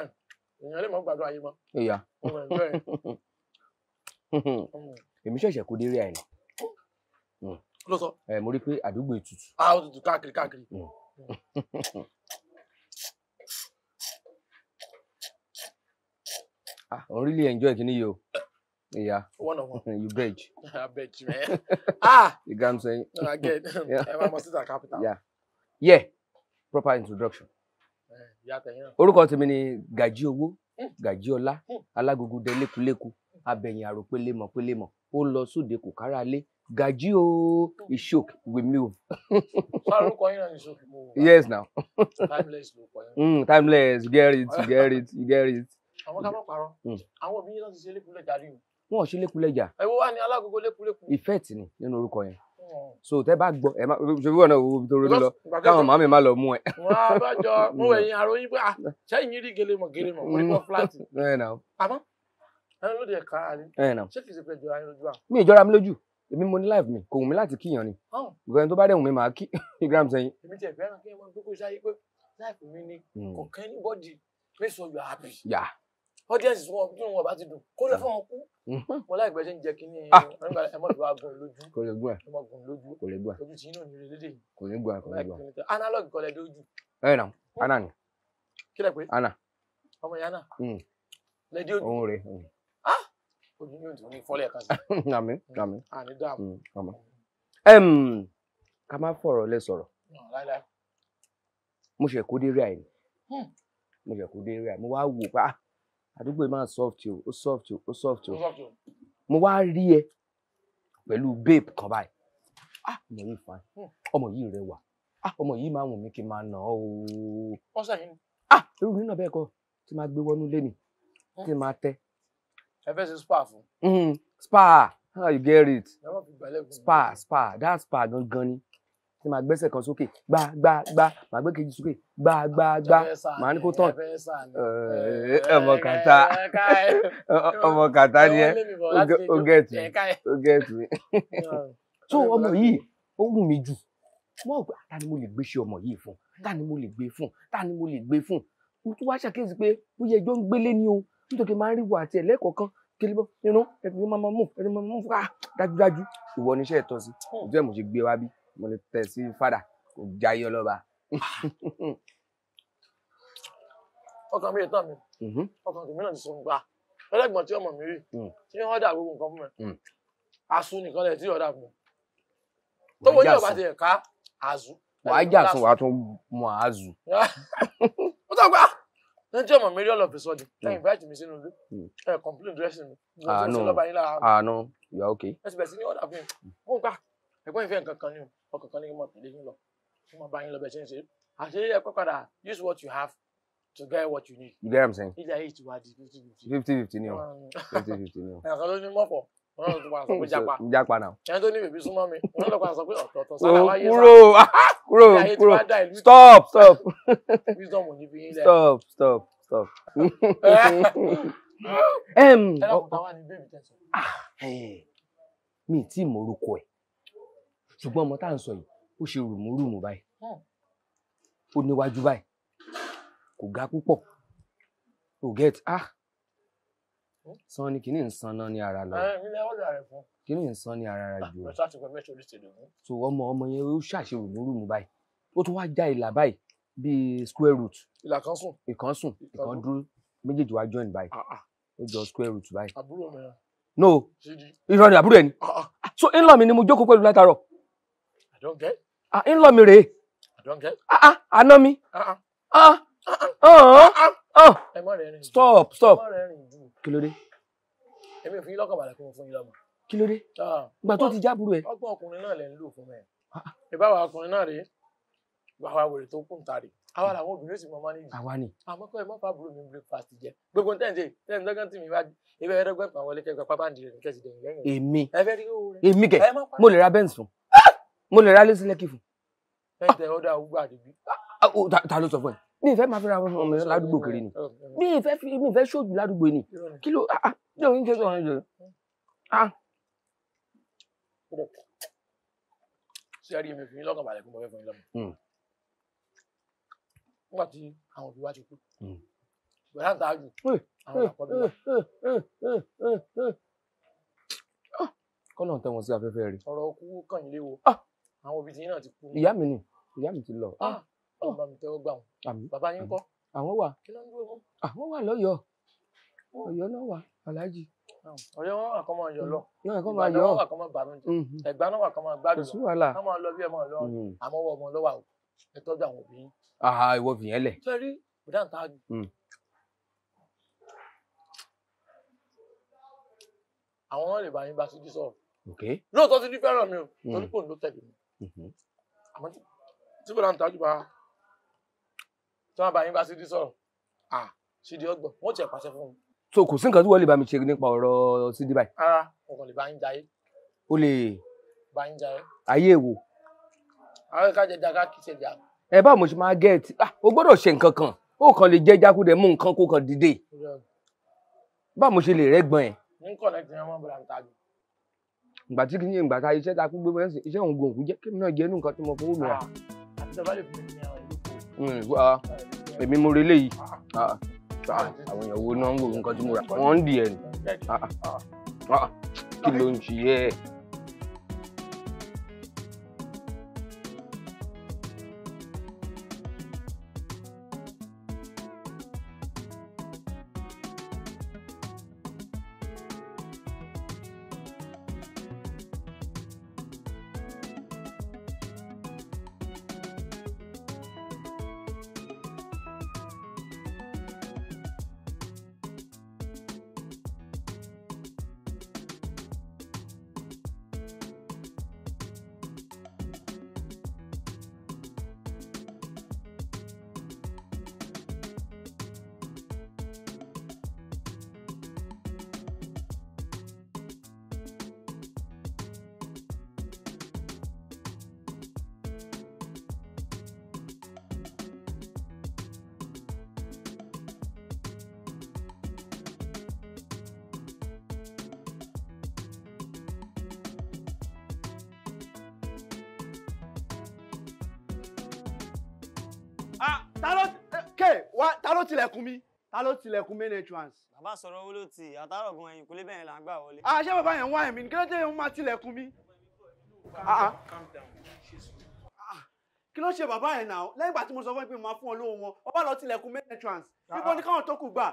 èèyàn lè mọ̀ gbàdúrà yìí mọ́. ìyá èmi ṣẹ̀ṣẹ̀ kó délé àìní. ló sọ. ẹ mo rí i pé àdúgbò ètùtù. a ó tutù káàkiri káàkiri. Mm. ah orílẹ̀ enjoy kìíní yìí o. Yeah. One on one. you bridge. I bet you, man. ah. You get what I'm saying? No, I get. yeah. Emma must is a capital. Yeah. Yeah. Proper introduction. Orúkọ tèmi ni Gaji Owó, hmm. Gaji Ọlá, hmm. Alágúngúdé Lékuléku, Abẹ̀yìn Àròpé Lémọ̀ Pé Lémọ̀, ó lọ sóde kò kára lé, Gaji o, Ishok we move. Orúkọ yín náà ni Ishok move. Yes now. Timeless ló kọ yín. Hmm, timeless, you get it, you get it, you get it. Àwọn ká mọ̀ parọ́, àwọn òbí yín náà ti ṣe lékulé jàdí o wọn ò ṣe lékulẹjà. ẹ wo wá ní alágogo lékulekun. effect ni nínú orúkọ yẹn hmm. so tẹ bá gbọ́ ẹ má ṣe wíwọ náà wo tó rọlọ káwọn màmí má lọ mú ẹ. wọn bá jọ mo wẹ̀ yín àròyìn pé ah sẹ́yìn rí gelemọ̀ gelemọ̀ wọ́n ní kọ́ fúláàtì. àmọ́ ẹni ló dé ẹ̀ka àárín ṣé kì í ṣe pé ìjọra yín lójú à. mi ìjọra mi lójú èmi mo ní live mi kò wù mí láti kíyàn ni oh. ìgbọ̀nyẹn tó bá dẹ̀ wù mí màá kí gram sẹ́yìn. èmi tiẹ̀ fẹ́ràn kí ẹ máa gbé kó iṣẹ́ ayé pé life mi ni hmm. kò kẹ́ anybody make sure you are happy audience wọn dùn wọn bá ti dùn kó lọ fún wọn kú hmm. mo láì gbẹ́sẹ̀ ń jẹ́ kí ni ah! ẹmọ́dùn agun lójú kò lè gbọ́n agun lójú kò lè gbọ́n ojú tí yín náà ní rédíò yìí kò lè gbọ́n kò lè gbọ́n analog kọ́lẹ̀ dójú. ẹ nà hmm. ana ni. kí lẹ pé ana ọmọ yẹn ana hmm. lẹdí ojú. òun rè é. Ah! ojú ni ojú ni fọlẹ̀ kan sí. àmín àmín àní dààmú. ká má fọ̀rọ̀ lẹ sọ̀rọ̀ mo ṣe kó dé rí àyè mo ṣe kó dé rí àyè mo wá wò pa àdúgbò máa soft o ó soft o ó soft o mo wá rí ẹ pẹ̀lú babe kan báyìí ah ọmọ yìí fa hmm. ọmọ yìí rẹwà ah ọmọ yìí máa wù mí kí n máa nà ọ́ o. wọ́n sàn yín. ah irú mi náà bẹ́ẹ̀ kọ́ tí máa gbé wọnú lé mi tí máa tẹ́. ẹ fẹ́ ṣe spa fún. Hmm, spa how ah, you get it spa spa that spa gangan ni tí màá gbẹ́sẹ̀ kan sókè gbá gbá gbá màá gbé kejì sókè gbá gbá gbá màá ní kó tán ọmọ kàtá ọmọ kàtá ni ẹ ó gẹ̀tù ó gẹ̀tù mi. so ọmọ yìí ó wù mí jù mo gbà ta ni mo lè gbé ṣe ọmọ yìí fún ta ni mo lè gbé fún ta ni mo lè gbé fún mo tún wá ṣàkíyèsí pé ó yẹ ẹjọ́ ń gbélé ni o nítorí máa ń rí wo àti ẹ̀lẹ́kọ̀ọ́kan kele bọ́ nínú ẹ̀fìn máa mú ẹ̀fìn máa mú fún wa dájúdájú ìwọ ni iṣẹ́ ìtọ́sí ìjọ ẹ̀ mo ṣe gbé wa bí mo lè tẹ̀ sí fàdà kò jayé ọlọ́ba. ọkàn mi yẹ tán mi mm-hmm. ọkàn tèmi náà ti sùn gbà ẹlẹ́gbọ̀n tí ọmọ mi rí mm. tí wọ́n dà gbogbo nǹkan fún mi àsun mm. nìkan lẹ̀ tí ọ̀dà fún mi tó wọ́n yóò bá ti ẹ̀ka àzù. wàá jà sùn wàá tún mọ àzù. ó tọ́ gbà níjẹ́ ọmọ mi rí all of a sudden mm. invite mi sínú ilé ẹ̀ complain dressing mi. àánú ah, ah, àánú you are okay. ẹ ti bẹ̀ sí ní ọ̀dà fún mi mo gbà ẹ̀gbọ́n ìfẹ́ nǹkan kan ni o ọkàn kan ní kí n mọ̀ tẹ̀lé yín lọ kí n mọ̀ bá yín lọ bẹ̀ ṣe ń ṣe àṣé ẹ̀kọ́ padà use what you have to get what you need. you get what i'm saying. ilé ayé ti wá di fifty fifty. fifty fifty ni o fifty fifty ni o. ẹ̀ka ló ní mọ̀pọ̀ wọ́n lọ pa àṣọ pé japa japa náà. ẹni tó ní bèbí súnmọ́ mi wọ́n lọ pa àṣọ pé ọ̀tọ̀ọ̀tọ̀ sára oh, wáyé sá. Ah, ah, kúrò kúrò kúrò stop stop. wisdom ò ní bí yín lẹ. stop stop stop. ẹ oh, oh. ẹ ah, mi tí mo orúkọ ẹ ṣùgbọ́n ọmọ tá à ń sọ yìí ó ṣe rùmùrùmù báyìí hmm. ó níwájú báyìí kò ga púpọ̀ kò get ah hmm. san ni kìíní ń san náà ní ara lọ eh, kìíní ń ní ara rẹ ah, jù so ọmọ ọmọ yẹn ó ṣàṣe rùmùrùmù báyìí ó tún wá já ìlà báyìí bíi square root ìlà kan sùn ìkan sùn ìkan dúró méjèèjì wá join báyìí ah, ah. ó jọ square root báyìí no irọ́ ni àbúrò ẹ̀ ni so ńlọ mi ni mo jókòó pẹ̀lú látàárọ̀. Ah, in ńlọ mi ah, ah, àná mi uh-uh. Ah, uh-uh. Oh, oh. Uh-uh. Oh. stop stop kí ló dé. èmi ò fi lọ́kàn balẹ̀ kí mo fún yín lọ́mọ. kí ló dé ah. ìgbà tó ti jábùrú ẹ. ọgbọ́n ọkùnrin náà lè ń lò fún mi. ìbáwá ọkùnrin náà rèé àwa wèrè tó kún tàrí àwa hmm. làwọn obìnrin sì mọ máa nìyí. àwa ni. àmọ́ kọ́ ẹ mọ́ fàbúrò mi breakfast jẹ gbogbo tẹ́ ń ṣe tẹ́ ń dọ́gán tì mí wájú ibẹ̀ ẹ̀rọ gbẹ̀pọ̀ àwọn ẹlẹ́kẹ̀ẹ́ pápá ń dirẹ̀ ní kẹ́sì dẹ̀yìn lẹ́yìn. èmi Emi. kẹ mo lè ra bẹ́ǹsì fún mo lè rálé sí lẹ́kì fún. ẹ̀tẹ̀ ọ̀dà àwùgbà àdìbí. ta ló sọ fún ẹ mi ìfẹ́ máa fẹ́ra ọmọ mi ládùúgbò kiri ni mi ìfẹ́ mi ìfẹ́ ṣòjú ládùúgbò ni kí ló ah, ah ní òun jẹ́ sọ̀rọ̀ jẹ́ ah. ṣé ẹ rí mi fún yín lọ́kàn balẹ̀ kí mo fẹ́ fún yín lọ́mọ. Hmm. nígbà tí àwọn òbí wa ti kú hmm. bẹ̀rẹ̀ àtàjù eh, àwọn eh, àkọ́bí wa eh, ah. kọ́nà tẹ̀wọ̀n sí afẹ́fẹ́ rẹ̀. ọ̀rọ̀ okú kàn yín léwo. Ah àwọn òbí tiyín náà ti kú. ìyá mi ni ìyá mi ti lọ. bàbá ah, mi tẹ́wọ́ gbà wọn bàbá yín kọ́. àwọn wà àwọn ah, wà lọ́yọ̀ọ́ Ọ̀yọ́ náà wà aláàjì. Ah, Ọ̀yọ́ wọn wà kọ máa yọ lọ Ìbàdàn wọn wà kọ máa bànújẹ́ mhm. Ẹ̀gbá náà wà kọ máa gbádùn lọ kọ máa lọ bí ẹ máa lọ mhm. àmọ́ wọ ọmọ lọ́wọ́ àwọn ẹ tọ́jú àwọn òbí yín. àhà ìwọ fìyẹn lẹ. fẹrí bùdá ń tajú. Mhm. àwọn náà lè bá yín bá síjú sọ̀rọ̀. lóòótọ́ ti ní fẹ́ràn mi o torí kò ní ló tẹ̀lé mi. Mm-hmm. àmọ́ tí bọ́lá ń tajú bá tí wọ́n bá yín bá sídìí sọ̀rọ̀ à sídìí ọgbọ̀n wọ́n ti ẹ̀ pàṣẹ fún un. so kò sí nǹkan tí wọ́n lè bá mi ṣe nípa ọ̀rọ̀ sídìí báyìí. rárá mo kàn lè bá yín jayé. o lè. bá yín jayé. ayé èwo. àwọn ìka jẹjà ká kì í ṣe jà. ẹ báwo mo ṣe máa gẹ́ẹ̀tì o gbọ́dọ̀ ṣe nǹkan kan ó kàn lè jẹ́ jákúdẹ̀ mú nǹkan kó kàn dìde báwo mo ṣe lè rẹ́gbọ̀n ẹ̀. ní kọ̀nẹ́tì ni wọ́n bọ̀dà ìgbà tí kìíní ìgbà ta iṣẹ́ ta kú gbé bẹ́ẹ̀ iṣẹ́ òun gòkú jẹ́ kémi náà jẹ́ inú nǹkan tí mo fowó mi rà. Ah, hmm, ah, èmi mo relé yìí ah, àwọn èèyàn wo náà ń wo nǹkan tí mo rà wọ́n ń dì ẹ̀ nì kí ló ń ṣe yẹ́ ẹ̀. tilẹ̀kùn main entrance. bàbá sọ̀rọ̀ owó ló ti àtàrọ̀ gan ẹ̀yìn kúlé bẹ́ẹ̀ là ń gbà wọlé. àṣẹ ah, bàbá yẹn ń wá ẹ̀mí kí ló dé ń máa tilẹ̀kùn mi. Ah, ah. kí ló ṣe bàbá yẹn náà lẹ́yìn ìgbà tí mo sọ fún ẹ pé mo máa fún ọ lóhùn wọn ọba lọ tilẹ̀kùn main entrance bíbọn ní káwọn tó kù gbà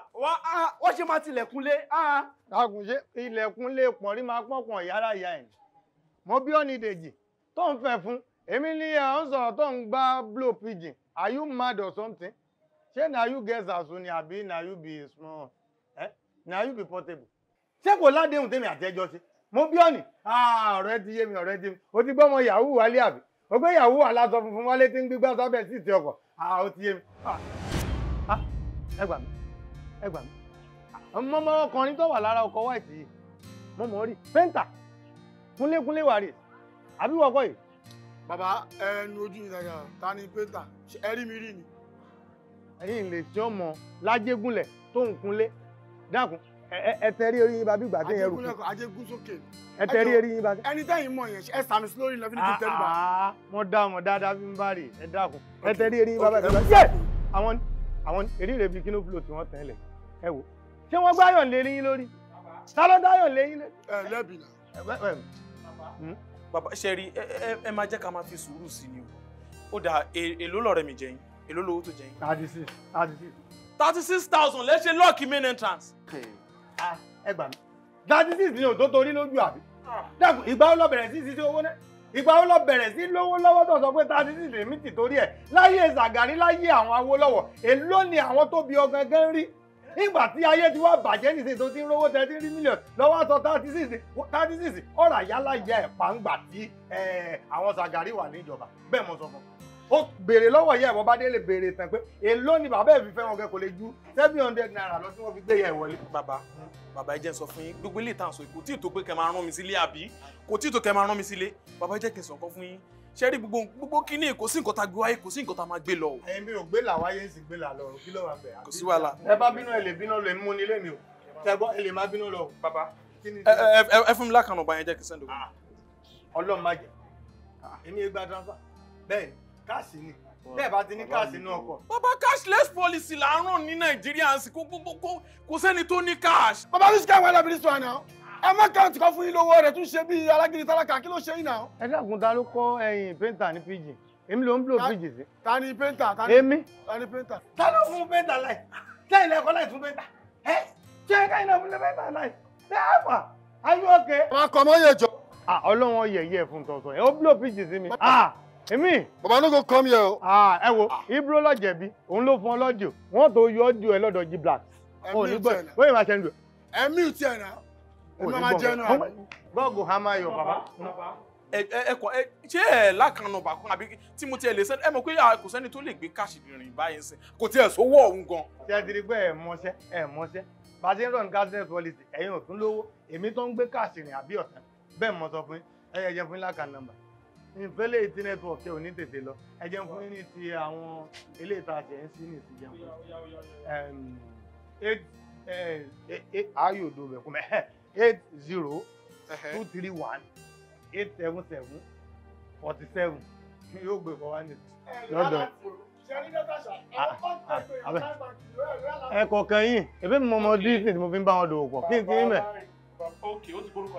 wọ́n ṣe máa tilẹ̀kùn lé. dàgùn ṣe ilẹ̀kùn lè pọ̀n rí máa pọ̀pọ̀ yàrá ìyá ẹ̀ mo bí ọ́ ní dèjì tó ń fẹ́ fún èmi ní ẹ̀ ń sọ̀rọ̀ tó ń gbá blow pigeon are you mad or something ṣé na you get zazu ni àbí na you be small eh? na you be portable ṣé kò ládéhùn tèmi àtẹjọ ṣe mo bí ọ̀nì ah, ọ̀rẹ́ ti yé mi ọ̀rẹ́ ti mi o ti gbọ́mọ yahoo wálé àbí o gbé yahoo aláṣọ funfun wálé tí ń gbígbá sábẹ́ sí ti ọkọ̀ ah, o ti yé mi. Ah, ẹ gbà mí ẹ gbà mí ọmọ ọkùnrin tó wà lára ọkọ̀ white yìí mo mọ̀ rí pẹ́ńtà kúnlékúnlé wà rè àbí wọ́kọ̀ yìí. bàbá ẹnu ojú mi ta ni pẹ́ńtà ẹ rí mi rí ni ẹ̀yin lè tí ọmọ lájégúnlẹ̀ tó ń kunlé dákun ẹ tẹrí orí yín bàbí ìgbà tí yẹn rù kú ajégún sókè ẹ tẹrí orí yín bàbí. ẹni tẹ́yìn mọ̀ yẹn ẹ sàmì sí lórí lọ́fíì ní kí n tẹ́lẹ̀ bá. Ah, ah, mo dá mo dáadáa bí n bá rè ẹ dákun ẹ tẹrí orí yín bàbá ìgbà yẹ àwọn àwọn eré rẹ bíi kínú fúlò tí wọ́n tẹ́lẹ̀ ẹ wò ṣé wọ́n gbáyọ̀ lé yín lórí ta ló dáyọ̀ lé yín lórí. ẹ lẹ́bi náà. Hmm? bàbá ṣe rí ẹ máa jẹ́ ká máa fi sùúrù sí ni o ó dà èlò lọ́rẹ́ mi jẹ́yìn èló lowó tó jẹ yín. thirty six thirty six. thirty six thousand lẹ́sẹ̀ lọ́ọ̀kì main entrance. ẹ gbà mí thirty six ni òtó torí lójú àbí. dẹ́kun ìgbà ó lọ bẹ̀rẹ̀ sí ṣiṣẹ́ owó náà ìgbà ó lọ bẹ̀rẹ̀ sí lówó lọ́wọ́ tó sọ pé thirty six lèmi ti torí ẹ̀ láyé Ṣàgárí láyé àwọn Awólọ́wọ̀ èló ni àwọn tó bí ọgán gán rí nígbà tí ayé ti wá bàjẹ́ nìṣe tó ti ń rówó thirty three million lọ́wọ́ sọ thirty six thirty six ọ̀rọ̀ àyálà yẹ ẹ̀pà ńgbà tí àwọn Ṣàgárí wà níjọba bẹ́ẹ̀ mo sọ fún un ó béèrè lọ́wọ́ ìyá ẹ̀wọ̀n bá dé lè béèrè tán pé èló ni bàbá ẹ̀ fi fẹ́ wọn kẹ́ kò lè ju seven hundred naira lọ tí wọ́n fi gbé ìyá ẹ̀ wọlé. bàbá bàbá ẹ jẹ́ sọ fún yín gbogbo ilé ìtàn sọ kò tí ì tó pé kẹ́ máa rán mi sílé àbí kò tí ì tó kẹ́ máa rán mi sílé bàbá ẹ jẹ́ kí n sọ nǹkan fún yín ṣe rí gbogbo gbogbo kíní kò sí nǹkan tá gbé wáyé kò sí nǹkan tá máa gbé lọ. ẹyin mi ò gbé làwáyé ń sì gbé là lọ kí ló wà bẹ̀. kò sí wàhálà. ẹ bá bínú ẹ lè bínú lè mú nílé mi o tẹgbọ́n ẹ lè má bínú lọ. bàbá ẹ fún mi lákànnà ọba yẹn jẹ́ kí sẹ́ńdọ̀. Ah, ọlọ́run má jẹ́ ah, èmi ẹ gba transfer bẹ́ẹ̀ ni káàsì ni bẹ́ẹ̀ bá ti ní káàsì inú ọkọ̀. bàbá cashless policy là ń ràn ní nàìjíríà sí kó kó sẹ́ni tó ní cash. bàbá mi ṣiṣẹ́ wẹ́lẹ̀ bí this one now ẹ má káàntì kan fún yín lówó rẹ̀ tún ṣe bí alágídí tálákà kí ló ṣe yín náà. ẹ dàgùn ta ló kọ ẹyin eh, pẹ́ńtà ní pidgin èmi ló ń blow pidgin sí. ta ni pẹ́ńtà ta ni èmi. ta ni pẹ́ńtà. ta ló fún pẹ́ńtà láì sẹ́yìn lẹ́kọ́ láì fún pẹ́ńtà ẹ ṣé káyìn náà fún pẹ́ńtà láì ṣé àfà ayé òkè. wọn kọ mọ yẹjọ. Ah, ọlọ́wọ́n yẹ̀yẹ́ fún tọ̀tọ̀ ẹ̀ ó blow pidgin sí mi. Ah! èmi. bàbá no go come here o. Ah, ẹ wo ibro ló jẹ̀bi òun ló fún ọ lọ́dìò wọ́n tó yọ ọ́dìò ẹ lọ́dọ̀ jí black. ẹ̀mí ò tiẹ̀ náà wọ́n yìí máa ṣe ń lò. ẹ̀mí ò tiẹ̀ náà ẹ̀mí máa jẹ́ náà. bọ́ọ̀gù ha máa yọ bàbá. ẹ kọ ẹ ṣé ẹ lákànnà bàkú àbí tí mo tiẹ̀ lè sẹ́ni ẹ mọ̀ pé ah, kò sẹ́ni tó lè gbé káàṣì rìn báyìí sìn kò tiẹ̀ sówó ọ̀hún gan. ṣé ẹ dirí pé ẹ mọṣẹ́ ẹ mọṣẹ́ bá a ṣe ń rọ̀ ní gáàsì policy ẹ̀yin ò tún lówó èmi tó ń gbé káàṣì rìn àbí ọ̀tá bẹ́ẹ̀ mọ̀ sọ fún yín ẹ̀yẹ̀ jẹ́ fún yín lákànnà bàkú nǹkan lè tí network ẹ ò ní tètè lọ ẹ jẹun fún yín ní ti àwọn eléyìí tá a ṣe ń sí ní ti jẹun fún ayò òdo bẹ̀ kú eight zero two three one eight seven seven forty seven mi yóò gbé fọwọ́ ní lọ́dọ̀ ah, ah, ẹ kọ̀ọ̀kan yìí èmi mọ̀ ọmọ díìsì tí mo fi ń bá wọn dòwò pọ̀ kí n kí n mẹ́. ok ó ti borúkọ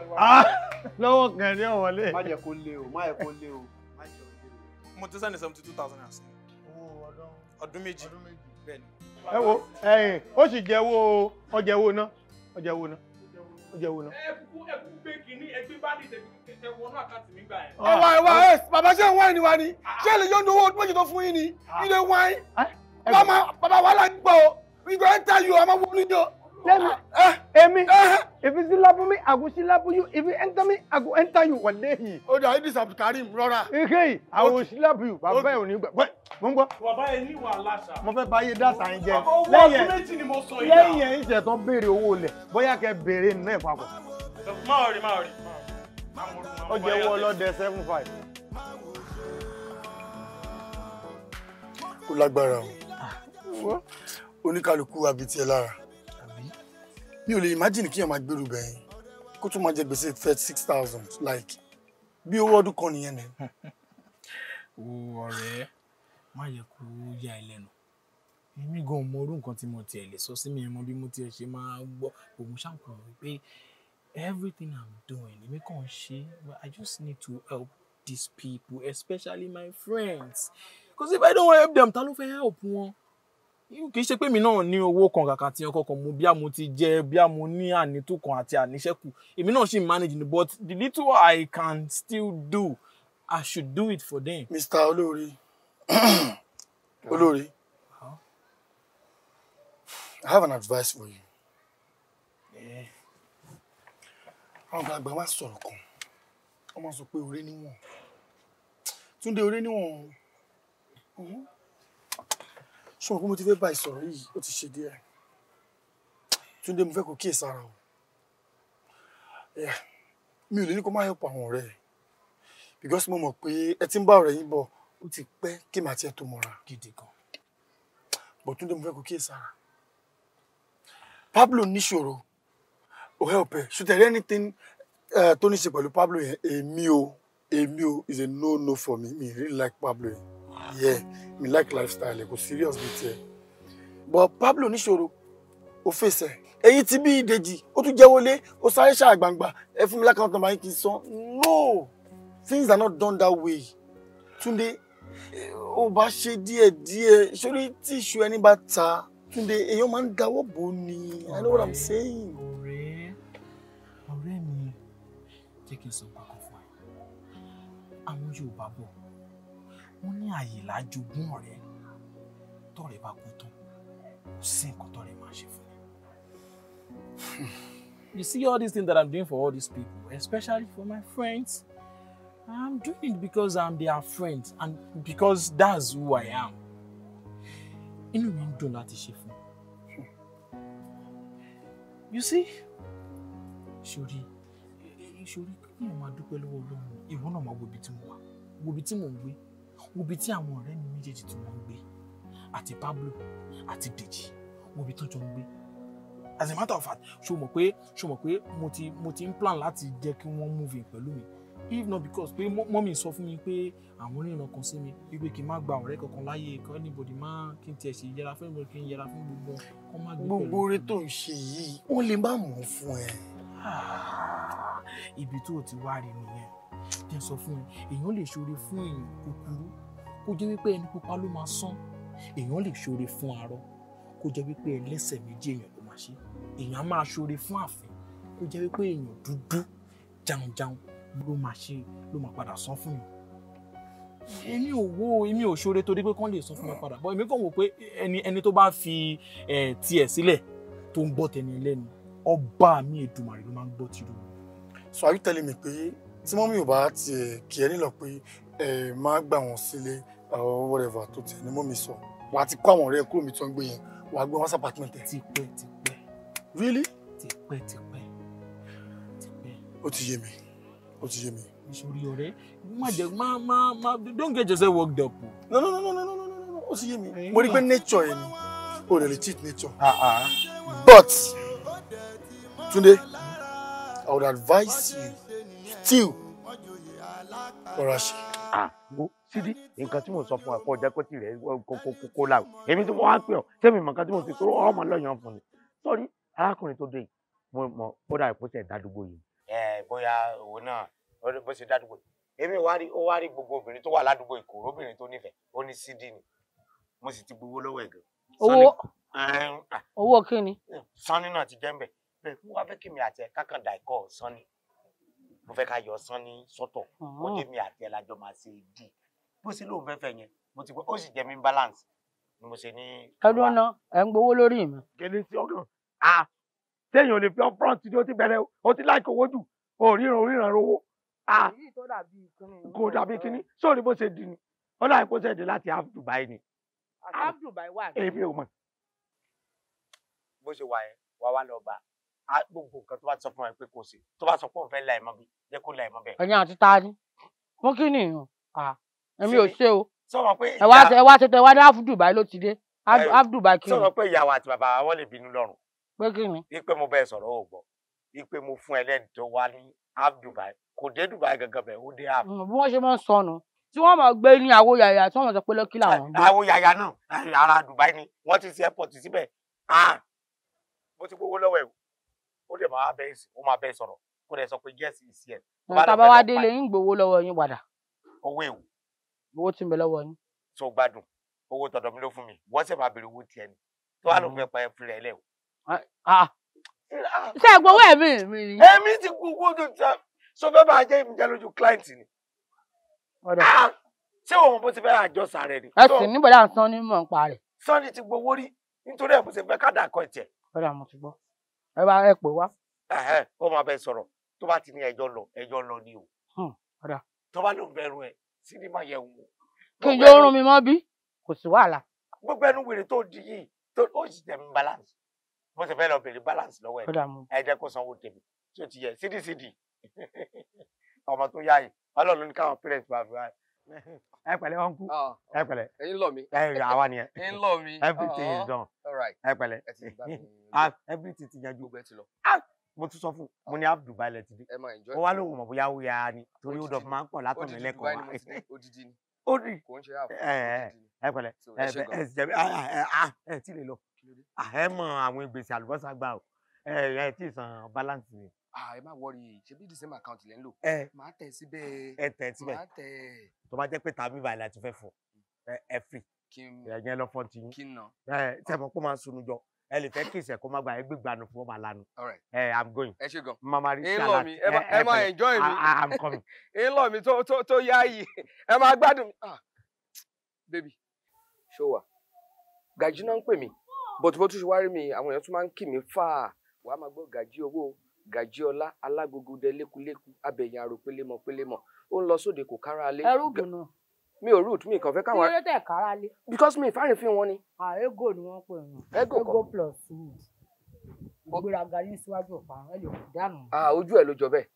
lọ́wọ́ kan ní ọ̀wọ́lé. má jẹ́ kó lé o má jẹ́ kó lé o má jẹ́ kó lé o. mo ti sẹ́ni seventy two thousand naira sí. ọdún. méjì ẹ wo ẹyin ó sì jẹ owó ọjà owó ná ọjà owó ná ọjà owó ná. ẹ kú gbé kínní ẹgbẹ́ bá dìde ẹ wọnú àkáǹtì mi yẹn. Ah. ẹ wá ẹ wá ah. ẹ bàbá ṣé ń wáìn wá ni ah. ṣé èlé yóò náwó méjì tó fún yín ni ilé wáìn bàbá wàhálà ń gbọ́ o ìgbà ń ta yóò ọmọ wọlé yóò. Eh, èmi, eh. if you still love me, I go still love you. If you enter me, I go enter you one day. Ó dà Idris Karim, rọra. Ike, I will still love you. Bàbá ẹ̀ ò ní gbà. Wẹ́ mo ń gbọ́. Bàbá ẹ ní wàhálà ṣá. Mo fẹ́ bá ayé dáṣà yín jẹ. Owó ọdún méjì ni mo sọ yìí. Lẹ́yìn ẹ̀ ń ṣẹ̀tọ́ béèrè owó lẹ̀, bóyá kẹ béèrè nínú ẹ̀ papọ̀. Máa rí máa rí. Ó jẹ́ owó ọlọ́dẹ seven five. Ó lágbára o. Ah. Oníkàlùkù àbí tiẹ̀ lára mi ò lè imagine kí èèyàn máa gbèrú bẹ́ẹ̀ kó tún máa jẹ gbèsè thirty six thousand like bí owó ọdún kan nìyẹn nẹ. o ọ̀rẹ́ má yẹ kó yá ẹ lẹ́nu èmi gan mọ orú nǹkan tí mo tiẹ̀ lè sọ sí mi mọ bí mo tiẹ̀ ṣe máa gbọ́ òun ṣàǹkan wípé everything i'm doing èmi kàn ṣe i just need to help these people especially my friends because if i don't help them ta ló fẹ́ help wọn kì í ṣe pé mi náà ní owó kan kàkà tí ọkọ kan mo bíá mo ti jẹ bíá mo ní ànító àti àníṣẹ́kù èmi náà ṣì ń manage ni but the little I can still do I should do it for them. Mr. Olórí Olórí I have an advice for you. Àwọn àgbààgbà wá sọ̀rọ̀ kan, wọ́n máa sọ pé oore níwọ̀n. Túndé oore níwọ̀n ṣùgbọ́n pé mo ti fẹ́ bá ìsọ̀rọ̀ yìí ó ti ṣe díẹ̀ Túndé mo fẹ́ kó kíyè sára o mi ò lè ní kó má help àwọn ọ̀rẹ́ ẹ̀ because mo mọ̀ pé ẹ ti ń bá ọ̀rẹ́ yín bọ̀ ó ti pẹ́ kí màá tiẹ̀ tó mọ̀ra gidi gan but Túndé mo fẹ́ kó kíyè sára Pablo níṣòro ò help ẹ ṣùtẹ̀rẹ́ anything eh, tó ní ṣe pẹ̀lú Pablo yẹn èmi o èmi o is a no no for me mi really like Pablo yẹn yeah mi like lifestyle kò serious bíi tiẹ̀ but Pablo níṣòro ó fèsì ẹ̀yìn tí bí ìdèjì ó tún jẹ́wọ́lé ó sáré ṣáà gbangba ẹ fún mi lákàtúntà máa ń kí n san no things are not done that way Túndé ó bá ṣe díẹ̀díẹ̀ sórí tí ìṣù ẹni bá ta Túndé èèyàn máa ń dáwọ́ bò ni I know what I'm saying. Take yourself back jẹ́ kí n sọ pàkó fún wọ́n ní àyìnlá jogún ọ̀rẹ́ tọ̀rẹ́ bá kú tán kò sí nǹkan tọ̀rẹ́ máa ṣe fún mi. You see all these things that I'm doing for all these people, especially for my friends. I'm doing it because I'm their friend and because that's who I am. Inú mi ń dùn láti ṣe fún. You see, ṣòrí ṣòrí kí ni màá dúpẹ́ lọ́wọ́ Ọlọ́run ìwọ náà máa wo ibi tí mo wà wo ibi tí mo ń gbé wo ibi tí àwọn ọ̀rẹ́ mi méjèèjì tí wọ́n ń gbé àti Pablo àti Dèjì wo ibi tó jọ ń gbé as a matter of fact ṣo mọ̀ pé ṣo mọ̀ pé mo ti mo ti ń plan láti jẹ́ kí wọ́n move in pẹ̀lú mi if not because pé mọ́mí sọ fún mi pé àwọn oníran kan sí mi wípé kí n má gba ọ̀rẹ́ kankan láyé kan anybody má kí n tiẹ̀ ṣe yẹra fún ìbọn kí n yẹra fún gbogbo kó má gbé pẹ̀lú. gbogbo orí tó ń ṣe yìí wọ́n lè má mọ̀ fún ẹ. Ah, ibi tó o ti wá rí nìyẹn bí n sọ fún un èèyàn lè ṣoore fún èèyàn kúkúrú kó jẹ́ wípé ẹni pupa ló máa sán èèyàn lè ṣoore fún arọ kó jẹ́ wípé ẹlẹ́sẹ̀ méjì èèyàn ló máa ṣe èèyàn á máa ṣoore fún àfin kó jẹ́ wípé èèyàn dúdú jaunjaun ló máa ṣe ló máa padà sán fún yàn èmi ò wo èmi ò ṣoore torí pé kán lè sọ fún mi padà bọ́ èmi kàn wò pé ẹni ẹni tó bá fi tiẹ̀ sílẹ̀ tó ń gbọ́ tẹni lẹ́nu ọba mi Èdùmàrè ló máa ń gbọ́ tìrú. so are you telling me pé tí mọ́mí ò bá tiẹ̀ kí ẹ nílọ pé ẹ má gbà wọ́n sílé or whatever tó tiẹ̀ ni mọ́mí sọ wàá ti kó àwọn ọ̀rẹ́ kúrò mi tó ń gbé yẹn wàá gbé wọn sí apartment ẹ̀. tipẹ́ tipẹ́. really. tipẹ́ tipẹ́ tipẹ́. ó ti yé mi ó ti yé mi. ìṣòrí ọ̀rẹ́ má jẹ má má má don't get yourself worked up. no no no no no no no ó ti yé mi mo rí pé nature ẹ ni o lè cheat nature. Uh -uh. but Tunde I would advise you. Still. tíù ọ̀rọ̀ ṣe. àgbo sídi nǹkan tí mo sọ fún akọ ọjà pé tirẹ̀ kókó láwù èmi tó wá pè ọ́ sẹ́mi mọ̀ọ́kan tí mo ti tó ọmọ lọ́yàn fún mi sọ́rí arákùnrin tó dé mo mọ̀ ó dà ìpò sẹ̀ dádúgbò yìí. ẹ bóyá òwò náà bó ṣe dádúgbò èmi wá rí ó wá rí gbogbo obìnrin tó wà ládùúgbò ìkòrò obìnrin tó nífẹ̀ẹ́ ó ní sídi ni mo sì ti gbowó lọ́wọ́ ẹ̀ gan. owó owó kí ni. sanni náà ti jẹ́ ń bẹ̀ bẹ́ẹ̀ wọ́n fẹ́ kí mi àti ẹ̀ kákàndà ẹ̀kọ́ sanni mo fẹ́ ká yọ sán ní sọ́tọ̀ ó ní ah. mi àti ẹlájọ máa ṣe dì bó ṣe lóun fẹ́fẹ́ yẹn mo ti gbọ́ ó sì jẹ́ mi balance ni mo ṣe ní. ẹdun ọ̀nà ẹ̀ ń gbowó lórí mi. kìnní sí ọkàn a téèyàn ò lè fi upfront tí ó ti bẹ̀rẹ̀ ó ti láìkè owó jù ó ríran ríran owó a kò dàbí kínní sóòrì bó ṣe dì ní ó láì kó ṣe dì láti half Dubai ni. half Dubai wà ní. èmi ò mọ̀. bó ṣe wà yẹn wà wá lọ bá gbogbo nǹkan tó bá sọ fún ẹ pé kò sí tó bá sọ pé òun fẹ́ la ẹ̀ mọ́ bí jẹ́ kó la ìmọ̀ bẹ́ẹ̀. ẹ̀yin àti ta ni fún kí ni èmi ò ṣe o ẹ wá ṣe wá dé áfù Dubai ló ti dé áfù Dubai kí ni. sọ̀rọ̀ pé ìyàwó àti bàbá wọn lè bínú lọ́rùn. pé kí ni. ipe mo bẹ́ẹ̀ sọ̀rọ̀ ò gbọ́ ipe mo fún ẹlẹ́ni tó wá ní áfù Dubai kò dé Dubai gangan bẹ́ẹ̀ ó dé áfù. Mm, bí wọ́n ṣe máa ń sọnù tí wọ́n máa gbé ní àwo yàyà tí wọ́n máa sọ pé lọ́kí làwọn ń gbé. àwo yàyà náà eh, ara Dubai ni wọ́n ti ṣe airport síbẹ̀ ah! mo ti gbowó lọ́wọ́ ẹ̀ ó dẹ̀ máa bẹ́ẹ̀ sọ̀rọ̀ kó lè sọ pé yes is here. wọn tábà wá délé yín gbowó lọ́wọ́ yín padà. owó èwù. owó tí ń bẹ lọ́wọ́ yín. tó gbádùn owó tọ̀dọ̀ mi ló fún mi wọ́n sì máa bèrè owó tiẹ̀ ni tó wà ló mm-hmm. fẹ́ pa ẹ̀fún rẹ̀ lẹ̀ o. ṣé ẹ gbowó ẹ̀mí mi ni. ẹ̀mí ti kú owó tó ti sọ fẹ́ máa jẹ́ ìmìjà lójú client ni. Ah! ṣé òun bó ti fẹ́ àjọ sàrẹ̀ ni. ẹ sì níbo dáa sán ní mọ̀ nípa rẹ̀. sanni ti gbowó rí nítorí ẹ̀ bó ṣe fẹ́ kádà kọ́ ẹ̀ tiẹ̀. ọ̀dà mo ti gbọ́ ẹ bá ẹ pè wá. ó máa bẹ sọ̀rọ̀ tó bá ti ní ẹjọ́ lọ ẹjọ́ lọ ni o hmm, tó bá ló ń bẹ̀rù ẹ sinimá yẹn wò. kí n yóò rún mi mọ́ bí kò sí wàhálà. gbogbo ẹnu wèrè tó di yìí tó ó sì tẹ̀ mí balance mo sì fẹ́ lọ bèrè balance lọ́wọ́ ẹ̀ ẹ̀jẹ̀ kó sanwó tèmi tí o ti yẹ sídìsídì ọmọ tó yá yìí ọlọ́run ní káwọn parents bá fi wá ẹ pẹ̀lẹ́ ọnkú ah, ẹ pẹ̀lẹ́ ẹyin lọ mi ẹ àwa nìyẹn ẹyin lọ mi everything is uh-huh. done ẹ pẹ̀lẹ́ ah, everything ti yanjú gbogbo ẹ ti lọ. Ah! mo tún sọ fún mo ní abdul balẹ̀ ti dé mo wá lóhùn mọ̀ bóyá ó ya ni torí ó dọ̀fọ̀ máa ń pọ̀ látọ̀nà ẹlẹ́kọ̀ọ́ wa ó dì ẹ pẹ̀lẹ́ ẹ jẹ̀bi ẹ tí lè lọ ẹ mọ àwọn gbèsè àlùbọ́sà gbà o ẹ tí ì san balance mi. ẹ má wọrí ṣebí the same account lẹ́ ń lò máa tẹ̀ síbẹ̀ ẹ tẹ̀ síbẹ̀ tó bá jẹ́ pé tàbí balẹ̀ àti fẹ́ fọ ẹ fi ẹ jẹ́ lọ fọ́ ti yín ẹ tẹ̀ mọ́ pé máa sunu jọ ẹ lè fẹ́ kìsẹ̀ kó má gba ẹ gbígbanu fún ọmọ alanu. ẹ i'm going. ẹ ṣe gan. mama rí ṣàlá ẹ ẹ ma enjoy mi. Ah, ah, i'm coming. ìlọ mi tó tó tó yá yìí ẹ máa gbádùn mi. Ah, baby ṣó wà gàjí náà ń pè mí bọ̀tú bó tún ṣe wá rí mi àwọn èèyàn tún máa ń kì mí fà á wàá máa gbọ́ gàjí owó gàjí ọlá alágógódé lékuléku abẹ̀yìn àròpélémọ̀pélémọ̀ ó ń lọ sóde kò kára lé. ẹrú dùnú mi ò root mi kàn fẹ́ káwọn. kílódé tẹ kára lé. because mi ìfárin fi wọn ni. ah ego ni wọn pè wọn. ego kọ ego plus two. ìgbéraga ní síwájú ọ̀pá ẹ lè kú dànù. ah ojú ẹ ló jọ bẹ́ẹ̀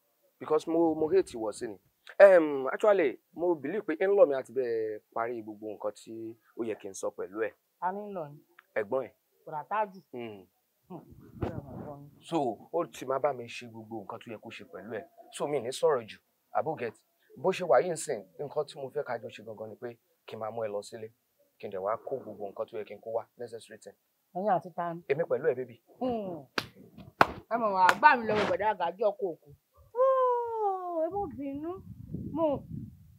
because mo mo hate ìwọ sí ni. Um, actually mo believe pé ńlọ mi àti bẹ́ẹ̀ parí gbogbo nǹkan tí ó yẹ kí n sọ pẹ̀lú ẹ̀. a ní lọ ni. ẹ̀gbọ́n ẹ̀. kòràtájù. Hmm. Hmm, so ó ti ma ba mi ṣe gbogbo nǹkan tó yẹ kó ṣe pẹ̀lú ẹ̀ so mi ní sọ̀rọ̀ jù àbúgẹ̀tì bó ṣe wà yìí nsìn nǹkan tí mo fẹ́ ká jọ ṣe gangan ni pé kí n máa mú ẹ lọ sílé kí n dẹ̀ wá kó gbogbo nǹkan tó yẹ kí n kó wá necessary thing. ẹyin àti ta ni. èmi pẹ̀lú ẹ bébì. Hmm. ẹ mọ̀ wá bá mi lọ́wọ́ bọ̀dá àgájọ́ kò kù. ẹ mọ̀ bínú mo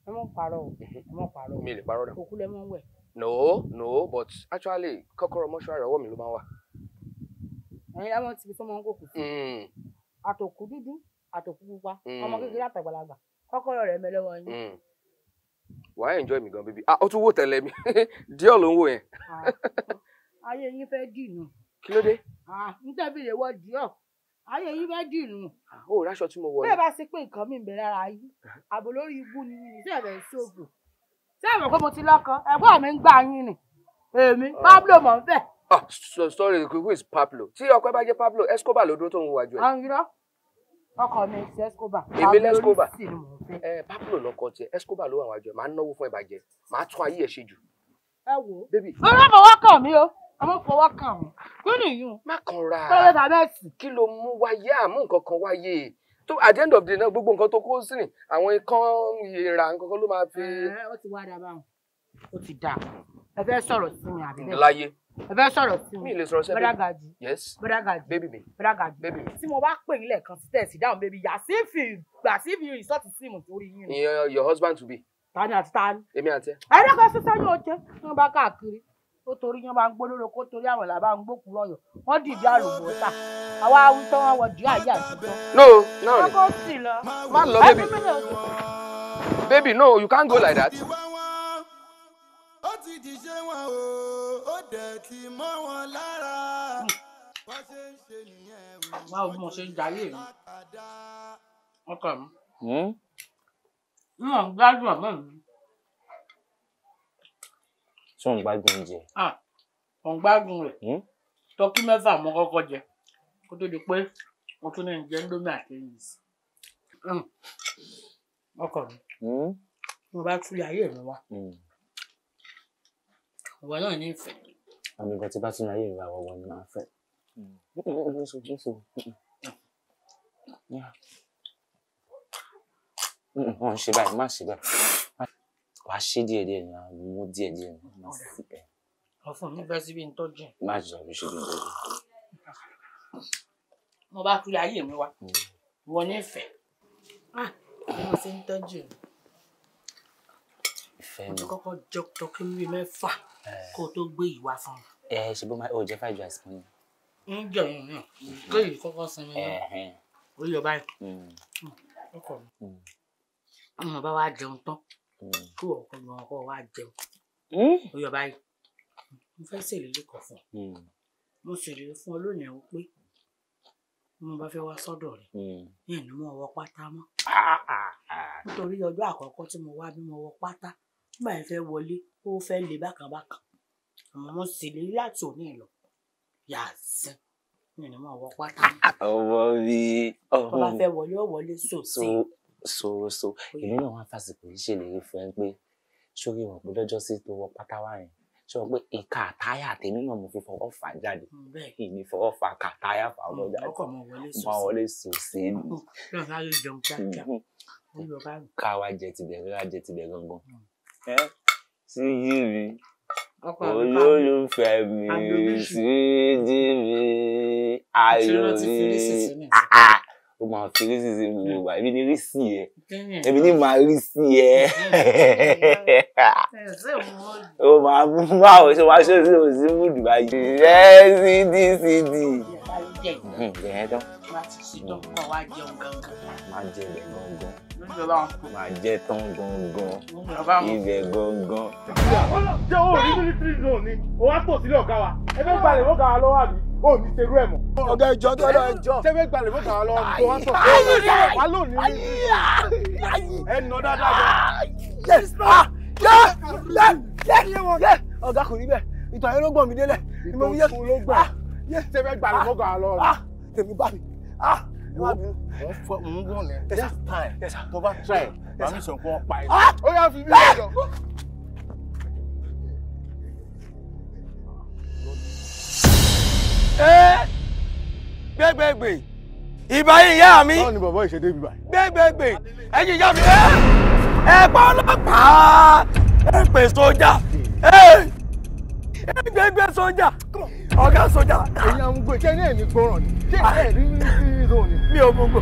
ẹ mọ̀ parọ́ o mhm. ẹ mọ̀ parọ́ o. mi lè parọ́ náà. òkú lẹ mọ̀ wẹ̀. no no but actually kọ́kọ́rọ́ mọ́ṣúárì ọwọ́ mi ló máa wà. ẹyin láwọn ti fi fún ọmọ ń kò kù. Hmm. àtòkù dúdú àtòkù pupa hmm. ọmọ kékeré àtàgbàlagbà kọ́kọ́rọ́ rẹ̀ mẹ́ lọ́wọ́ yín. Hmm. wàá enjoy mi gan bíbí ah ó tún wò tẹ̀lé mi díẹ̀ ló ń wò yẹn. Ah, ayé yín fẹ́ dìnnú. kí ló dé. Ah, n tẹ́bi lè wọ díọ̀ ayé yín fẹ́ dìnnú. Ah, ó ráṣọ tí mo wọ ni. bẹ́ẹ̀ bá ṣe pé nǹkan mi ń bẹ lára yín àbò lórí ibú ni mi níṣẹ́ rẹ̀ ṣoògùn. ṣé ẹ̀mọ̀ pé mo ti lọ́kọ ẹ̀gbọ́n mi ń gbà yín ni èmi Pablo mọ̀ ń bẹ̀. sorry who is Pablo tí ọkọ bá jẹ Pablo Escobar ló dúró tó ń wájú ẹ. àwọn irọ́ ọkọ mi ti escobar èmi lẹ́scobar ẹ pablo eh, lọkọ tiẹ escobar ló wà wájú ẹ máa náwó fún ẹ bàjẹ́ máa tún ayé ẹ ṣe jù. ẹ wo ọlọ́run fọwọ́ kàn mí o àmọ́ fọwọ́ kàn ọ́ kí nìyún. má kàn ra tọ́lẹ̀ tàbẹ́ẹ̀sì. kí ló mú wáyé àmú nǹkan kan wáyé tó at the end of the day gbogbo nǹkan tó kó sí ni àwọn ikán ìra nǹkan kan ló máa fi. Eh, ó ti wá dábàá ó ti dà ẹ fẹ́ sọ̀rọ̀ sí mi àbí ẹ fẹ́ sọ̀rọ̀ sí mi bọ́dà gàdí bọ́dà gàdí bébì mi bọ́dà gàdí bébì mi tí mo bá pè yín lẹ́ẹ̀kan sí tẹ̀sí dáhùn bébì yàsífì gbàsífì ìsọ́tì síìmù torí yín. ìyẹn your husband to be. tani àti tani. èmi àti ẹ. ẹ̀rọ kan sísọ yóò jẹ́ wọ́n bá káàkiri tó torí yẹn bá ń gbóná lóko torí àwọn làbá ń gbókùn lọ́yọ̀ wọ́n dìde àlùbọ́sà àwa awùtọ́ wọn wọ jù àyè àtijọ́. no no. wọ́n kò sí lọ. má lọ bébì bébì no you can't go like that ti di ṣé wọn o ó dẹ̀ ti mọ́ wọn lára wọ́n ṣe ń ṣe nìyẹn o. báwo mo ṣe ń jayé mi ọkọ mi hmm? n ò gbádùn ọ̀gbọ́n mi. ṣé òun gbádùn oúnjẹ. òun gbádùn rẹ̀ hmm? tọ́kí mẹ́fà mo kọ́kọ́ jẹ kó tó di pé mo tún ní jẹ ńdómì àti sí hmm. ọkọ mi mo bá tún ayé mi wá. Mm ìwọ náà ní ìfẹ́. àmì ìgbà tí bá ti ní ayé ìwà ọwọ́ ni màá fẹ́. jésù jésù ṣe báyìí má ṣe báyìí wàá ṣe díẹ̀ díẹ̀ ní mú díẹ̀ díẹ̀ ní àwọn síbẹ̀. ọ̀fun mi bẹ síbi ntọ́jú. má jẹ àbí ṣe bí mo bá kú ayé mi wá ìwọ ní ìfẹ́ mo ṣe ń tọ́jú. ìfẹ́ mi. mo ti kọ́kọ́ jọ tọkí mi mẹ́fà kó tó gbé ìwà fún mi. ẹ ṣe bó máa ò jẹ fàájì àsìkò yẹn. ń jẹ òun náà kéyìí kọ́kọ́ sinmi náà ó yọ báyìí ọkọ mi ọmọ bá wá jẹun tán kó ọkọ mi ọkọ wá jẹun mm. ó yọ báyìí mo fẹ́ ṣèlérí kan fún mm. mo ṣèlérí fún ọ lónìí ó pé mo bá fẹ́ wá sọ́dọ̀ rẹ̀ yẹn mm. ni mo wọ pátá mọ́ ah, ah, ah. nítorí ọjọ́ àkọ́kọ́ tí mo wá bí mo wọ pátá nígbà yẹn fẹ́ wọlé ó fẹ́ lè bákan bákan àmọ́ mo sì lè láti òní lọ yàtí mi ni mo wọ pátá. ọwọ mi ọwọ mi ọba fẹ́ wọlé ọwọlé sòsì. sooroso èmi náà wá fásitì yìí ṣèlérí fún ẹ pé sórí wọn pé lọ́jọ́ sí tó wọ pátá wá yẹn sọ pé ìka àtáyà tèmi náà mo fi fọwọ́ fà jáde mm, ìní fọwọ́ fà mm, mm, mm-hmm. ká àtáyà fà wọ́n jáde ọmọ wọlé sòsì ni. káwa jẹ tibẹ̀ rẹ́ra jẹ tibẹ̀ gangan síyí mi olólùfẹ́ mi síyí mi ayọ̀ mi o ah, ah. máa fi rí sísè mi gbogbo àbí ní rí sí ẹ ẹbí ní máa rí sí ẹ o máa mú báwo ṣe wá ṣe òsínwó sí múdù báyìí rẹ sídì sídì. ìyá ta ló jẹ ìgbà tí wàá ti ṣe dọ́kọ̀ wá jẹun gangan. má jẹ ìgbà gangan máa jẹ́ tán gangan ibẹ̀ gangan. ṣé o ní military zone ni o wá tò sílẹ̀ ọ̀gá wa ẹ fẹ́ gbalẹ̀ mọ́ gàwa lọ́wọ́ àbí o ò ní serú ẹ̀ mọ́. ọ̀gá ìjọ tó lọ ẹjọ́. ṣé fẹ́ gbalẹ̀ mọ́ gàwa lọ́wọ́ àbí o wá tò sílẹ̀ ọ̀gá wa wà lónìí ní. ẹ nà dáadáa ah, jẹ. ọ̀gá kò rí bẹ́ẹ̀ ìtàn yẹn ló gbọ̀n mi délẹ̀. ìtàn yẹn ló gbọ̀n. Ah, ṣé fẹ́ gbalẹ̀ mọ́ gàwa lọ́wọ́ àbí. Ah, tèmi bá mi wo ń wọ̀n ẹ next time tó bá try màmí sọ pé wọ́n pa ẹ̀. Ah! ó yà fi mí lọ. gbẹgbẹgbẹ ìbá yìí ìyá mi gbẹgbẹgbẹ ẹ̀yin ìyá mi ẹ pa ọlọ́pàá ẹ pè sójà ẹ ẹ gbẹgbẹ sọjà ọgá sọjà. èyí àwọn gbé kẹ́ni ẹ̀ ní gbọ́ràn ni kí ẹ̀ rí ìró ni. mi ò mú gbò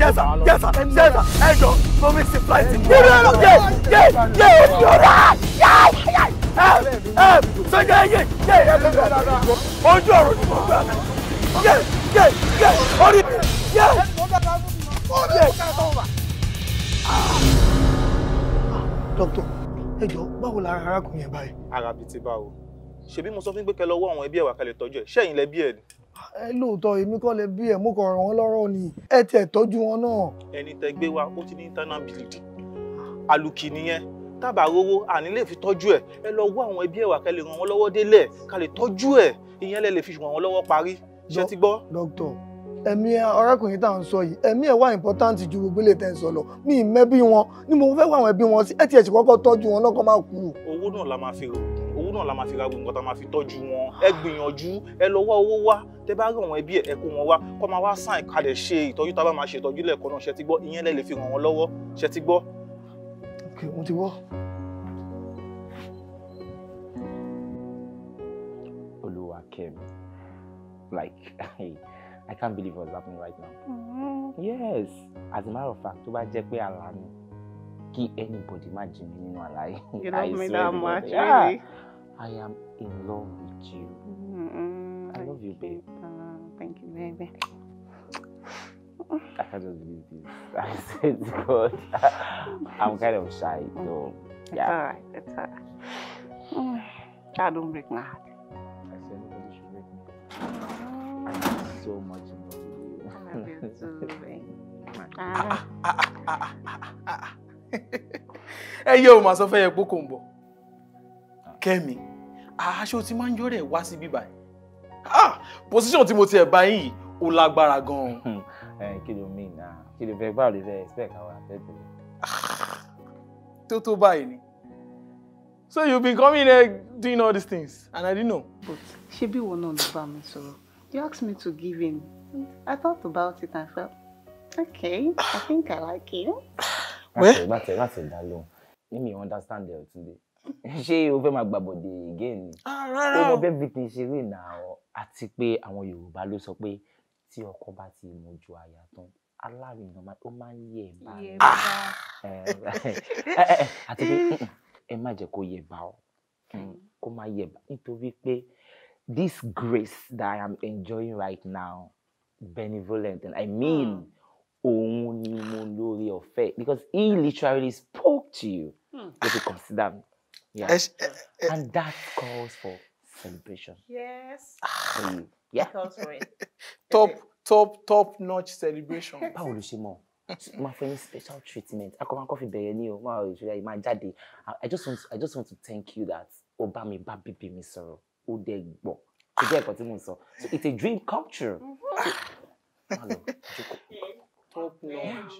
jẹsà jẹsà jẹsà ẹ jọ mo mi sí flight. yíyọ lọ yé yé yé yọ rà yá ẹ ẹ sọjà yé yé ẹ gbẹgbẹ ojú ọ̀rọ̀ ni mo gbà yé yé yé orí mi yé yé. dókítà ẹ jọ báwo la arákùnrin yẹn báyìí. ara bíi ti báwo ṣebí mo sọ fún pé kẹ́ lọ́wọ́ àwọn ẹbí ẹ̀ wá kalẹ̀ tọ́jú ẹ̀ ṣẹ́yìn lẹ bí ẹ̀ ni. ẹ lóòótọ́ èmi kọ́ lẹ bí ẹ̀ mo kàn ràn wọ́n lọ́rọ̀ ni ẹ tiẹ̀ tọ́jú wọn náà. ẹni tẹ gbé wa ó ti ní internal bleeding alùkì nìyẹn tábà rówó àní lè fi tọ́jú ẹ̀ ẹ lọ wọ àwọn ẹbí ẹ̀ wá ràn wọ́n lọ́wọ́ délẹ̀ kalẹ̀ tọ́jú ẹ̀ ìyẹn lẹ lè fi ràn wọ́n lọ́wọ́ parí ṣé ti gbọ́. dókítọ̀ ẹ̀mí ọ̀rẹ́kùnrin tá à ń sọ yìí ẹ̀mí ẹ̀ wá important ju gbogbo ilé tẹ̀ ń sọ lọ mi ì wọn ni mo fẹ́ wọ àwọn ẹbí wọn sí ẹ̀ tiẹ̀ sì kọ́kọ́ tọ́jú wọn lọ́kọ́ máa kú. owó náà la máa fi rò owó náà la máa fi ra gbogbo nǹkan máa fi tọ́jú wọn ẹ gbìyànjú ẹ lọ owó wá tẹ bá rí àwọn ẹbí ẹ kó wọn wá kó máa wá sàn kalẹ̀ ṣe ìtọ́jú tá a bá máa ṣe ìtọ́jú lẹ́ẹ̀kan náà ṣe ti gbọ́ ìyẹn lẹ lè fi ràn wọ́n lọ́wọ́ ṣe ti gbọ́. ok mo ti wọ́. Olúwakẹ́mi like I, I can't believe what's happening right now. Mm -hmm. yes as a matter of fact tó bá jẹ́ pé àlá mi kí anybody má jí mi nínú àlá yìí. you love me that much yeah. really. I am in love with you. Mm-hmm. I love you, babe. Uh, thank you, baby. I can't just believe this. I said God, I'm kind of shy, mm. so yeah. It's alright, it's mm. alright. God, don't break my heart. I said nobody should break me. I'm mm. so much in love with you. I love you too, babe. Ah, ah, ah, ah, ah, ah. ah Hey, yo, my sofa, you're kẹ́mi ah, aṣọ tí máa ń yọ̀rẹ̀ wá sí bíbá ah position tí mo ti ẹ̀ bá yín yìí ó lágbára gan-an. Hmm, kí ló mean na kí ló fẹ́ báwo lè fẹ́ expect àwọn àfẹ́tẹ̀lẹ̀. Ah, tó tó báyìí ni so you been coming here doing all these things and I didn't know. but ṣebí ìwọ náà ló bá mi sọ̀rọ̀ you asked me to give in I thought about it and felt okay I think I like you. Ah, láti láti láti dá lóhùn mímí understand ẹ̀ ọ̀ tún dé ṣé o fẹ́ máa gbàbọ̀dè again ni ó ah, bẹ́ẹ̀ fi ti ṣeré ìnáwó àti pé àwọn Yorùbá ló sọ pé tí ọkọ bá ti mojú aya tán alárinà ó máa ń yẹ ẹ̀bá ah! àti pé mm, ẹ má jẹ́ kó yẹ bá ọ hmm, mm. kó má yẹ bá nítorí pé this grace that I am enjoying right now benevolent and I mean mm. òun ni mo lórí ọ̀fẹ́ because he literally spoke to you if hmm. you consider me. Yeah. It's, eh, eh, and that calls for celebration. Yes. For ah, you. Hmm. Yeah. It calls for it. top, top, top notch celebration. Báwo ló ṣe mọ̀? máa fẹ́ ní special treatment I come and coffee o máa rò my daddy. máa I just want to, I just want to thank you that Obama, baby, mi bá bíbí mi sọ̀rọ̀ ó dẹ̀ gbọ́ kò jẹ́ ẹ̀kọ́ so it's a dream culture. Mm-hmm. Ah, top notch.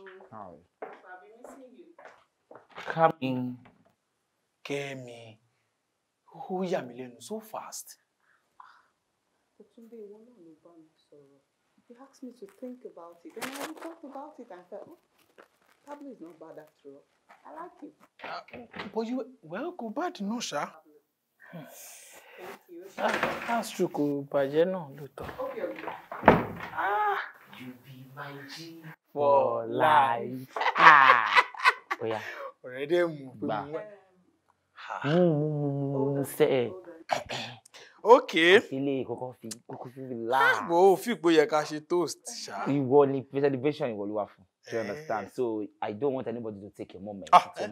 Coming. Kẹ́mi ó yà mí lẹ́nu so fast. Òtúndé ìwọ náà ló bá mi sọ̀rọ̀. You asked me to think about it and I thought about it and felt, oh, tablet is not bad after all. I like it. Uh, but you well kò bad no ṣá. Thank you. Ah, that's true kò bàjẹ́ náà lóòótọ́. Okay, Ah. You be my G for life. Ah. Oya. Ọ̀rẹ́dẹ̀ mú pé mo Ah. mú mú ok ilé ìkọ̀kọ̀ fi kúkú fi la. mo ò fi ìgboyà ká ṣe toast ìwọ ni celebration ìwọ ló wà fún do you eh. understand so i don't want anybody to take your moment. ah eh,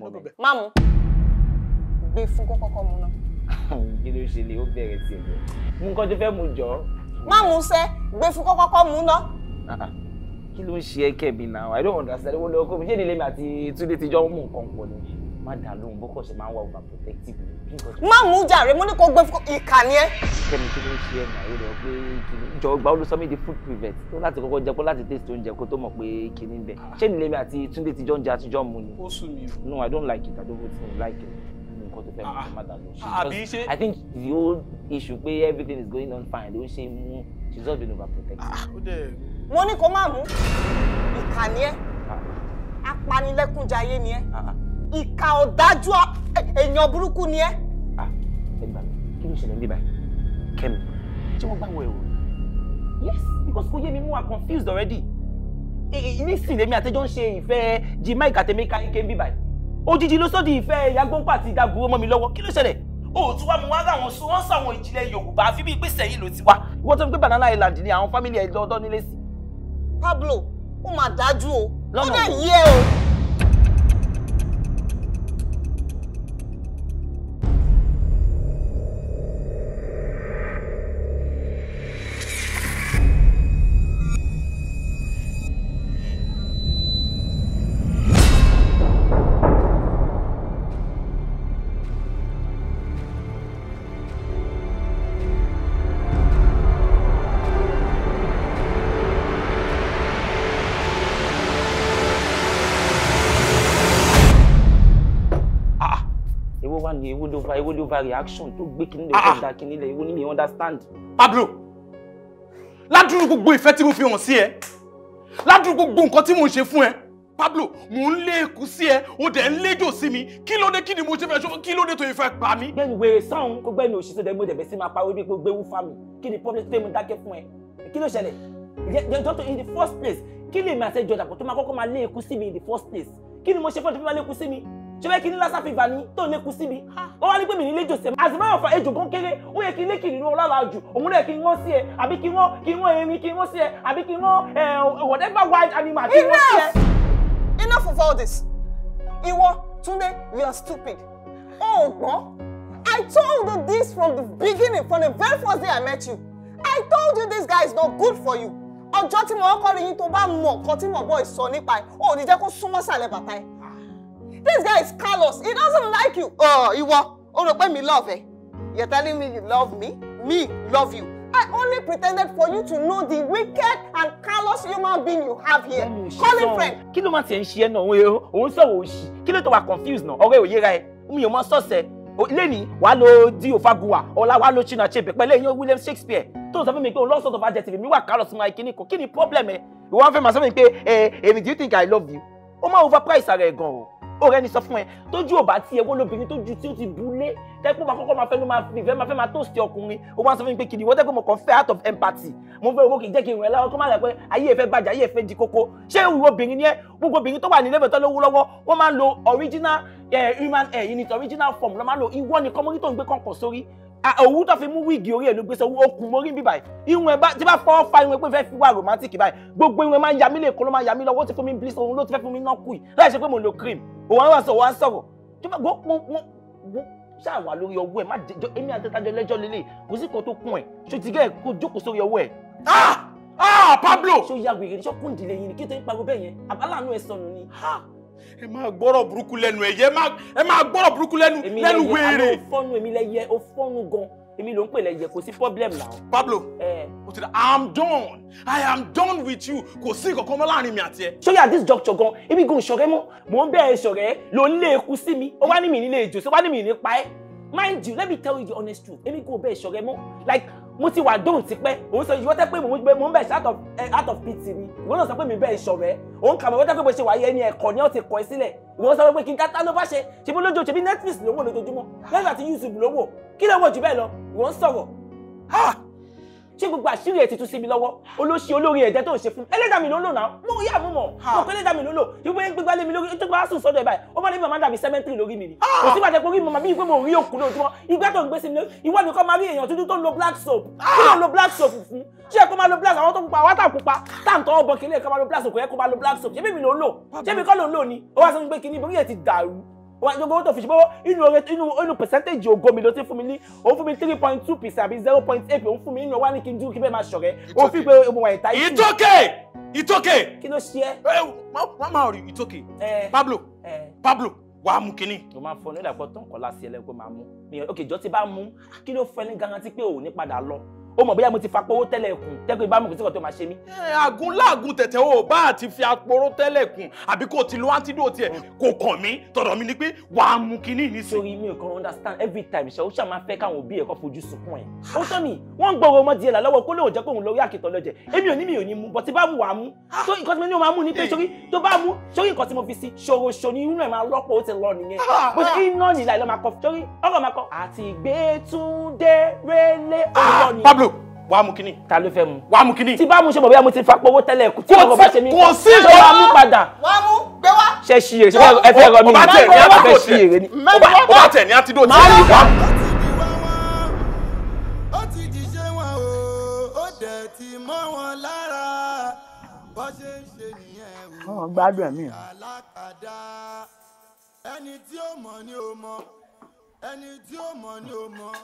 gbé fún kọ́kọ́kọ́ mu náà. kí ló ṣe lè ó bẹ̀rẹ̀ sí ẹ̀jẹ̀ mú nǹkan tó fẹ́ mu jọ. má mu gbé fún kọ́kọ́kọ́ mu náà ah, kí ló ń ṣe ẹ kẹ́bi náà i don't understand owó lọ́kọ́ mi ṣé ìdílé mi àti túndé ti jọ mú nǹkan pọ̀ ni má dà lóhùn bọ́kọ̀ ṣe máa ń wá over protective ni. má mú jàre mo ní kó gbé ìkà ẹ. kẹ́mi kí ló ṣe ẹ̀ náà lọ pé ìjọ ìgbà olùsọ́mí di food prevent tó láti kọ́kọ́ jẹ́ kó láti taste oúnjẹ kó tó mọ̀ pé kíní ń bẹ. Ah. ṣé nílé mi àti Túndé ti ń jẹ àtijọ́ mu ni. ó sùn mí o. no I don't like it I don't like it nǹkan tó fẹ́ mú ah. kó má dà lóhùn. Ah, àbí ṣe. I think the old issue pé everything is going on fine ló ń ṣe mú she's just been overprotective. mo ní kó má mú ìkà ni ẹ apanilẹ́kúnjayé ni ẹ ìkà ọ̀dájú e-, èèyàn burúkú ni ẹ. Ah, gbà mí kí ló ṣẹlẹ̀ ń bíbá kẹ́mi ṣé wọ́n gbàwọ̀ ẹ̀rọ yes because kò yé mi mú wa confused already e-, e-, nísìnyí èmi àtẹjọ́ ń ṣe ìfẹ́ jamaica tẹ̀mẹ́ka ike ń bíbá òjijì ló sọ di ìfẹ́ yagbọ́npá àti ìdàgbò mọ́ mi lọ́wọ́ kí ló ṣẹlẹ̀ òòtú wa mú wá ráwọn sọ wọn sàwọn ìjìnlẹ̀ yorùbá àfi bíi pèsè yìí ló ti wá ìwọ tó ń gbé banana island ni àwọn fámìlì ẹ lọ́dọ̀ nílé sí. Pablo ó mà dájú o ó dẹ̀ yé o. ewo dover ewo dover reaction tó gbé kinní lè ah, ah. tó da kinní lè ewo ni mi understand. Pablo ládùúrú gbogbo ìfẹ́ tí mo fi hàn sí ẹ ládùúrú gbogbo nǹkan tí mo ń ṣe fún Pablo mò ń lé èkú sí o dẹ̀ ń léjò mi kí ló dé kí ni mo ṣe fẹ́ ṣọ́ kí ló dé tó ìfẹ́ pa mí. gbẹ̀yìn wèrè sáhùn kó gbẹ̀yìn òṣìṣẹ́ dẹ̀ mo dẹ̀ bẹ̀ sí máa pariwo bí pé gbé wú fa mi kí problem tẹ́ mo dákẹ́ fún ẹ kí ló ṣẹlẹ̀ in the first place kini lè mi àṣẹ jọ̀dàpọ̀ tó máa kọ́kọ́ máa lé èkú sí mi in the first place Kini ni mo ṣe fún ẹ fi máa lé èkú sí mi ṣé bẹ́ẹ̀ kí ní lásà fìgbà ní tó lékun síbi wọ́n wá ní pé mi nílé jòsè àti máa fa ejò gan ó yẹ kí n lékì nínú ọlọ́lá jù òun rẹ̀ kí n wọ́n sí ẹ àbí kí wọ́n kí wọ́n erin kí wọ́n sí ẹ àbí kí wọ́n eh, whatever wild animal kí wọ́n sí ẹ. enough of all this iwọ Tunde you are stupid ọgbọ́n oh, I told you this from the beginning from the very first day I met you I told you this guy is not good for you ọjọ́ tí mo kọ́ rí yín tó bá mọ̀ nǹkan tí mo bọ́ ìsọ nípa ẹ̀ ò ní jẹ́ kó súnmọ́ sàlẹ̀ bàtà ẹ̀ This guy is callous. He doesn't like you. Oh, ìwọ. O rò pé mi love eh? You're telling me you love me? Me love you. I only pretended for you to know the wicked and callous human being you have here. Call him friend. Kí ló máa tiẹ̀ ń ṣe ẹ́ náà? Òun sọ̀rọ̀ òṣì. Kí ló tó wà confused náà? Ọ̀rẹ́ ò yéra ẹ̀. Mi ò mọ sọ̀sẹ̀. Lẹ́ni wàá lo Di Ofaguwa, ọ̀la wàá lo Chinua Achebe pẹ̀lú ẹ̀yìn William Shakespeare. Tó ń sọ fún mi pé òun lọ́sọ̀tọ̀ bá jẹ tèmi, mi wà callous máa kíní kan. Kí ni problem ẹ? Ìwọ wá fẹ́ máa sọ fún mi pé èmi eh, do you think I love you? Ó máa overprice ara ẹ̀ gan o ọ̀rẹ́ ni sọ fún ẹ tójú ò bá ti ẹ wọ́n lóbìnrin tójú tí ó ti bulé tẹ́pọ̀ máa kọ́kọ́ máa fẹ́ ló máa fi ìfẹ́ máa fẹ́ máa tóòsì ọkùnrin ó máa sọ fún mi pé kìdí wọ́n tẹ́pọ̀ mo kàn fẹ́ out of empathy mo fẹ́ owó kì í jẹ́ kí n rẹ̀ láwọn kó má rẹ̀ pé ayé ìfẹ́ bàjẹ́ ayé ìfẹ́ di kókó ṣé ìwú obìnrin ni ẹ gbogbo obìnrin tó wà ní lẹ́bẹ̀ẹ́ tó lówó lọ́wọ́ wọ́n máa ń lo original eh, human hair eh, in its original form lọ́ máa ń lo ìwọ ni kọ́mọ́rí tó ń gbé kọ̀ọ̀kan sórí Ah, òwú tó fi mú wíìgì orí ẹ̀ ló gbé sọ ó kù mórí bíbà ẹ̀ irun ẹ̀ bá tí bá fọ́ fa irun ẹ̀ pé fẹ́ fi wá romantic báyìí gbogbo irun ẹ̀ máa ń ya mí lè kó ló máa ya mí lọ́wọ́ ti fún mi bliss òun ló ti fẹ́ fún mi náà kù yìí láì ṣe pé mo lo cream òun á wá sọ òun á sọ̀rọ̀ tí wọ́n wọ́n wọ́n ṣáà wà lórí ọwọ́ ẹ̀ má jẹjọ́ èmi àti tajọ lẹ́jọ́ lélẹ̀ kò sí kan tó kún ẹ̀ ṣó ti kó ah ah Pablo ẹ máa gbọ́rọ̀ burúkú lẹ́nu ẹ̀yẹ ẹ máa gbọ́rọ̀ burúkú lẹ́nu lẹ́nu wéèrè. èmi lẹ́yẹ àná òfọ́nù èmi lẹ́yẹ òfọ́nù gan èmi ló ń pè lẹ́yẹ kò sí problem náà. Pablo o ti da I am done I am done with you kò sí ìkọ̀kọ́ mọ́ láàrin mi àti ẹ. sọ́yà this doctor gan ibi gan ṣọ̀rẹ́ mọ́ mò ń bẹ́ẹ̀ ṣọ̀rẹ́ ló ń lé eku sí mi ó wá ní mi nílé ìjòsí ó wá ní mi nípa ẹ mind you let me tell you the honest truth èmi kò bẹ́ẹ̀ ṣọ̀rẹ́ mọ́ like mo ti wà dóhùn tipẹ́ òun sọ ìwọ́tẹ́ pé mò ń bẹ̀ ṣe out of out of pity ni ìwọ náà sọ pé mi bẹ́ẹ̀ ṣọ̀rẹ́ òun kà mí ìwọ́tẹ́ pé mo ṣe wáyé ẹni ẹ̀kọ́ ni ó ti kọ́ ẹ sílẹ̀ ìwọ sọ pé kí n dáta ló bá ṣe ṣe bí lójoo ṣe bí Netflix ló wò lójoojúmọ́ lẹ́yìn àti YouTube ló wò kí ló wò jù bẹ́ẹ̀ lọ ìwọ ń sọ̀rọ̀ ṣé gbogbo àṣírí ẹ̀ ti tú sí mi lọ́wọ́ olóṣì olórin ẹ̀jẹ̀ tó ń ṣe fún mi ẹlẹ́dàá mi ló ń lò náà mo yà mú mọ̀ mo pé ẹlẹ́dàá mi ló ń lò ìwé gbígbá lé mi lórí tó gbá sùn sọ́dọ̀ ẹ̀ báyìí ó máa lé mi màmá dàbí sẹ́mẹ́ntì lórí mi ni kò sí bàtẹ́ kórí màmá mi pé mo rí òkú lójúmọ́ ìgbà tó ń gbé sí mi ìwọ nìkan máa rí èèyàn tuntun tó ń lo black soap kí ló ń lo black soap fún ṣé kó máa lo black àwọn tó pupa àwọn tá pupa tá n tọ́ ọbọ̀ kí ilé kan máa lo black soap yẹ kó máa lo black soap ṣé bí mi ló ń lò ṣé mi kọ́ ló ń lò ni ó wá sọ pé kí ni ẹ̀ ti dàrú wọ́n àti gbogbo tó fi ṣe pé inú oore inú inú percentage ògo mi ló ti fún mi ní òun fún mi three point two percent àbí zero point eight òun fún mi inú wa ní kí n dúró kí bẹ́ẹ̀ máa ṣọ̀rẹ́ òun fi pé mo wà ìta yìí. ìtókè ìtókè. kí ló ṣe é. ẹ wọ́n máa rí ìtókè. Pablo Pablo wà á mú kínní. o máa fọ ní ìdàpọ̀ tó ń kọ́ láti ẹlẹ́gbẹ́ máa mú ok jọ ti bá mú kí ló fẹ́ ní garanti pé òun ní padà lọ ó mọ̀ bóyá mo ti fapówó tẹ́lẹ̀ kùn tẹ́kọ̀ ìbámu kò sí kan tó máa ṣe mí. Eh, àgùn láàgùn tẹ̀tẹ̀ o bá àti fi aporó tẹ́lẹ̀ kùn àbí kò ti lo antidote ẹ̀ kò kàn mí tọ̀dọ̀ mi ni pé wà á mú kinní ní sí. torí mi ò kàn understand every time ṣe ó ṣáà máa fẹ́ káwọn òbí ẹ̀ kọ́ fojú sunkún ẹ̀. ó tọ́ mi wọ́n ń gbọ́rọ̀ ọmọ díẹ̀ là lọ́wọ́ kó lóun jẹ́ kóun lórí àkìtọ̀ lọ́jẹ̀ èmi ò ní mi ò ní mú bọ́tí bá wù wá mú. tó ah! nǹkan tí mo ní o máa mú ni pé eh. sórí tó bá mú sórí nǹkan tí mo fi sí ṣòro ṣò ní inú ẹ̀ máa rọ́pò ó ti lọ nìyẹn. Ah! bó ṣe ah! iná nìlà ìlọ́ máa kọ sórí ọ̀rọ̀ máa kọ àtìgbé túndé rélé òun lọ nìyẹn. Pablo wàá mú kínní. ta ló fẹ́ mu. wàá mú kínní. tí bá mu ṣe mọ̀ bóyá mo ti fa pọ̀wọ́ tẹ́lẹ̀ kù. kò sí kò sí ìṣòro. ṣé wàá mú padà. wàá mú gbé wá. ṣe ṣí èrè ṣe ẹ rọ mi. ọba tẹ̀ ní àtidó tẹ̀. ọba tẹ̀ ní àtidó tẹ̀. máa ń wá. ó ti di ṣé wọn o ó dẹ̀ ti mọ́ wọn lára bó ṣe ń ṣe nìyẹn o. wọn gbádùn ẹ̀mí. alákàdá ẹni tí ó mọ̀ ni ó mọ̀ ẹni tí ó mọ̀ ni ó mọ̀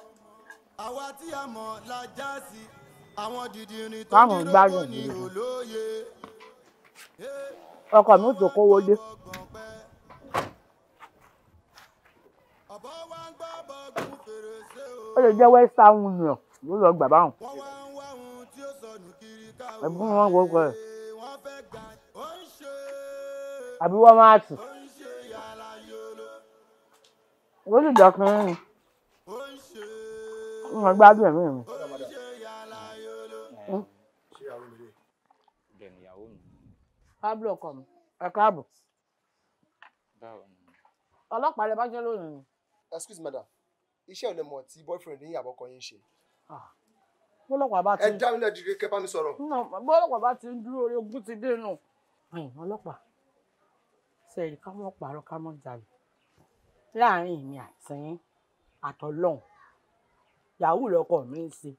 àwa tí a mọ̀ la já sí àwọn dìdìrín tó ní lóko ní olóye. ọkọ mi ò tó kówó dé. ó lè jẹ́ western union ló lọ gbà báwọn. ẹ̀bùn wọn kò kọ ẹ̀. àbí wọ́n máa tì. wọ́n sì jọ kínní ń máa gbádùn ẹ̀mí mi. Hm? pablo ọkọ mi ẹ káàbọ̀ ọlọ́pàá lè bá jẹ́ lónìí ni. excuse madam iṣẹ́ ò lè mọ̀ tí boyfriend yín àbọ̀kọ yín ṣe. Ah, bọ́lọ́pàá bá ti. ẹ dá mi lẹ́jọ́ kí kẹ́ bá mi sọ̀rọ̀. bọ́lọ́pàá bá ti ń dúró orí ogún ti dé nù. ọlọ́pàá sẹ́yìn ká mọ̀ pààrọ̀ ká mọ̀ jalè láàárín èmi àti àtọ̀lọ́hún yahoo lọkọ mi ń ṣe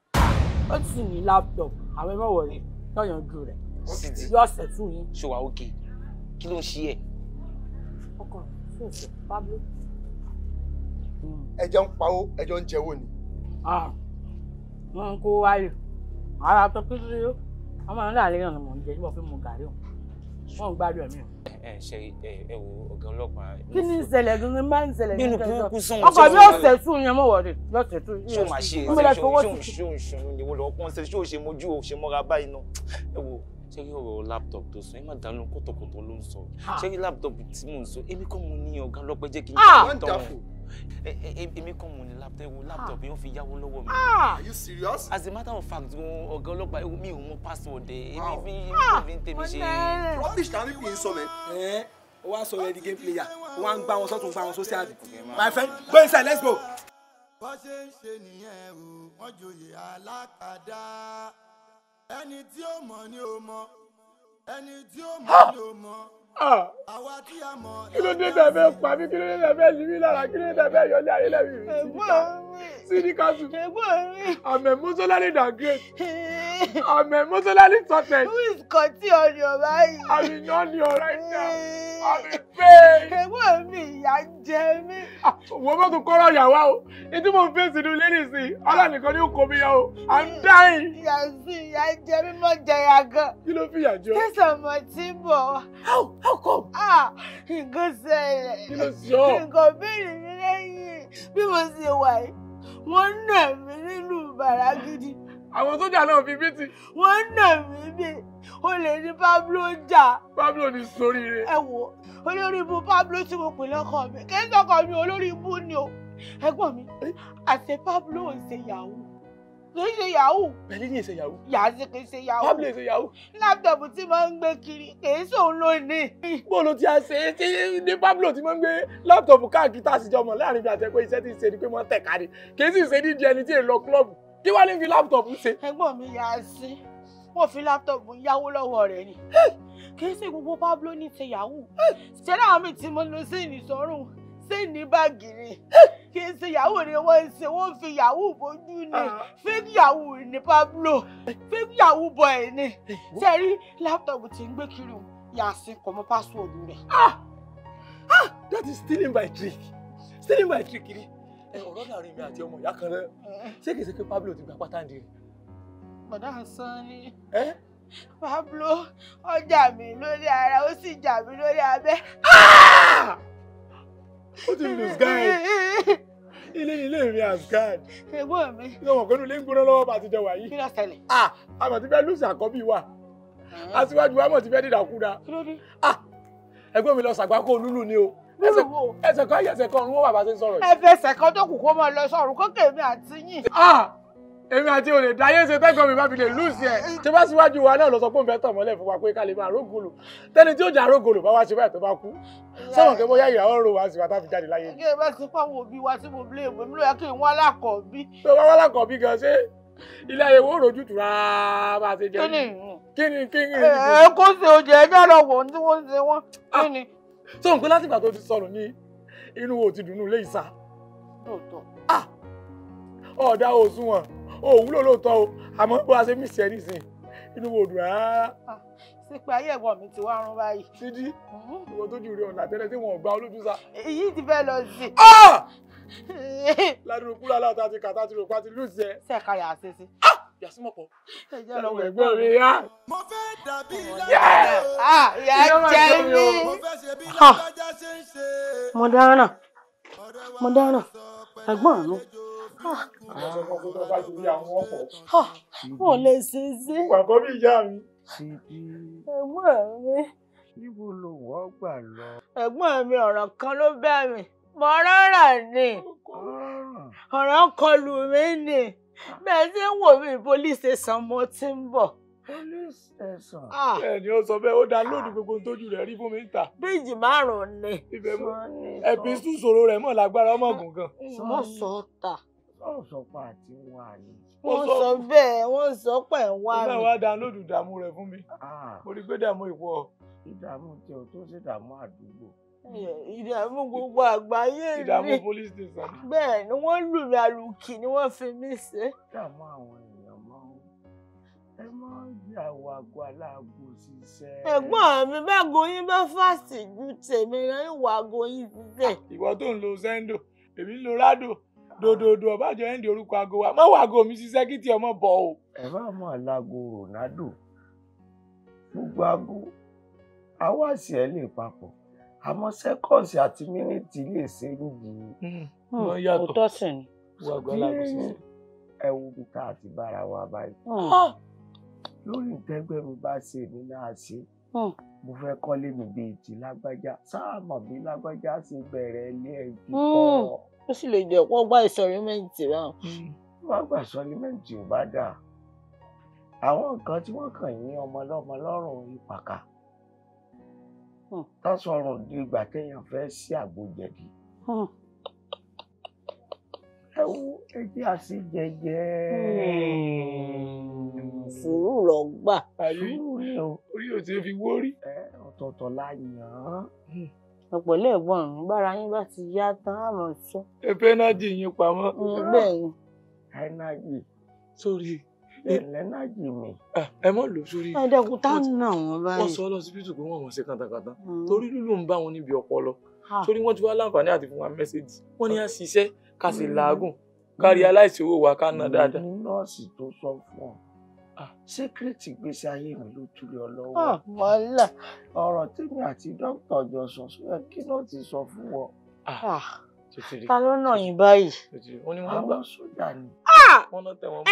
ó sì ní laptop àwọn ẹ̀rọ wọ̀rẹ́ lọ́yànjú rẹ̀ yóò ṣẹ̀tù yín. ṣùwà òkè kí ló ń ṣe hmm. ẹ. ọkọ fún ìṣe pablo. ẹjọ ń pawó ẹjọ ń jẹwọ ni. wọn ń kó wáyé ara tó kí ló dé ó wọn máa ń láàrin ọ̀nà mọ̀ ń jẹ nígbà fún mu gàrí ọ̀hún wọn ń gbádùn ẹ̀mí ọ̀hún ṣe ẹ wo ọ̀gá ọlọ́pàá. kí ni ìṣẹ̀lẹ̀ gangan máa ń ṣẹlẹ̀ nínú burúkú sún wọn. ọkọ mi ò sẹ̀tù yẹn mọ̀ wọ̀de lọ́sẹ̀tù. ṣé o máa ṣe é ṣé o ṣe o ṣe o ìwọ lọ pọ́n ṣe ṣé ṣe mojú o ṣe mọ́ra báyìí náà ẹ wo ṣé kí ọ̀rọ̀ laptop tó sọ ẹ má dá kótókótó ló ń sọ ah. ṣé kí laptop tí mò ń sọ èmi kọ́ mo ní ọ̀gá ọlọ́pàá jẹ́ kí n jẹ́ ah! ìtọ́ E, e, e, èmi kan mo ní laptop yóò fi yáwó lọ́wọ́ mi. are you serious. as a matter of fact ọ̀gá ọlọ́pàá mi ò mọ password ẹ̀ èmi fi èmi ń tẹ̀mí ṣe. rubbish na níbi ìsọmẹ. ẹ wá sọ ready game player ọ wá ń gbá wọn sọ́tún gbá wọn sósì my friend go inside let's go. bó ṣe ń ṣe nìyẹn o wọ́n joyè alákàdá ẹni tí ó mọ̀ ni ó mọ̀ ẹni tí ó mọ̀ ni ó mọ̀. Ah. kí ló dé tẹ́ fẹ́ pa mí kí ló dé tẹ́ fẹ́ mí lára kí ló dé tẹ́ fẹ́ yọlé ayé lẹ́bi mi síta sídìkà sùn àmẹ mọ́sálálì dà great àmẹ mọ́sálálì sọ̀tẹ̀. who is cutting on your mind. àmì náà ni ọ̀rẹ́ ìjà àmì pé. ẹ̀gbọ́n mi ìyá jẹ mí. Ah, wo bá tún kọ́rọ̀ yàwá o etí mo fẹ́ sínú lẹ́yìn sí i ọlọ́nìkan ni ó kó mi yá o i'm dying. ìyá sí ìyá jẹ mí mọ́ jẹ̀yà gan. kí ló fi ìyà jẹ ọ. tẹ̀sán mo bọ̀ ọkọ nǹkan ṣẹlẹ̀ nǹkan bèrè mi lẹ́yìn bí mo ṣe wà yìí wọ́n nà mí nínú bàrá gidi. àwọn sójà náà fi bí ti. wọ́n nà mí bí o lè ní Pablo jà. Pablo ní ṣoríire. ẹ wo olórí ibu Pablo tí mo pè lọ́kọ mi kẹ́ńtọ́kọ mi olórí ibu ni o ẹ̀gbọ́n mi àṣẹ Pablo ò ṣe kì í ṣe yahoo. bẹ̀ẹ́lí ní ìṣe yahoo. yàtí kì í ṣe yahoo. pablo ìṣe yahoo. Laptop tí mo ń gbé kiri kì í sòun lónìí. bóòlù tí a ṣe é tí ní pablo tí mo ń gbé láptọ̀pù káàkiri tá a sì jọ mọ̀ láàrin bí àtẹ̀kọ́ iṣẹ́ tí ń ṣe ni pé mo ń tẹ̀ kárí kì í sì ṣe dídí ẹni tí ì lọ kílọ̀bù kí wàá lè fi láptọ̀pù ṣe. ẹ̀gbọ́n mi yà mo fi láptọ̀pù yáwó lọ́wọ́ rẹ̀ ni kì í ṣe gbogbo pablo ní ti yahoo ṣé láwọn mi ti mo lọ sí ìnìsọ́rùn ṣé ní báàgì kì í ṣe yahoo ni wọ́n ń ṣe wọ́n fi yahoo bójú ni ah. fake yahoo ni Pablo fake yahoo boy ni ṣe láptọ̀pù tí ń gbé kiri yàsín kò mọ pásíwọ̀dù rẹ̀. Ah! Ah! that is stealing by trick stealing by trick ni ọ̀rọ̀ láàrin mi àti ọmọ ìyá kan rẹ̀ ṣé kìí ṣe pé Pablo ti gba pátá ndì rẹ̀. bọ̀dá Hasan ni. Pablo ọjà mi lórí ara ó sì jà mí lórí abẹ́ ó ti lù sky ilé ilé mi à sky. ẹ̀gbọ́n mi. ìyọ̀wọ̀ pẹ̀lú ilé ń gbóná lọ́wọ́ bá ti jẹ wàyí. kí ló ṣẹlẹ̀. ah àmọ̀ ti fẹ́ lùsì àkọ́bí wa aṣíwájú wa mọ̀ ti fẹ́ dìdàkúdà. kí ló dé. ah ẹ̀gbọ́n mi lọ sàgbákò lúlù ni o ẹsẹ̀ kan ayẹsẹ̀ kan ọ̀run wọ́n bàbá ṣe ń sọ̀rọ̀ yìí. ẹ fẹsẹ̀ kan tó kù kó máa lọ sọ̀rọ̀ kókè mi àti Ah èmi àti olè dáyé ṣe tẹ́gbọ̀n mi bá fi lè lùsì ẹ̀ tí bá síwájú wa náà lọ sọ pé òun fẹ́ tọ̀ mọ́lẹ̀ fún wa pé ká lè máa rógòlò tẹ́ni tí ó jà rógòlò bá wá ṣe báyìí tó bá kú sọ̀rọ̀ pé bóyá ìyàwó rò wá sí wa tá fi jáde láyé. ìyá ẹ bá ti pa àwọn òbí wa tí mo bí èèmọ̀ mi ló yẹ kí n wá lákọ̀ọ́bí. tó bá wá lákọ̀ọ́bí gan ṣé ilé ayé wo rojú tu rárá bá ṣe jẹ kí ni kí ni. ẹ kó ṣe oúnjẹ ẹjọ́ lọ wọ̀ ní wọ́n ṣe wọ́n ah! kí ni. tó ń pẹ́ látìgbà tó ti sọnù ní inú wo ti dùnú lé ìsà. Ah! ọ̀dà òsùn wọn o ò wúlò lóòótọ́ o àmọ́ bó a ṣe mí ṣe nísìn inú wo dùn rárá. sípè ayé ẹ̀gbọ́n mi ti wá rún báyìí. sídí mhm. ìwọ tójú rí ọ̀nà àtẹ́lẹ́ tí wọ́n gba olójú sá. èyí ti fẹ́ lọ sí. ládùúgbò kúlọ̀ aláwọ̀ tá a ti kà tá a ti rò pa ti lùsì ẹ. sẹ́ẹ̀ka yà á ṣe sí yàsímọ̀pọ̀. ẹ jẹ́ lọ wẹ̀ gbọ́ mi yá. mo fẹ́ dàbí lágbájá. ìyá jẹ́ mi. mo dáná mo dáná àwọn ọkọ tó bá mo lè ṣe é sí. pàkọ́ bí ìyá mi. ẹ̀gbọ́n mi. níbo ló wọ́ gbà lọ. ẹ̀gbọ́n mi ọ̀ràn kan ló bẹ́ mi mo rárá ni ah. ọ̀ràn kọlù mi ni bẹ́ẹ̀ tí ń wò mí police station mo ti ń bọ̀ police station. Ah. ẹni ó sọ bẹ́ẹ̀ ó download gbogbo tójú rẹ̀ rí fún mi ta. péjì márùn-ún ni. ibẹ̀ mọ́ ẹ̀bí sùn sòro rẹ̀ mọ́ lágbára ọmọ gùn gan. mo sọ ta wọ́n sọ pé àti wọn àní. wọ́n sọ bẹ́ẹ̀ wọ́n sọ pé ẹ̀ wá mi. ìgbà wa download ìdààmú rẹ̀ fún mi. Ah. mo rí pé dààmú ìwọ. ìdààmú tí o tó ṣe dààmú àdúgbò. ìdààmú gbogbo àgbáyé mi. ìdààmú police station. bẹ́ẹ̀ ni wọ́n lù mí àlùkì ni wọ́n fi mí ṣe. dààmú àwọn èèyàn mọ́ ẹ mọ́ ìyàwó àgọ́ aláàgọ́ ṣiṣẹ́. ẹ̀gbọ́n mi bágo yín bá fásitì ju tèmi náà ìwà àgọ́ yín ti tẹ̀. ìwọ tó ń lo zendo èmi ń lo rado dòdòdò ọbàjọ ẹ̀ ń di orúkọ aago wa mọ́wọ́ aago mi ṣiṣẹ́ kí tí ọmọ bọ̀ o. ẹ bá mọ alágo Ronaldo gbogbo aago awáṣì ẹ lè papọ̀ àmọ́ sẹ́kọ̀ǹsì àti mínítì lè ṣe é nìyí. Hmm. wọ́n yàtọ̀ òótọ́ sì ni. wọ́n àgbà alágo ṣiṣẹ́. ẹ wo bí tá a ti bára wa báyìí. Hmm. lórí ìtẹ́gbẹ́ mi bá ṣe èmi náà ṣe hmm. mo fẹ́ kọ́lé mi bíi ti lágbájá sáà mọ̀ bí lágbájá ṣe bẹ̀rẹ̀ ilé ẹ̀ kíkọ́ ó sì lè jẹ́ kó gba ìsọ̀rímẹ́ǹtì náà. wọ́n hmm. gba ìsọ̀rímẹ́ǹtì ò bá dáa àwọn nǹkan tí wọ́n kàn yín ọmọ lọ́mọ lọ́rùn ìpàkà hmm. tó sọ̀rọ̀ di ìgbà téèyàn fẹ́ sí àgbòjẹ̀dì. Hmm. ẹ wo ẹjẹ àti jẹjẹ. sùúrù lọ gbà. sùúrù ni o. orí ò ti fi wórí. ọ̀tọ̀ọ̀tọ̀ la yàn án ọ̀pọ̀lọ́ ẹ̀gbọ́n ọ̀hún bára yín bá ti yá tán àmọ́ sọ. ẹ fẹ́ nájì yín pamọ́. bẹ́ẹ̀ ni. ẹnájì sórí ẹnájì mi. ẹ mọ lò sórí. ẹ dẹ́kun tá nà wọn báyìí. wọn sọ ọ lọ sí bíṣù pé wọn wọn ṣe kàtàkàtà hmm. torí lúlù ń bá wọn níbi ọpọlọ torí wọn ti wá láǹfààní àti fún wa mẹsẹgì wọn ní à hmm. ṣiṣẹ́ ká sì hmm. làágùn ká rí aláìsí owó wa ká ná dáadáa. nọ́ọ̀sì tó sọ fún ọ síkírẹ́tì ah, ìgbésí ayé mi ló túlẹ̀ ọ lọ́wọ́ mọ́lá ah, ọ̀rọ̀ tèmi àti dókítà jọ sọ sóyà kí náà ti sọ fún wọn. Ah, ta ló nà yín báyìí. àwọn sójà ni.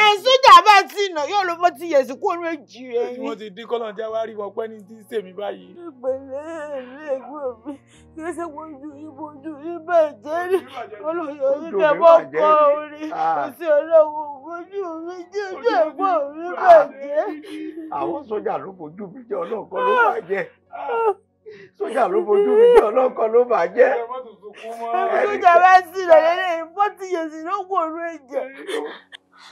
ẹ sójà bá ti nà yóò ló mọ ti yẹsùn kó ló jì rẹ rí. wọ́n ti dín kọ́lọ̀ já wá rí wọn pẹ́ ní tí ń sèmi báyìí. ìpínlẹ̀ èmi ẹ̀gbọ́n mi kí ṣe wojú ibojú ibẹ̀ jẹ́rìí olóyè oníkẹ́ bọ́ kọ́ orí kò sí olówó fojú mi jẹ́ jẹ́ ẹ̀gbọ́n mi bàjẹ́. àwọn sójà ló fojú mi jẹ́ ọlọ́ọ̀kan ló bàjẹ́ ah. sójà ló fojú mi jẹ́ ọlọ́ọ̀kan ló bàjẹ́. sójà bá sì lọ lẹ́lẹ́ fọ́tí yèsì ló kò rú ẹ̀jẹ̀.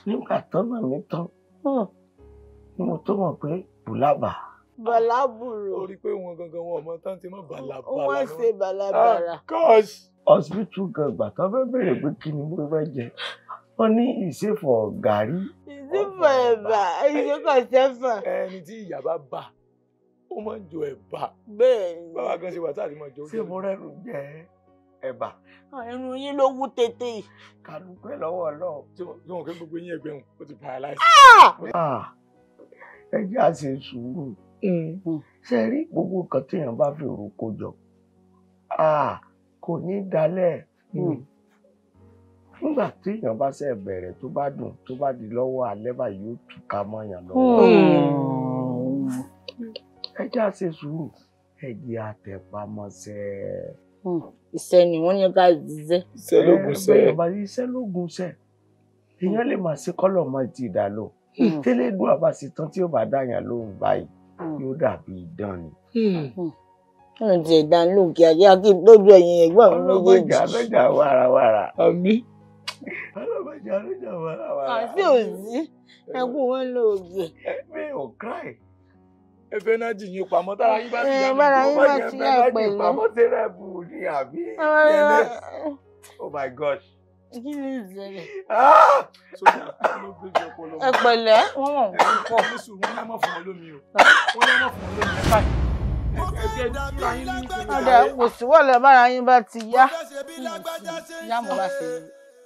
nígbà tọ́nà mi tán ni mo tó mọ̀ pé bùlábà. bàlábùrò. ó rí i pé wọn gangan wọn ọmọ tán ti mọ bàlábàrà. wọn ṣe bàlábàrà. Ah, hospital gan gbà tán fẹ́ bèrè pé kí ni mo fẹ́ jẹ ó ní ìṣèfọ̀ gàrí. ìṣèfọ̀ ẹ̀bà ìṣèkọ̀ sẹ́fọ̀. ẹni tí ìyá bá bà ó máa ń jọ ẹ̀bà. bẹ́ẹ̀ni bàbá kan ṣe wà tá a ti máa jọ. ṣé mo rẹ́rù jẹ ẹ̀bà. ẹnu yín ló wú tètè. kàdúpẹ́ lọ́wọ́ lọ. tí wọn kẹ́ gbogbo yín ẹgbẹ́ wọn ó ti paralyze. Ah! Ah! ẹ jẹ́ àṣẹ sùúrù hmm. ṣe rí gbogbo nǹkan téèyàn bá fi rò kó jọ ah! kò ní dalẹ̀. Hmm nígbà téèyàn bá ṣe bẹ̀rẹ̀ tó bá dùn tó bá di lọ́wọ́ alẹ́ báyìí yóò túká mọ́yàn lọ́wọ́. Hmm. ẹ já ṣe sùúrù ẹ jẹ́ àtẹ̀pamọ́sẹ́. Hmm. iṣẹ́ ni wọ́n yẹn bá ṣiṣẹ́. iṣẹ́ lóògùn ṣẹ́. ẹ bá iṣẹ́ lóògùn ṣẹ́ èèyàn lè máa ṣe kọ́lọ̀ mọ́ ti dà lò hmm. tẹ́lẹ̀dùn àbáṣetán tí ó bá dáyàn lóhùn báyìí yóò dàbí idán ni ọ̀nà tí ẹ̀dá ń lò kí ayé akéwì lójú ẹ̀yìn ẹ̀gbọ́n mi méjèèjì. ọlọ́mọ ìjà mẹ́ta wàràwàrà. àmín alábàjá alájà wà láwàá. àti òsì ẹkún wọn lò ògì. mi ò cry ẹfẹ náà jì yín pamọ́ tára yín bá ti yá mi kó má jẹ ẹfẹ náà jì pamọ́ tẹ́lẹ̀ bù ní àbí ẹlẹ́ oh my gosh. kí ni ìṣẹ̀lẹ̀. Ah! ẹgbẹ̀lẹ̀ wọ́n wọ̀n wọ́n kọ́. ní sùúrù wọn náà mọ̀ fún wọn lómi o wọn náà mọ̀ fún wọn lómi ẹ̀ka ọ̀dà kò sí wọ́ọ̀lẹ̀ bára yín bá ti yá yá mo bá ṣe yín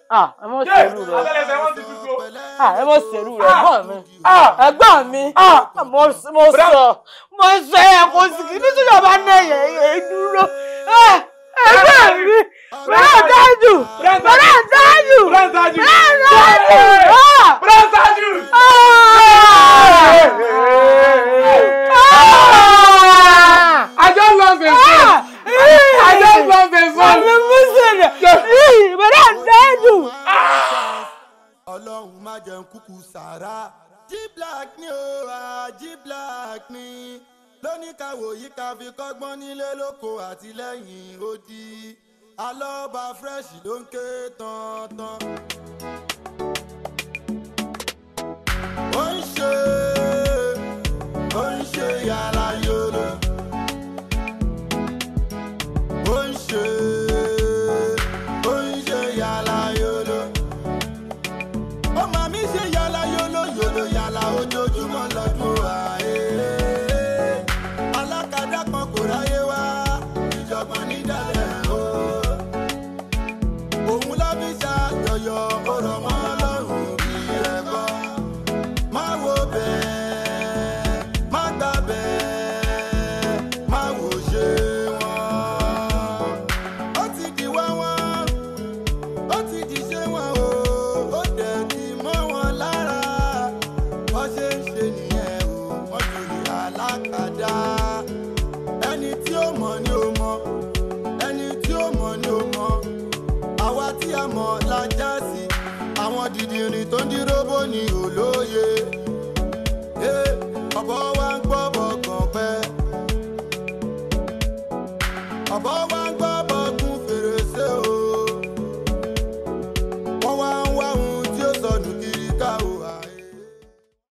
ah ẹ mọ sẹrù rẹ ah ẹ mọ sẹrù rẹ ẹ̀gbọ́n mi ah, ah ẹ̀gbọ́n mi ah, ah mo sọ mo sọ ẹ kò sì kí ní sọjọ bá ná ẹyẹ ẹ dúró ẹ ah, ẹ̀gbọ́n mi bẹ̀rẹ̀ dájú bẹ̀rẹ̀ dájú bẹ̀rẹ̀ dájú bẹ̀rẹ̀ dájú ah bẹ̀rẹ̀ dájú. rẹ̀ ìbẹ̀rẹ̀ àdéhùn. ọlọ́run má jẹun kúkú sàrà G-Black ni ó wà G-Black ni lóníkàwò yìí ká fi kọ́gbọ́n nílé lóko àti odi alọ́ba fresh ló ń ké tán-tán. ó ń ṣe ó ń ṣe yàrá.